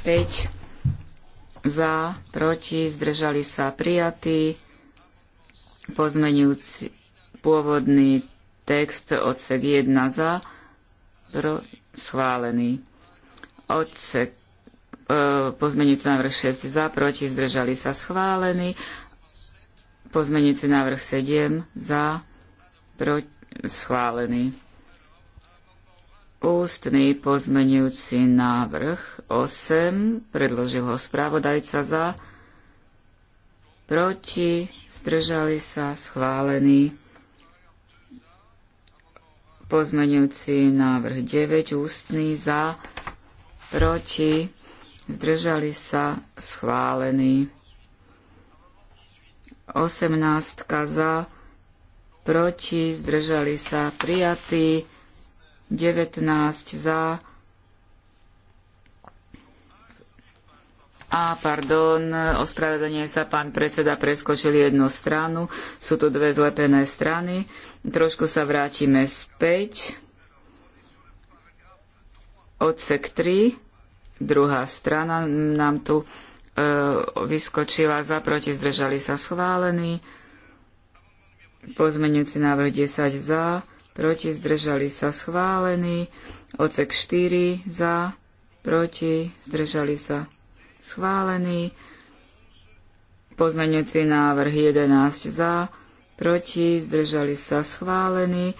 5 za, proti, zdržali sa prijatí, pozmenujúci pôvodný text odsek 1 za, pro, schválený. Odsek e, pozmenujúci návrh 6 za, proti, zdržali sa schválený. Pozmenujúci návrh 7 za, proti, schválený Ústny pozmenujúci návrh 8 predložil ho správodajca za, proti, zdržali sa, schválený. Pozmenujúci návrh 9 ústny za, proti, zdržali sa, schválený. 18 za, proti, zdržali sa, prijatý. 19 za A, pardon, ospravedlenie sa pán predseda, preskočil jednu stranu. Sú tu dve zlepené strany. Trošku sa vrátime späť. Odsek 3, druhá strana nám tu e, vyskočila za, proti, zdržali sa schválení. Pozmenujúci návrh 10 za, proti, zdržali sa schválený, ocek 4 za, proti, zdržali sa schválený, pozmeňujúci návrh 11 za, proti, zdržali sa schválený,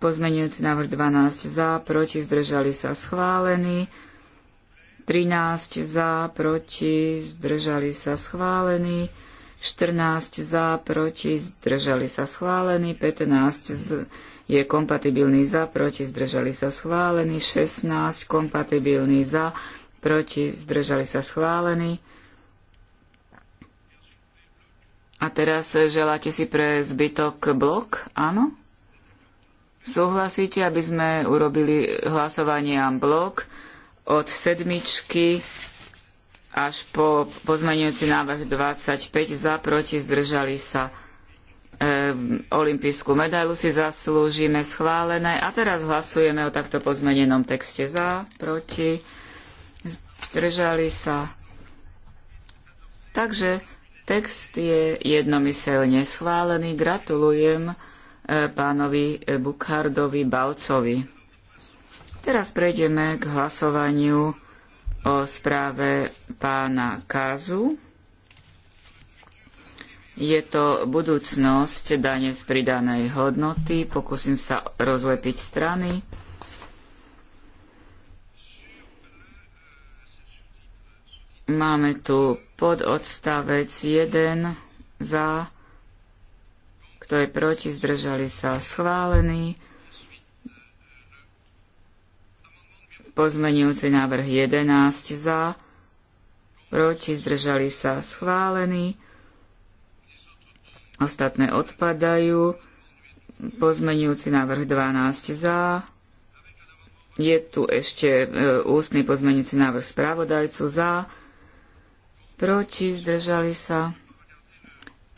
pozmeňujúci návrh 12 za, proti, zdržali sa schválený, 13 za, proti, zdržali sa schválený, 14 za, proti, zdržali sa schválený, 15 za, je kompatibilný za, proti, zdržali sa schválený. 16 kompatibilný za, proti, zdržali sa schválený. A teraz eh, želáte si pre zbytok blok? Áno? Súhlasíte, aby sme urobili hlasovanie en blok od sedmičky až po pozmenujúci návrh 25 za, proti, zdržali sa schválený olympijskú medailu si zaslúžime schválené. A teraz hlasujeme o takto pozmenenom texte za, proti, zdržali sa. Takže text je jednomyselne schválený. Gratulujem e, pánovi Bukhardovi Balcovi. Teraz prejdeme k hlasovaniu o správe pána Kazu. Je to budúcnosť dane z pridanej hodnoty. Pokúsim sa rozlepiť strany. Máme tu pododstavec 1 za, kto je proti, zdržali sa schválený. Pozmenujúci návrh 11 za, proti, zdržali sa schválený. Ostatné odpadajú. Pozmenujúci návrh 12 za. Je tu ešte e, ústny pozmenujúci návrh správodajcu za. Proti zdržali sa.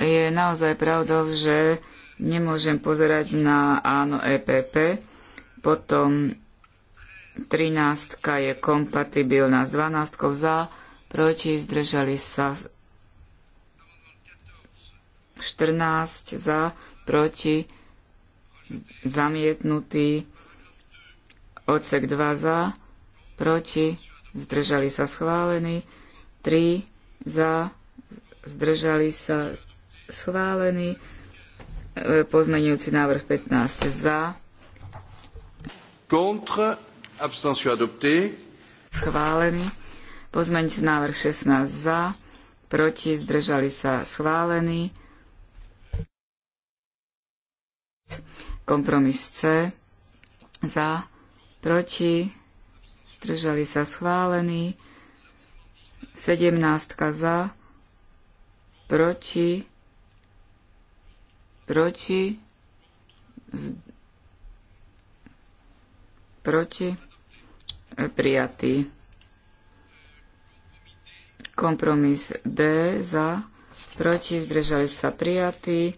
Je naozaj pravdou, že nemôžem pozerať na áno EPP. Potom 13 je kompatibilná s 12 za. Proti zdržali sa 14 za, proti, zamietnutý. Odsek 2 za, proti, zdržali sa schválení. 3 za, zdržali sa schválení. E, Pozmenujúci návrh 15 za. Contre, abstention adopté, Schválený. Pozmenujúci návrh 16 za, proti, zdržali sa schválení. Kompromis C za, proti, zdržali sa schválení, 17 za, proti, proti, z, proti, e, prijatý. Kompromis D za, proti, zdržali sa prijatý.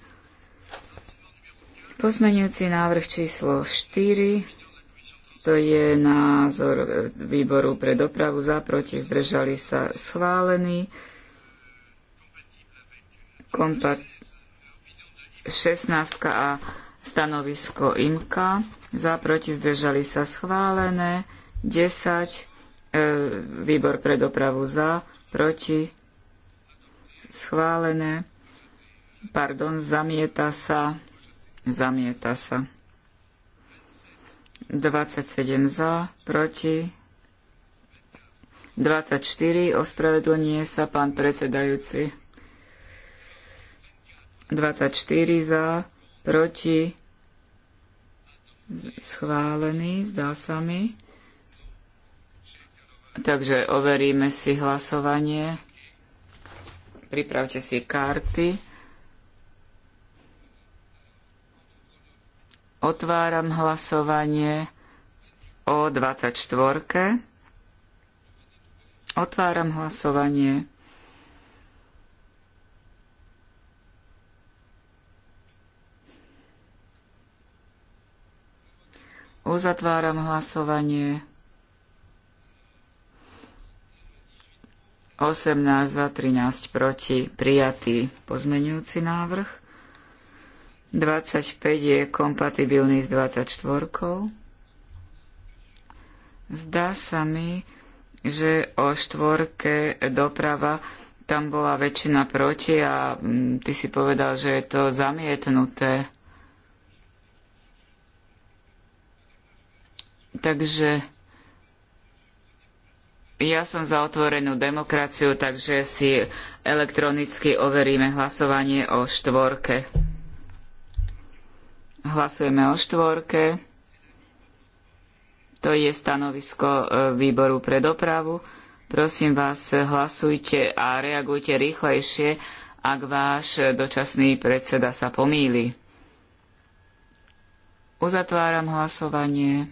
Pozmenujúci návrh číslo 4, to je názor e, výboru pre dopravu za proti, zdržali sa schválený. Kompakt 16 a stanovisko IMKA za proti, zdržali sa schválené. 10, e, výbor pre dopravu za, proti, schválené. Pardon, zamieta sa Zamieta sa. 27 za, proti. 24, ospravedlnie sa pán predsedajúci. 24 za, proti. Schválený, zdá sa mi. Takže overíme si hlasovanie. Pripravte si karty. Otváram hlasovanie o 24. Otváram hlasovanie. Uzatváram hlasovanie. 18 za 13 proti prijatý pozmenujúci návrh. 25 je kompatibilný s 24. Zdá sa mi, že o štvorke doprava tam bola väčšina proti a mm, ty si povedal, že je to zamietnuté. Takže ja som za otvorenú demokraciu, takže si elektronicky overíme hlasovanie o štvorke. Hlasujeme o štvorke. To je stanovisko e, výboru pre dopravu. Prosím vás, hlasujte a reagujte rýchlejšie, ak váš dočasný predseda sa pomýli. Uzatváram hlasovanie.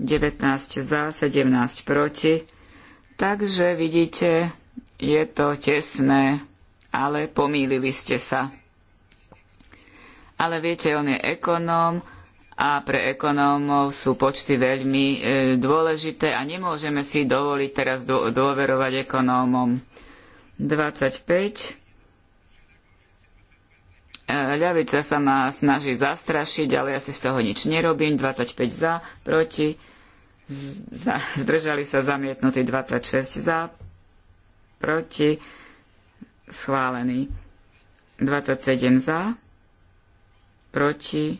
19 za, 17 proti. Takže vidíte, je to tesné, ale pomýlili ste sa ale viete, on je ekonóm a pre ekonómov sú počty veľmi e, dôležité a nemôžeme si dovoliť teraz dôverovať ekonómom. 25. E, ľavica sa ma snaží zastrašiť, ale ja si z toho nič nerobím. 25 za, proti. Zdržali sa zamietnutí 26 za, proti. Schválený. 27 za, proti,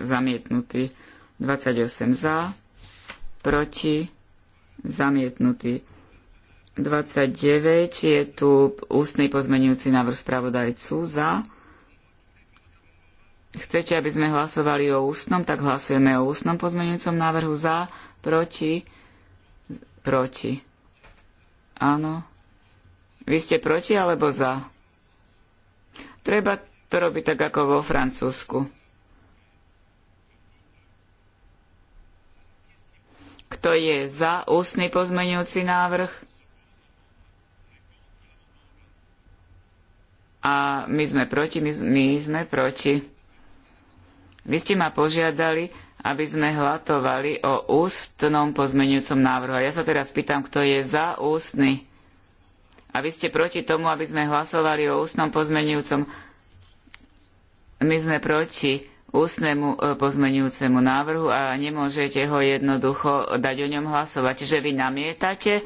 zamietnutý. 28 za, proti, zamietnutý. 29 je tu ústny pozmenujúci návrh spravodajcu za. Chcete, aby sme hlasovali o ústnom, tak hlasujeme o ústnom pozmenujúcom návrhu za, proti, proti. Áno. Vy ste proti alebo za? Treba to robí tak ako vo Francúzsku. Kto je za ústny pozmeňujúci návrh? A my sme proti, my, my sme proti. Vy ste ma požiadali, aby sme hlatovali o ústnom pozmeňujúcom návrhu. A ja sa teraz pýtam, kto je za ústny. A vy ste proti tomu, aby sme hlasovali o ústnom pozmeňujúcom návrhu my sme proti ústnemu e, pozmenujúcemu návrhu a nemôžete ho jednoducho dať o ňom hlasovať. Čiže vy namietate e,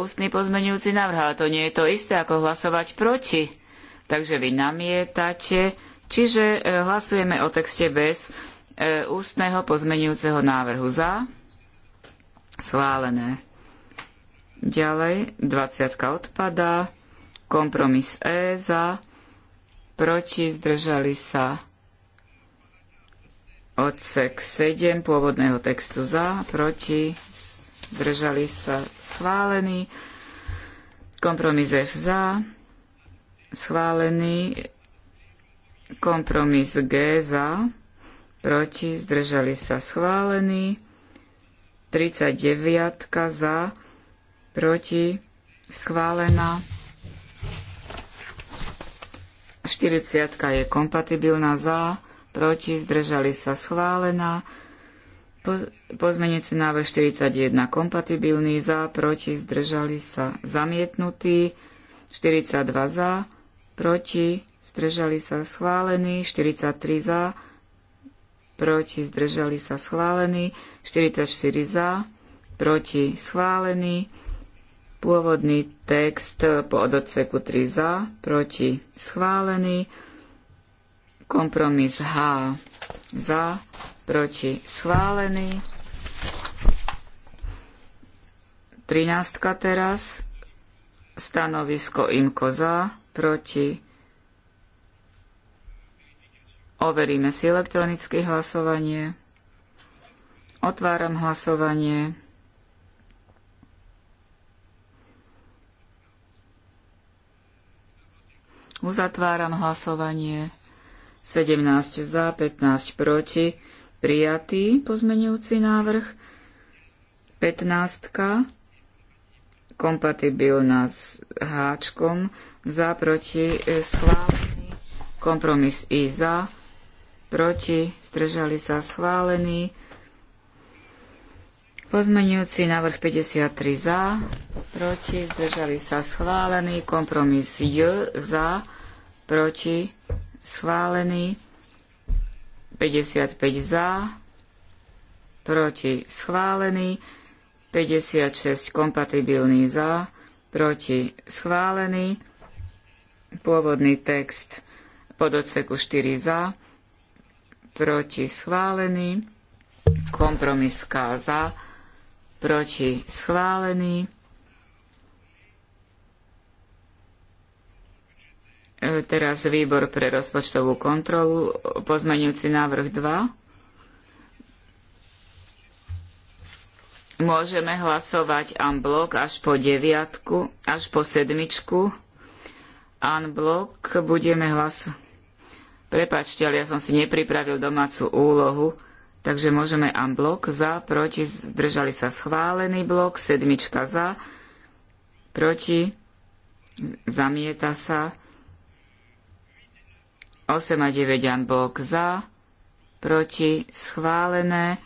ústny pozmenujúci návrh, ale to nie je to isté, ako hlasovať proti. Takže vy namietate, čiže e, hlasujeme o texte bez ústneho pozmenujúceho návrhu za. Schválené. Ďalej, 20 odpadá, kompromis E za proti, zdržali sa. Odsek 7 pôvodného textu za, proti, zdržali sa, schválený. Kompromis F za, schválený. Kompromis G za, proti, zdržali sa, schválený. 39 za, proti, schválená. 40 je kompatibilná za, proti, zdržali sa schválená. Po, pozmenici návrh 41 kompatibilný za, proti, zdržali sa zamietnutý. 42 za, proti, zdržali sa schválený. 43 za, proti, zdržali sa schválený. 44 za, proti, schválený. Pôvodný text po odoceku 3 za, proti schválený. Kompromis H za, proti schválený. 13 teraz. Stanovisko IMKO za, proti. Overíme si elektronické hlasovanie. Otváram hlasovanie. Uzatváram hlasovanie. 17 za, 15 proti. Prijatý pozmenujúci návrh. 15 kompatibilná s háčkom, za, proti, e, schválený, kompromis I za, proti, stržali sa schválený, Pozmenujúci návrh 53 za, proti, zdržali sa schválený, kompromis J za, proti, schválený, 55 za, proti, schválený, 56 kompatibilný za, proti, schválený, pôvodný text pod odseku 4 za, proti, schválený, kompromis K za, proti schválený. E, teraz výbor pre rozpočtovú kontrolu, pozmenujúci návrh 2. Môžeme hlasovať unblock až po deviatku, až po sedmičku. Unblock budeme hlasovať. Prepačte, ale ja som si nepripravil domácu úlohu Takže môžeme blok za, proti, zdržali sa schválený blok, sedmička za, proti, zamieta sa, 8 a 9 blok za, proti, schválené,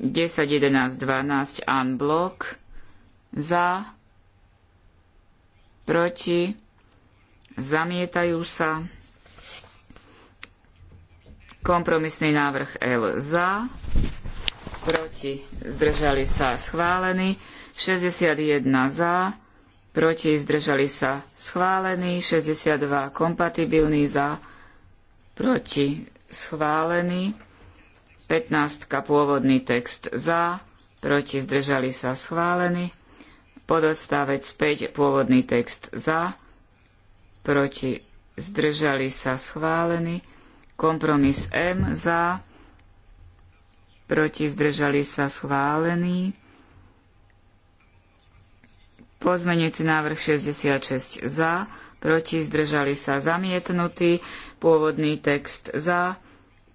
10, 11, 12 unblock, za, proti, zamietajú sa, Kompromisný návrh L za, proti, zdržali sa schválený, 61 za, proti, zdržali sa schválený, 62 kompatibilný za, proti, schválený, 15 pôvodný text za, proti, zdržali sa schválený, podostavec 5 pôvodný text za, proti, zdržali sa schválený, Kompromis M za, proti zdržali sa schválený. Pozmenujúci návrh 66 za, proti zdržali sa zamietnutý, pôvodný text za,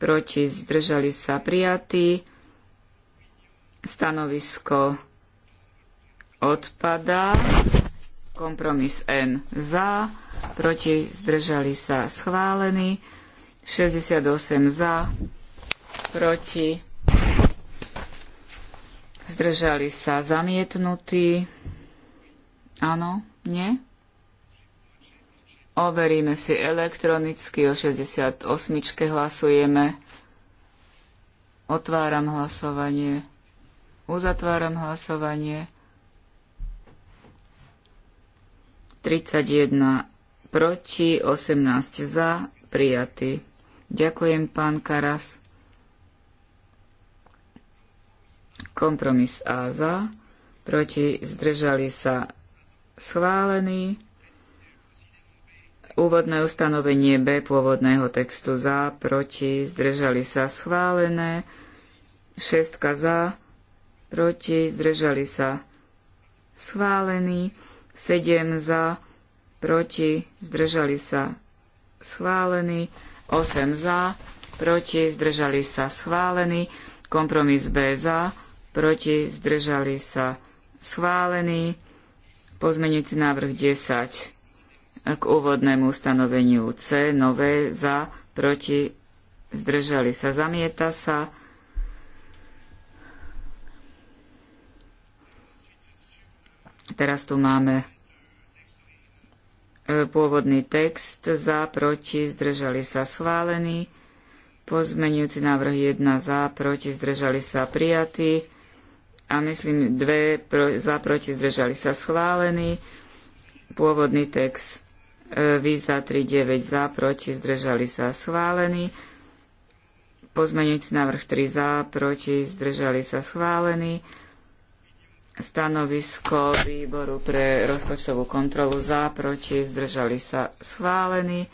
proti zdržali sa prijatý, stanovisko odpadá, kompromis N za, proti zdržali sa schválený, 68 za, proti, zdržali sa zamietnutí. Áno, nie? Overíme si elektronicky, o 68 hlasujeme. Otváram hlasovanie. Uzatváram hlasovanie. 31 proti, 18 za, prijatý. Ďakujem, pán Karas. Kompromis A za, proti zdržali sa schválený. Úvodné ustanovenie B pôvodného textu za, proti zdržali sa schválené. Šestka za, proti zdržali sa schválený. Sedem za, proti zdržali sa schválený. 8 za, proti, zdržali sa schválený. Kompromis B za, proti, zdržali sa schválený. pozmeňujúci návrh 10 k úvodnému ustanoveniu C, nové za, proti, zdržali sa, zamieta sa. Teraz tu máme Pôvodný text za, proti, zdržali sa schválený. Pozmenujúci návrh 1 za, proti, zdržali sa prijatý. A myslím, dve pro, za, proti, zdržali sa schválený. Pôvodný text 3 e, 9 za, proti, zdržali sa schválený. pozmeňujúci návrh 3 za, proti, zdržali sa schválený. Stanovisko výboru pre rozpočtovú kontrolu za, proti, zdržali sa schválení.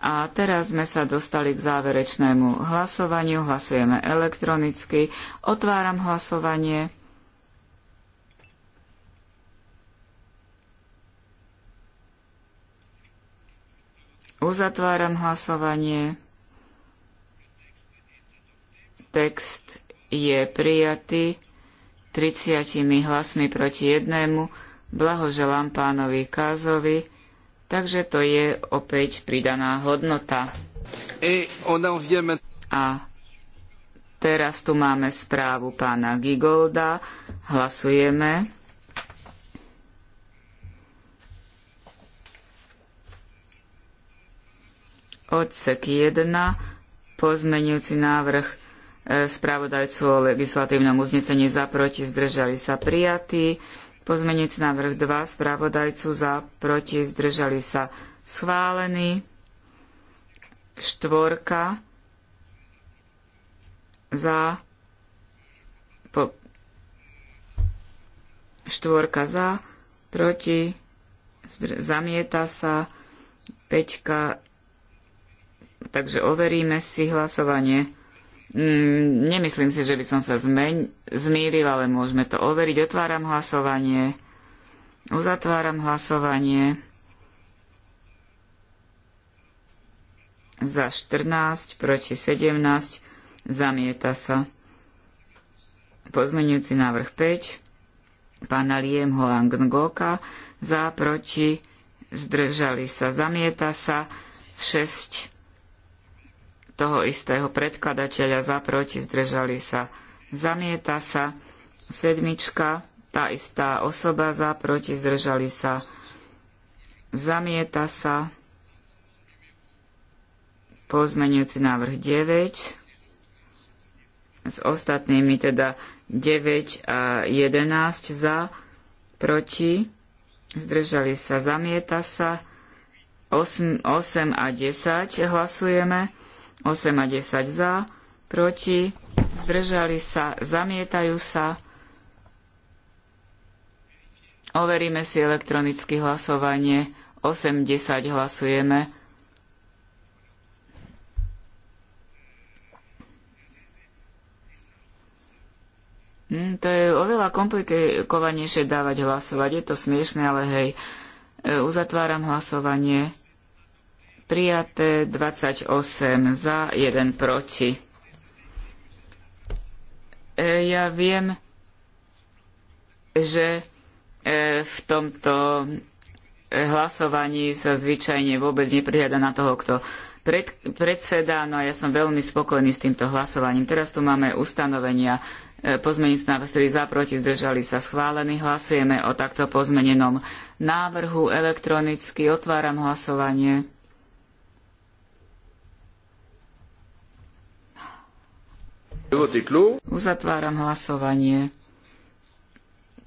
A teraz sme sa dostali k záverečnému hlasovaniu. Hlasujeme elektronicky. Otváram hlasovanie. Uzatváram hlasovanie. Text je prijatý. 30 hlasmi proti jednému, blahoželám pánovi Kázovi, takže to je opäť pridaná hodnota. A teraz tu máme správu pána Gigolda, hlasujeme. Odsek 1, pozmenujúci návrh spravodajcu o legislatívnom uznesení za proti, zdržali sa prijatí. Pozmeniec návrh 2 spravodajcu za proti, zdržali sa schválený. Štvorka za po, štvorka za proti zamieta sa peťka takže overíme si hlasovanie Mm, nemyslím si, že by som sa zmeň, zmýril, ale môžeme to overiť. Otváram hlasovanie. Uzatváram hlasovanie. Za 14, proti 17. Zamieta sa. Pozmenujúci návrh 5. Pána Liem Hoang Ngoka. Za, proti. Zdržali sa. Zamieta sa. 6 toho istého predkladateľa za proti, zdržali sa. Zamieta sa sedmička, tá istá osoba za proti, zdržali sa. Zamieta sa Pozmeňujúci návrh 9 s ostatnými teda 9 a 11 za proti, zdržali sa, zamieta sa. 8, 8 a 10 hlasujeme 8 a 10 za, proti, zdržali sa, zamietajú sa. Overíme si elektronicky hlasovanie. 8, 10 hlasujeme. Hm, to je oveľa komplikovanejšie dávať hlasovať. Je to smiešne, ale hej. E, uzatváram hlasovanie. Prijaté 28 za, 1 proti. E, ja viem, že e, v tomto hlasovaní sa zvyčajne vôbec neprihľada na toho, kto pred, predseda, no a ja som veľmi spokojný s týmto hlasovaním. Teraz tu máme ustanovenia e, pozmeniť návrh, ktorý za proti zdržali sa schválený. Hlasujeme o takto pozmenenom návrhu elektronicky. Otváram hlasovanie. Uzatváram hlasovanie.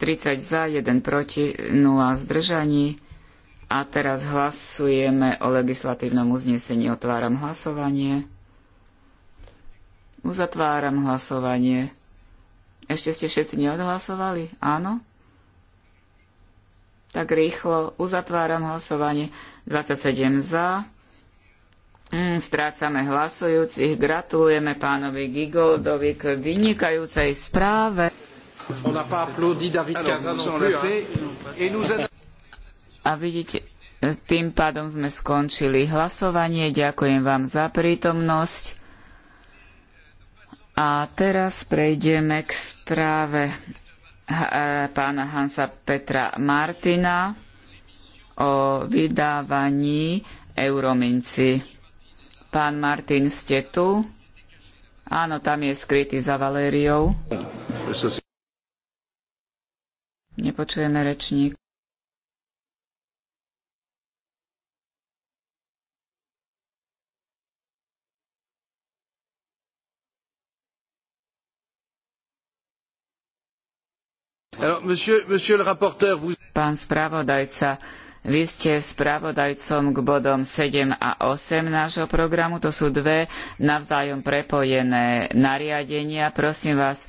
30 za, 1 proti, 0 zdržaní. A teraz hlasujeme o legislatívnom uznesení. Otváram hlasovanie. Uzatváram hlasovanie. Ešte ste všetci neodhlasovali? Áno? Tak rýchlo uzatváram hlasovanie. 27 za, Mm, strácame hlasujúcich. Gratulujeme pánovi Gigoldovi k vynikajúcej správe. A vidíte, tým pádom sme skončili hlasovanie. Ďakujem vám za prítomnosť. A teraz prejdeme k správe eh, pána Hansa Petra Martina o vydávaní eurominci. Pán Martin, ste tu? Áno, tam je skrytý za Valériou. Nepočujeme rečník. Pán spravodajca, vy ste spravodajcom k bodom 7 a 8 nášho programu. To sú dve navzájom prepojené nariadenia. Prosím vás,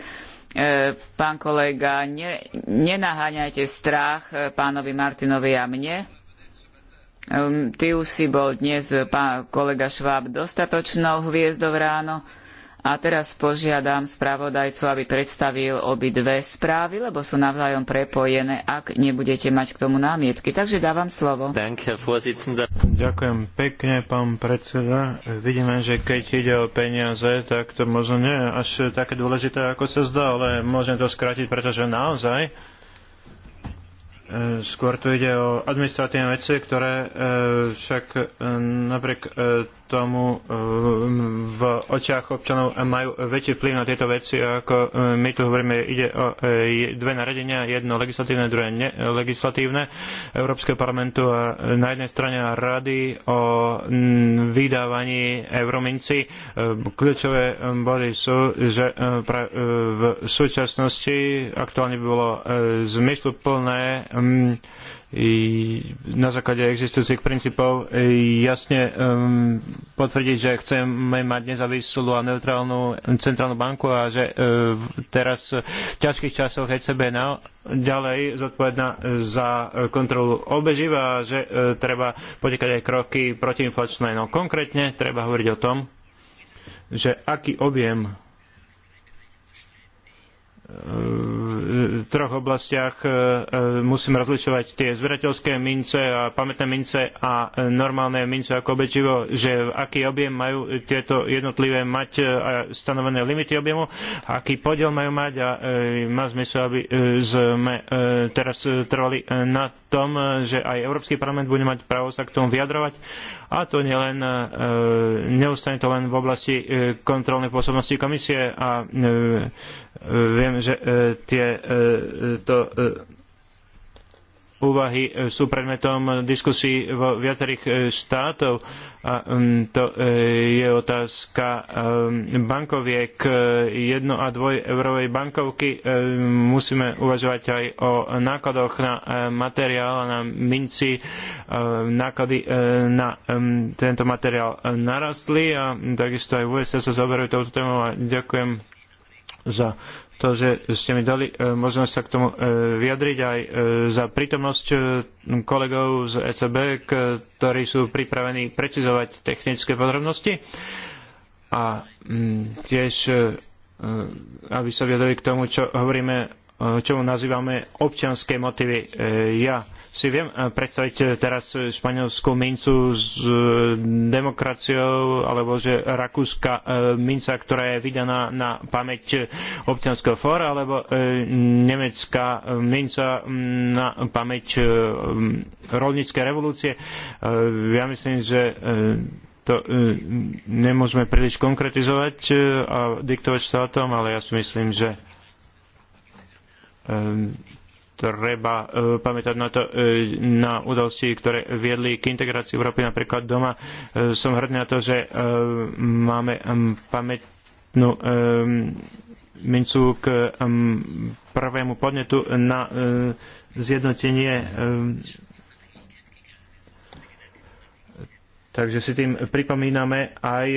e, pán kolega, ne, nenaháňajte strach pánovi Martinovi a mne. Ehm, ty už si bol dnes, pán kolega Šváb, dostatočnou hviezdou ráno. A teraz požiadam spravodajcu, aby predstavil obidve správy, lebo sú navzájom prepojené, ak nebudete mať k tomu námietky. Takže dávam slovo. Ďakujem pekne, pán predseda. Vidíme, že keď ide o peniaze, tak to možno nie je až také dôležité, ako sa zdá, ale môžem to skrátiť, pretože naozaj e, skôr tu ide o administratívne veci, ktoré e, však e, napriek tomu e, v očiach občanov majú väčší vplyv na tieto veci, ako e, my tu hovoríme, ide o e, dve naredenia, jedno legislatívne, druhé nelegislatívne Európskeho parlamentu a na jednej strane rady o vydávaní eurominci. Kľúčové body sú, že v súčasnosti aktuálne by bolo zmysluplné na základe existujúcich princípov jasne um, potvrdiť, že chceme mať nezávislú a neutrálnu centrálnu banku a že uh, teraz v ťažkých časoch ECB na, ďalej zodpovedná za uh, kontrolu obeživa a že uh, treba podnikať aj kroky protiinflačné. No konkrétne treba hovoriť o tom, že aký objem troch oblastiach e, e, musím rozlišovať tie zberateľské mince a pamätné mince a normálne mince ako obečivo, že aký objem majú tieto jednotlivé mať e, a stanovené limity objemu, aký podiel majú mať a má zmysel, aby sme teraz trvali na tom, e, že aj Európsky parlament bude mať právo sa k tomu vyjadrovať. A to nielen, e, neustane to len v oblasti e, kontrolnej pôsobnosti komisie a viem, že tie, to úvahy e, sú predmetom diskusí vo viacerých e, štátov. A mm, to e, je otázka bankoviek. Jedno a dvoj eurovej bankovky musíme uvažovať aj o nákladoch na materiál, na minci. Náklady na tento materiál narastli a takisto aj USA sa zoberajú touto témou a ďakujem za to, že ste mi dali e, možnosť sa k tomu e, vyjadriť aj e, za prítomnosť kolegov z ECB, ktorí sú pripravení precizovať technické podrobnosti a mm, tiež aby sa vyjadrili k tomu, čo hovoríme, čo nazývame občianské motívy. Ja si viem eh, predstaviť eh, teraz eh, španielskú mincu s demokraciou, alebo že rakúska minca, ktorá je vydaná na pamäť občianskeho fóra, alebo nemecká minca mm, na pamäť mm, rolníckej revolúcie. Ja myslím, že to nemôžeme príliš konkretizovať a diktovať štátom, ale ja si myslím, že treba e, pamätať na to, e, na udalosti, ktoré viedli k integrácii Európy. Napríklad doma e, som hrdný na to, že máme pamätnú mincu k prvému podnetu na zjednotenie Takže si tým pripomíname aj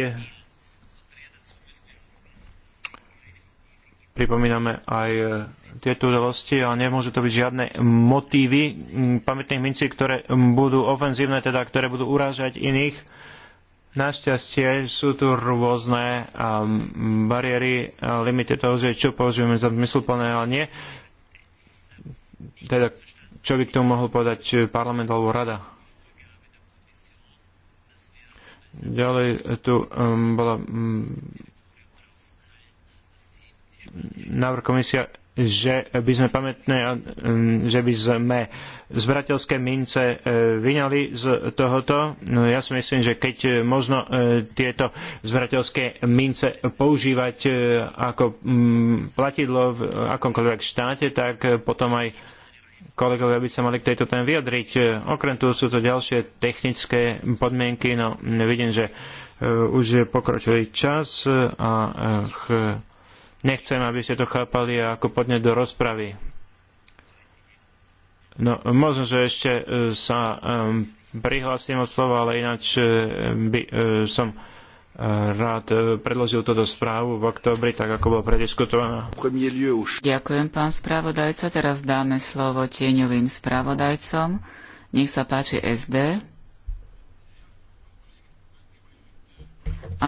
pripomíname aj tieto udalosti a nemôžu to byť žiadne motívy pamätných mincí, ktoré budú ofenzívne, teda ktoré budú urážať iných. Našťastie sú tu rôzne um, bariéry, limity toho, že čo považujeme za mysluplné a nie. Teda, čo by k tomu mohol povedať parlament alebo rada? Ďalej tu um, bola um, návrh komisia že by sme pamätné, že by sme zbratelské mince e, vyňali z tohoto. No, ja si myslím, že keď e, možno e, tieto zbrateľské mince používať ako platidlo v akomkoľvek štáte, tak potom aj kolegovia by sa mali k tejto téme vyjadriť. Okrem toho sú to ďalšie technické podmienky, no vidím, že už je pokročilý čas a ch- Nechcem, aby ste to chápali ako podne do rozpravy. No, možno, že ešte e, sa um, e, prihlásim od slova, ale ináč e, by uh, som rád predložil túto správu v oktobri, tak ako bola prediskutovaná. Ďakujem, pán spravodajca. Teraz dáme slovo tieňovým spravodajcom. Nech sa páči SD.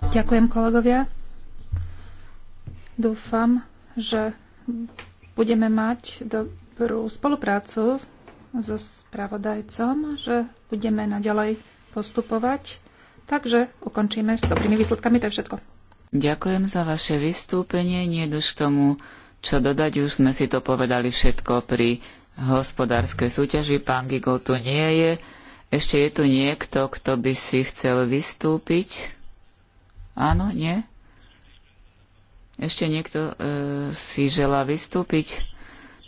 Ďakujem, kolegovia. Dúfam, že budeme mať dobrú spoluprácu so spravodajcom, že budeme naďalej postupovať. Takže ukončíme s dobrými výsledkami, to je všetko. Ďakujem za vaše vystúpenie. Nie už k tomu, čo dodať. Už sme si to povedali všetko pri hospodárskej súťaži. Pán Gigo tu nie je. Ešte je tu niekto, kto by si chcel vystúpiť? Áno, nie? Ešte niekto e, si želá vystúpiť?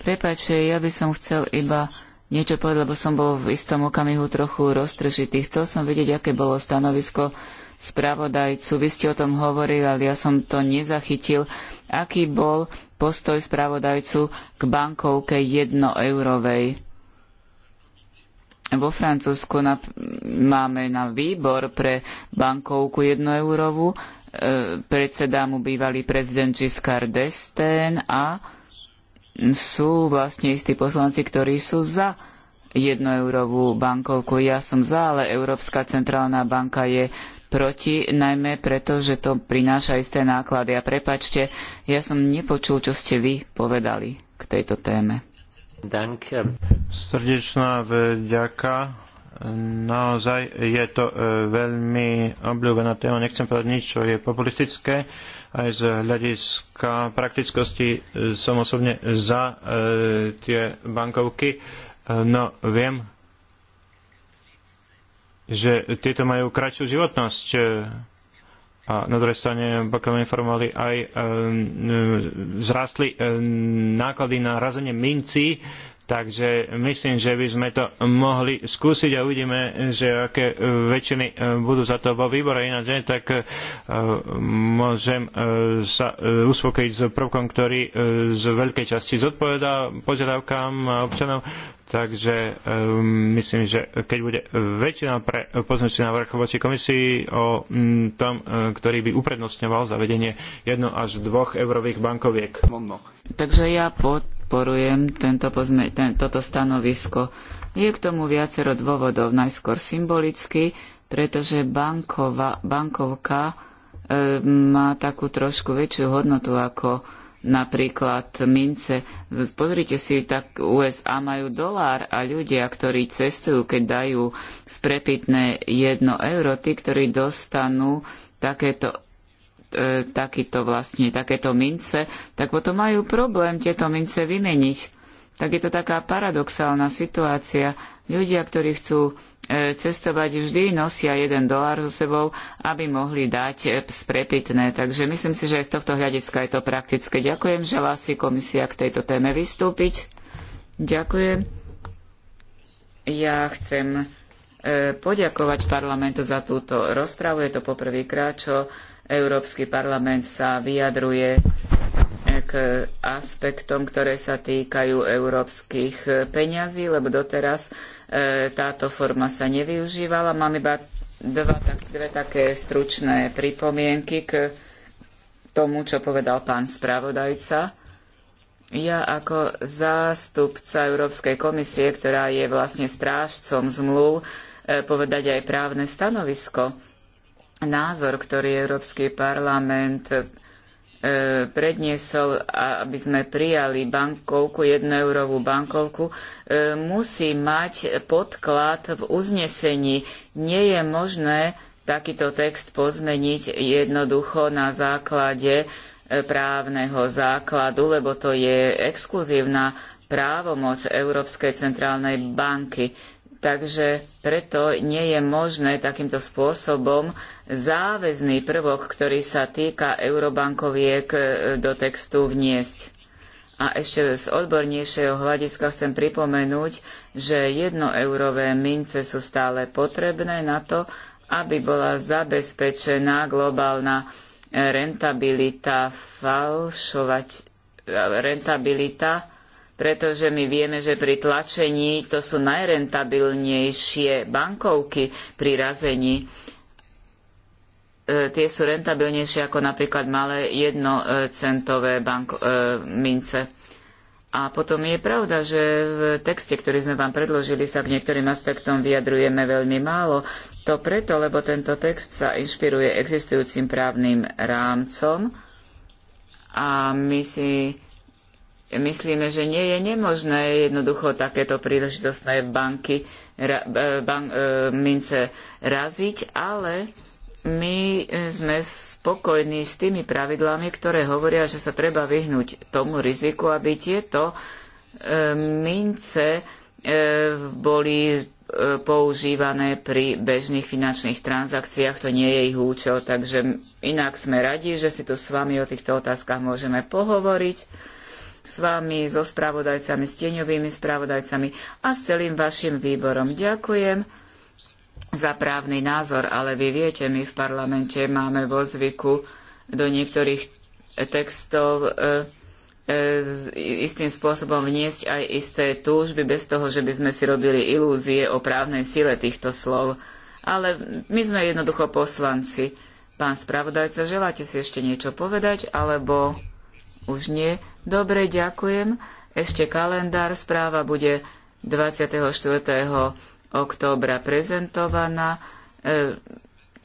Prepačte, ja by som chcel iba niečo povedať, lebo som bol v istom okamihu trochu roztržitý. Chcel som vidieť, aké bolo stanovisko spravodajcu. Vy ste o tom hovorili, ale ja som to nezachytil. Aký bol postoj spravodajcu k bankovke jednoeurovej? Vo Francúzsku na, máme na výbor pre bankovku jednoeurovú E, predseda mu bývalý prezident Giscard d'Estaing a sú vlastne istí poslanci, ktorí sú za jednoeurovú bankovku. Ja som za, ale Európska centrálna banka je proti, najmä preto, že to prináša isté náklady. A prepačte, ja som nepočul, čo ste vy povedali k tejto téme. Srdečná vďaka naozaj je to e, veľmi obľúbená téma. Nechcem povedať nič, čo je populistické. Aj z hľadiska praktickosti som osobne za e, tie bankovky. E, no, viem, že tieto majú kratšiu životnosť. A na druhej strane, pokiaľ informovali, aj e, e, náklady na razenie minci Takže myslím, že by sme to mohli skúsiť a uvidíme, že aké väčšiny e, budú za to vo výbore. Ináč ne, tak e, môžem e, sa uspokojiť s prvkom, ktorý z veľkej časti zodpovedá požiadavkám občanov. Takže um, myslím, že keď bude väčšina pre pozmeňujúci návrh voči komisii o m, tom, ktorý by uprednostňoval zavedenie jedno až dvoch eurových bankoviek. Takže ja po podporujem tento pozme, ten, toto stanovisko. Je k tomu viacero dôvodov, najskôr symbolicky, pretože bankova, bankovka e, má takú trošku väčšiu hodnotu ako napríklad mince. Pozrite si, tak USA majú dolár a ľudia, ktorí cestujú, keď dajú sprepitné jedno euro, tí, ktorí dostanú takéto E, takýto vlastne, takéto mince, tak potom majú problém tieto mince vymeniť. Tak je to taká paradoxálna situácia. Ľudia, ktorí chcú e, cestovať, vždy nosia jeden dolár so sebou, aby mohli dať e, sprepitné. Takže myslím si, že aj z tohto hľadiska je to praktické. Ďakujem, vás si komisia k tejto téme vystúpiť. Ďakujem. Ja chcem poďakovať parlamentu za túto rozpravu. Je to poprvýkrát, čo Európsky parlament sa vyjadruje k aspektom, ktoré sa týkajú európskych peňazí, lebo doteraz e, táto forma sa nevyužívala. Mám iba dva, dve také stručné pripomienky k tomu, čo povedal pán spravodajca. Ja ako zástupca Európskej komisie, ktorá je vlastne strážcom zmluv, e, povedať aj právne stanovisko názor, ktorý Európsky parlament e, predniesol, aby sme prijali bankovku, jednoeurovú bankovku, e, musí mať podklad v uznesení. Nie je možné takýto text pozmeniť jednoducho na základe e, právneho základu, lebo to je exkluzívna právomoc Európskej centrálnej banky. Takže preto nie je možné takýmto spôsobom záväzný prvok, ktorý sa týka eurobankoviek e, do textu vniesť. A ešte z odbornejšieho hľadiska chcem pripomenúť, že jednoeurové mince sú stále potrebné na to, aby bola zabezpečená globálna e, rentabilita falšovať e, rentabilita pretože my vieme, že pri tlačení to sú najrentabilnejšie bankovky pri razení. E, tie sú rentabilnejšie ako napríklad malé jednocentové banko, e, mince. A potom je pravda, že v texte, ktorý sme vám predložili, sa k niektorým aspektom vyjadrujeme veľmi málo. To preto, lebo tento text sa inšpiruje existujúcim právnym rámcom a my si myslíme, že nie je nemožné jednoducho takéto príležitostné banky, ra, e, ban, e, mince raziť, ale my sme spokojní s tými pravidlami, ktoré hovoria, že sa treba vyhnúť tomu riziku, aby tieto e, mince boli používané pri bežných finančných transakciách. To nie je ich účel, takže inak sme radi, že si tu s vami o týchto otázkach môžeme pohovoriť s vami, so spravodajcami, s tieňovými spravodajcami a s celým vašim výborom. Ďakujem za právny názor, ale vy viete, my v parlamente máme vo zvyku do niektorých textov e, e, istým spôsobom vniesť aj isté túžby bez toho, že by sme si robili ilúzie o právnej sile týchto slov. Ale my sme jednoducho poslanci. Pán spravodajca, želáte si ešte niečo povedať, alebo... Už nie? Dobre, ďakujem. Ešte kalendár správa bude 24. októbra prezentovaná. E,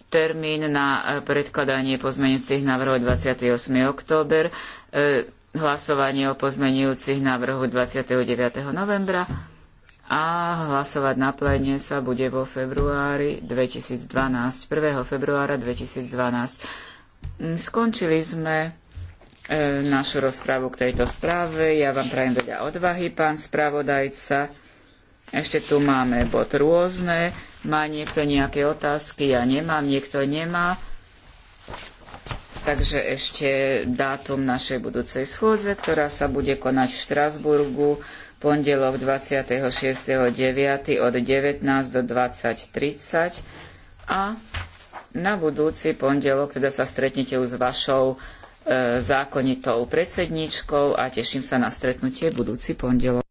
termín na predkladanie pozmenujúcich návrhov 28. október. E, hlasovanie o pozmenujúcich návrhu 29. novembra a hlasovať na pléne sa bude vo februári 2012, 1. februára 2012. Hm, skončili sme E, našu rozprávu k tejto správe. Ja vám prajem veľa odvahy, pán spravodajca. Ešte tu máme bod rôzne. Má niekto nejaké otázky? Ja nemám, niekto nemá. Takže ešte dátum našej budúcej schôdze, ktorá sa bude konať v Štrasburgu pondelok 26.9. od 19 do 20.30 a na budúci pondelok teda sa stretnete už s vašou E, zákonitou predsedníčkou a teším sa na stretnutie budúci pondelok.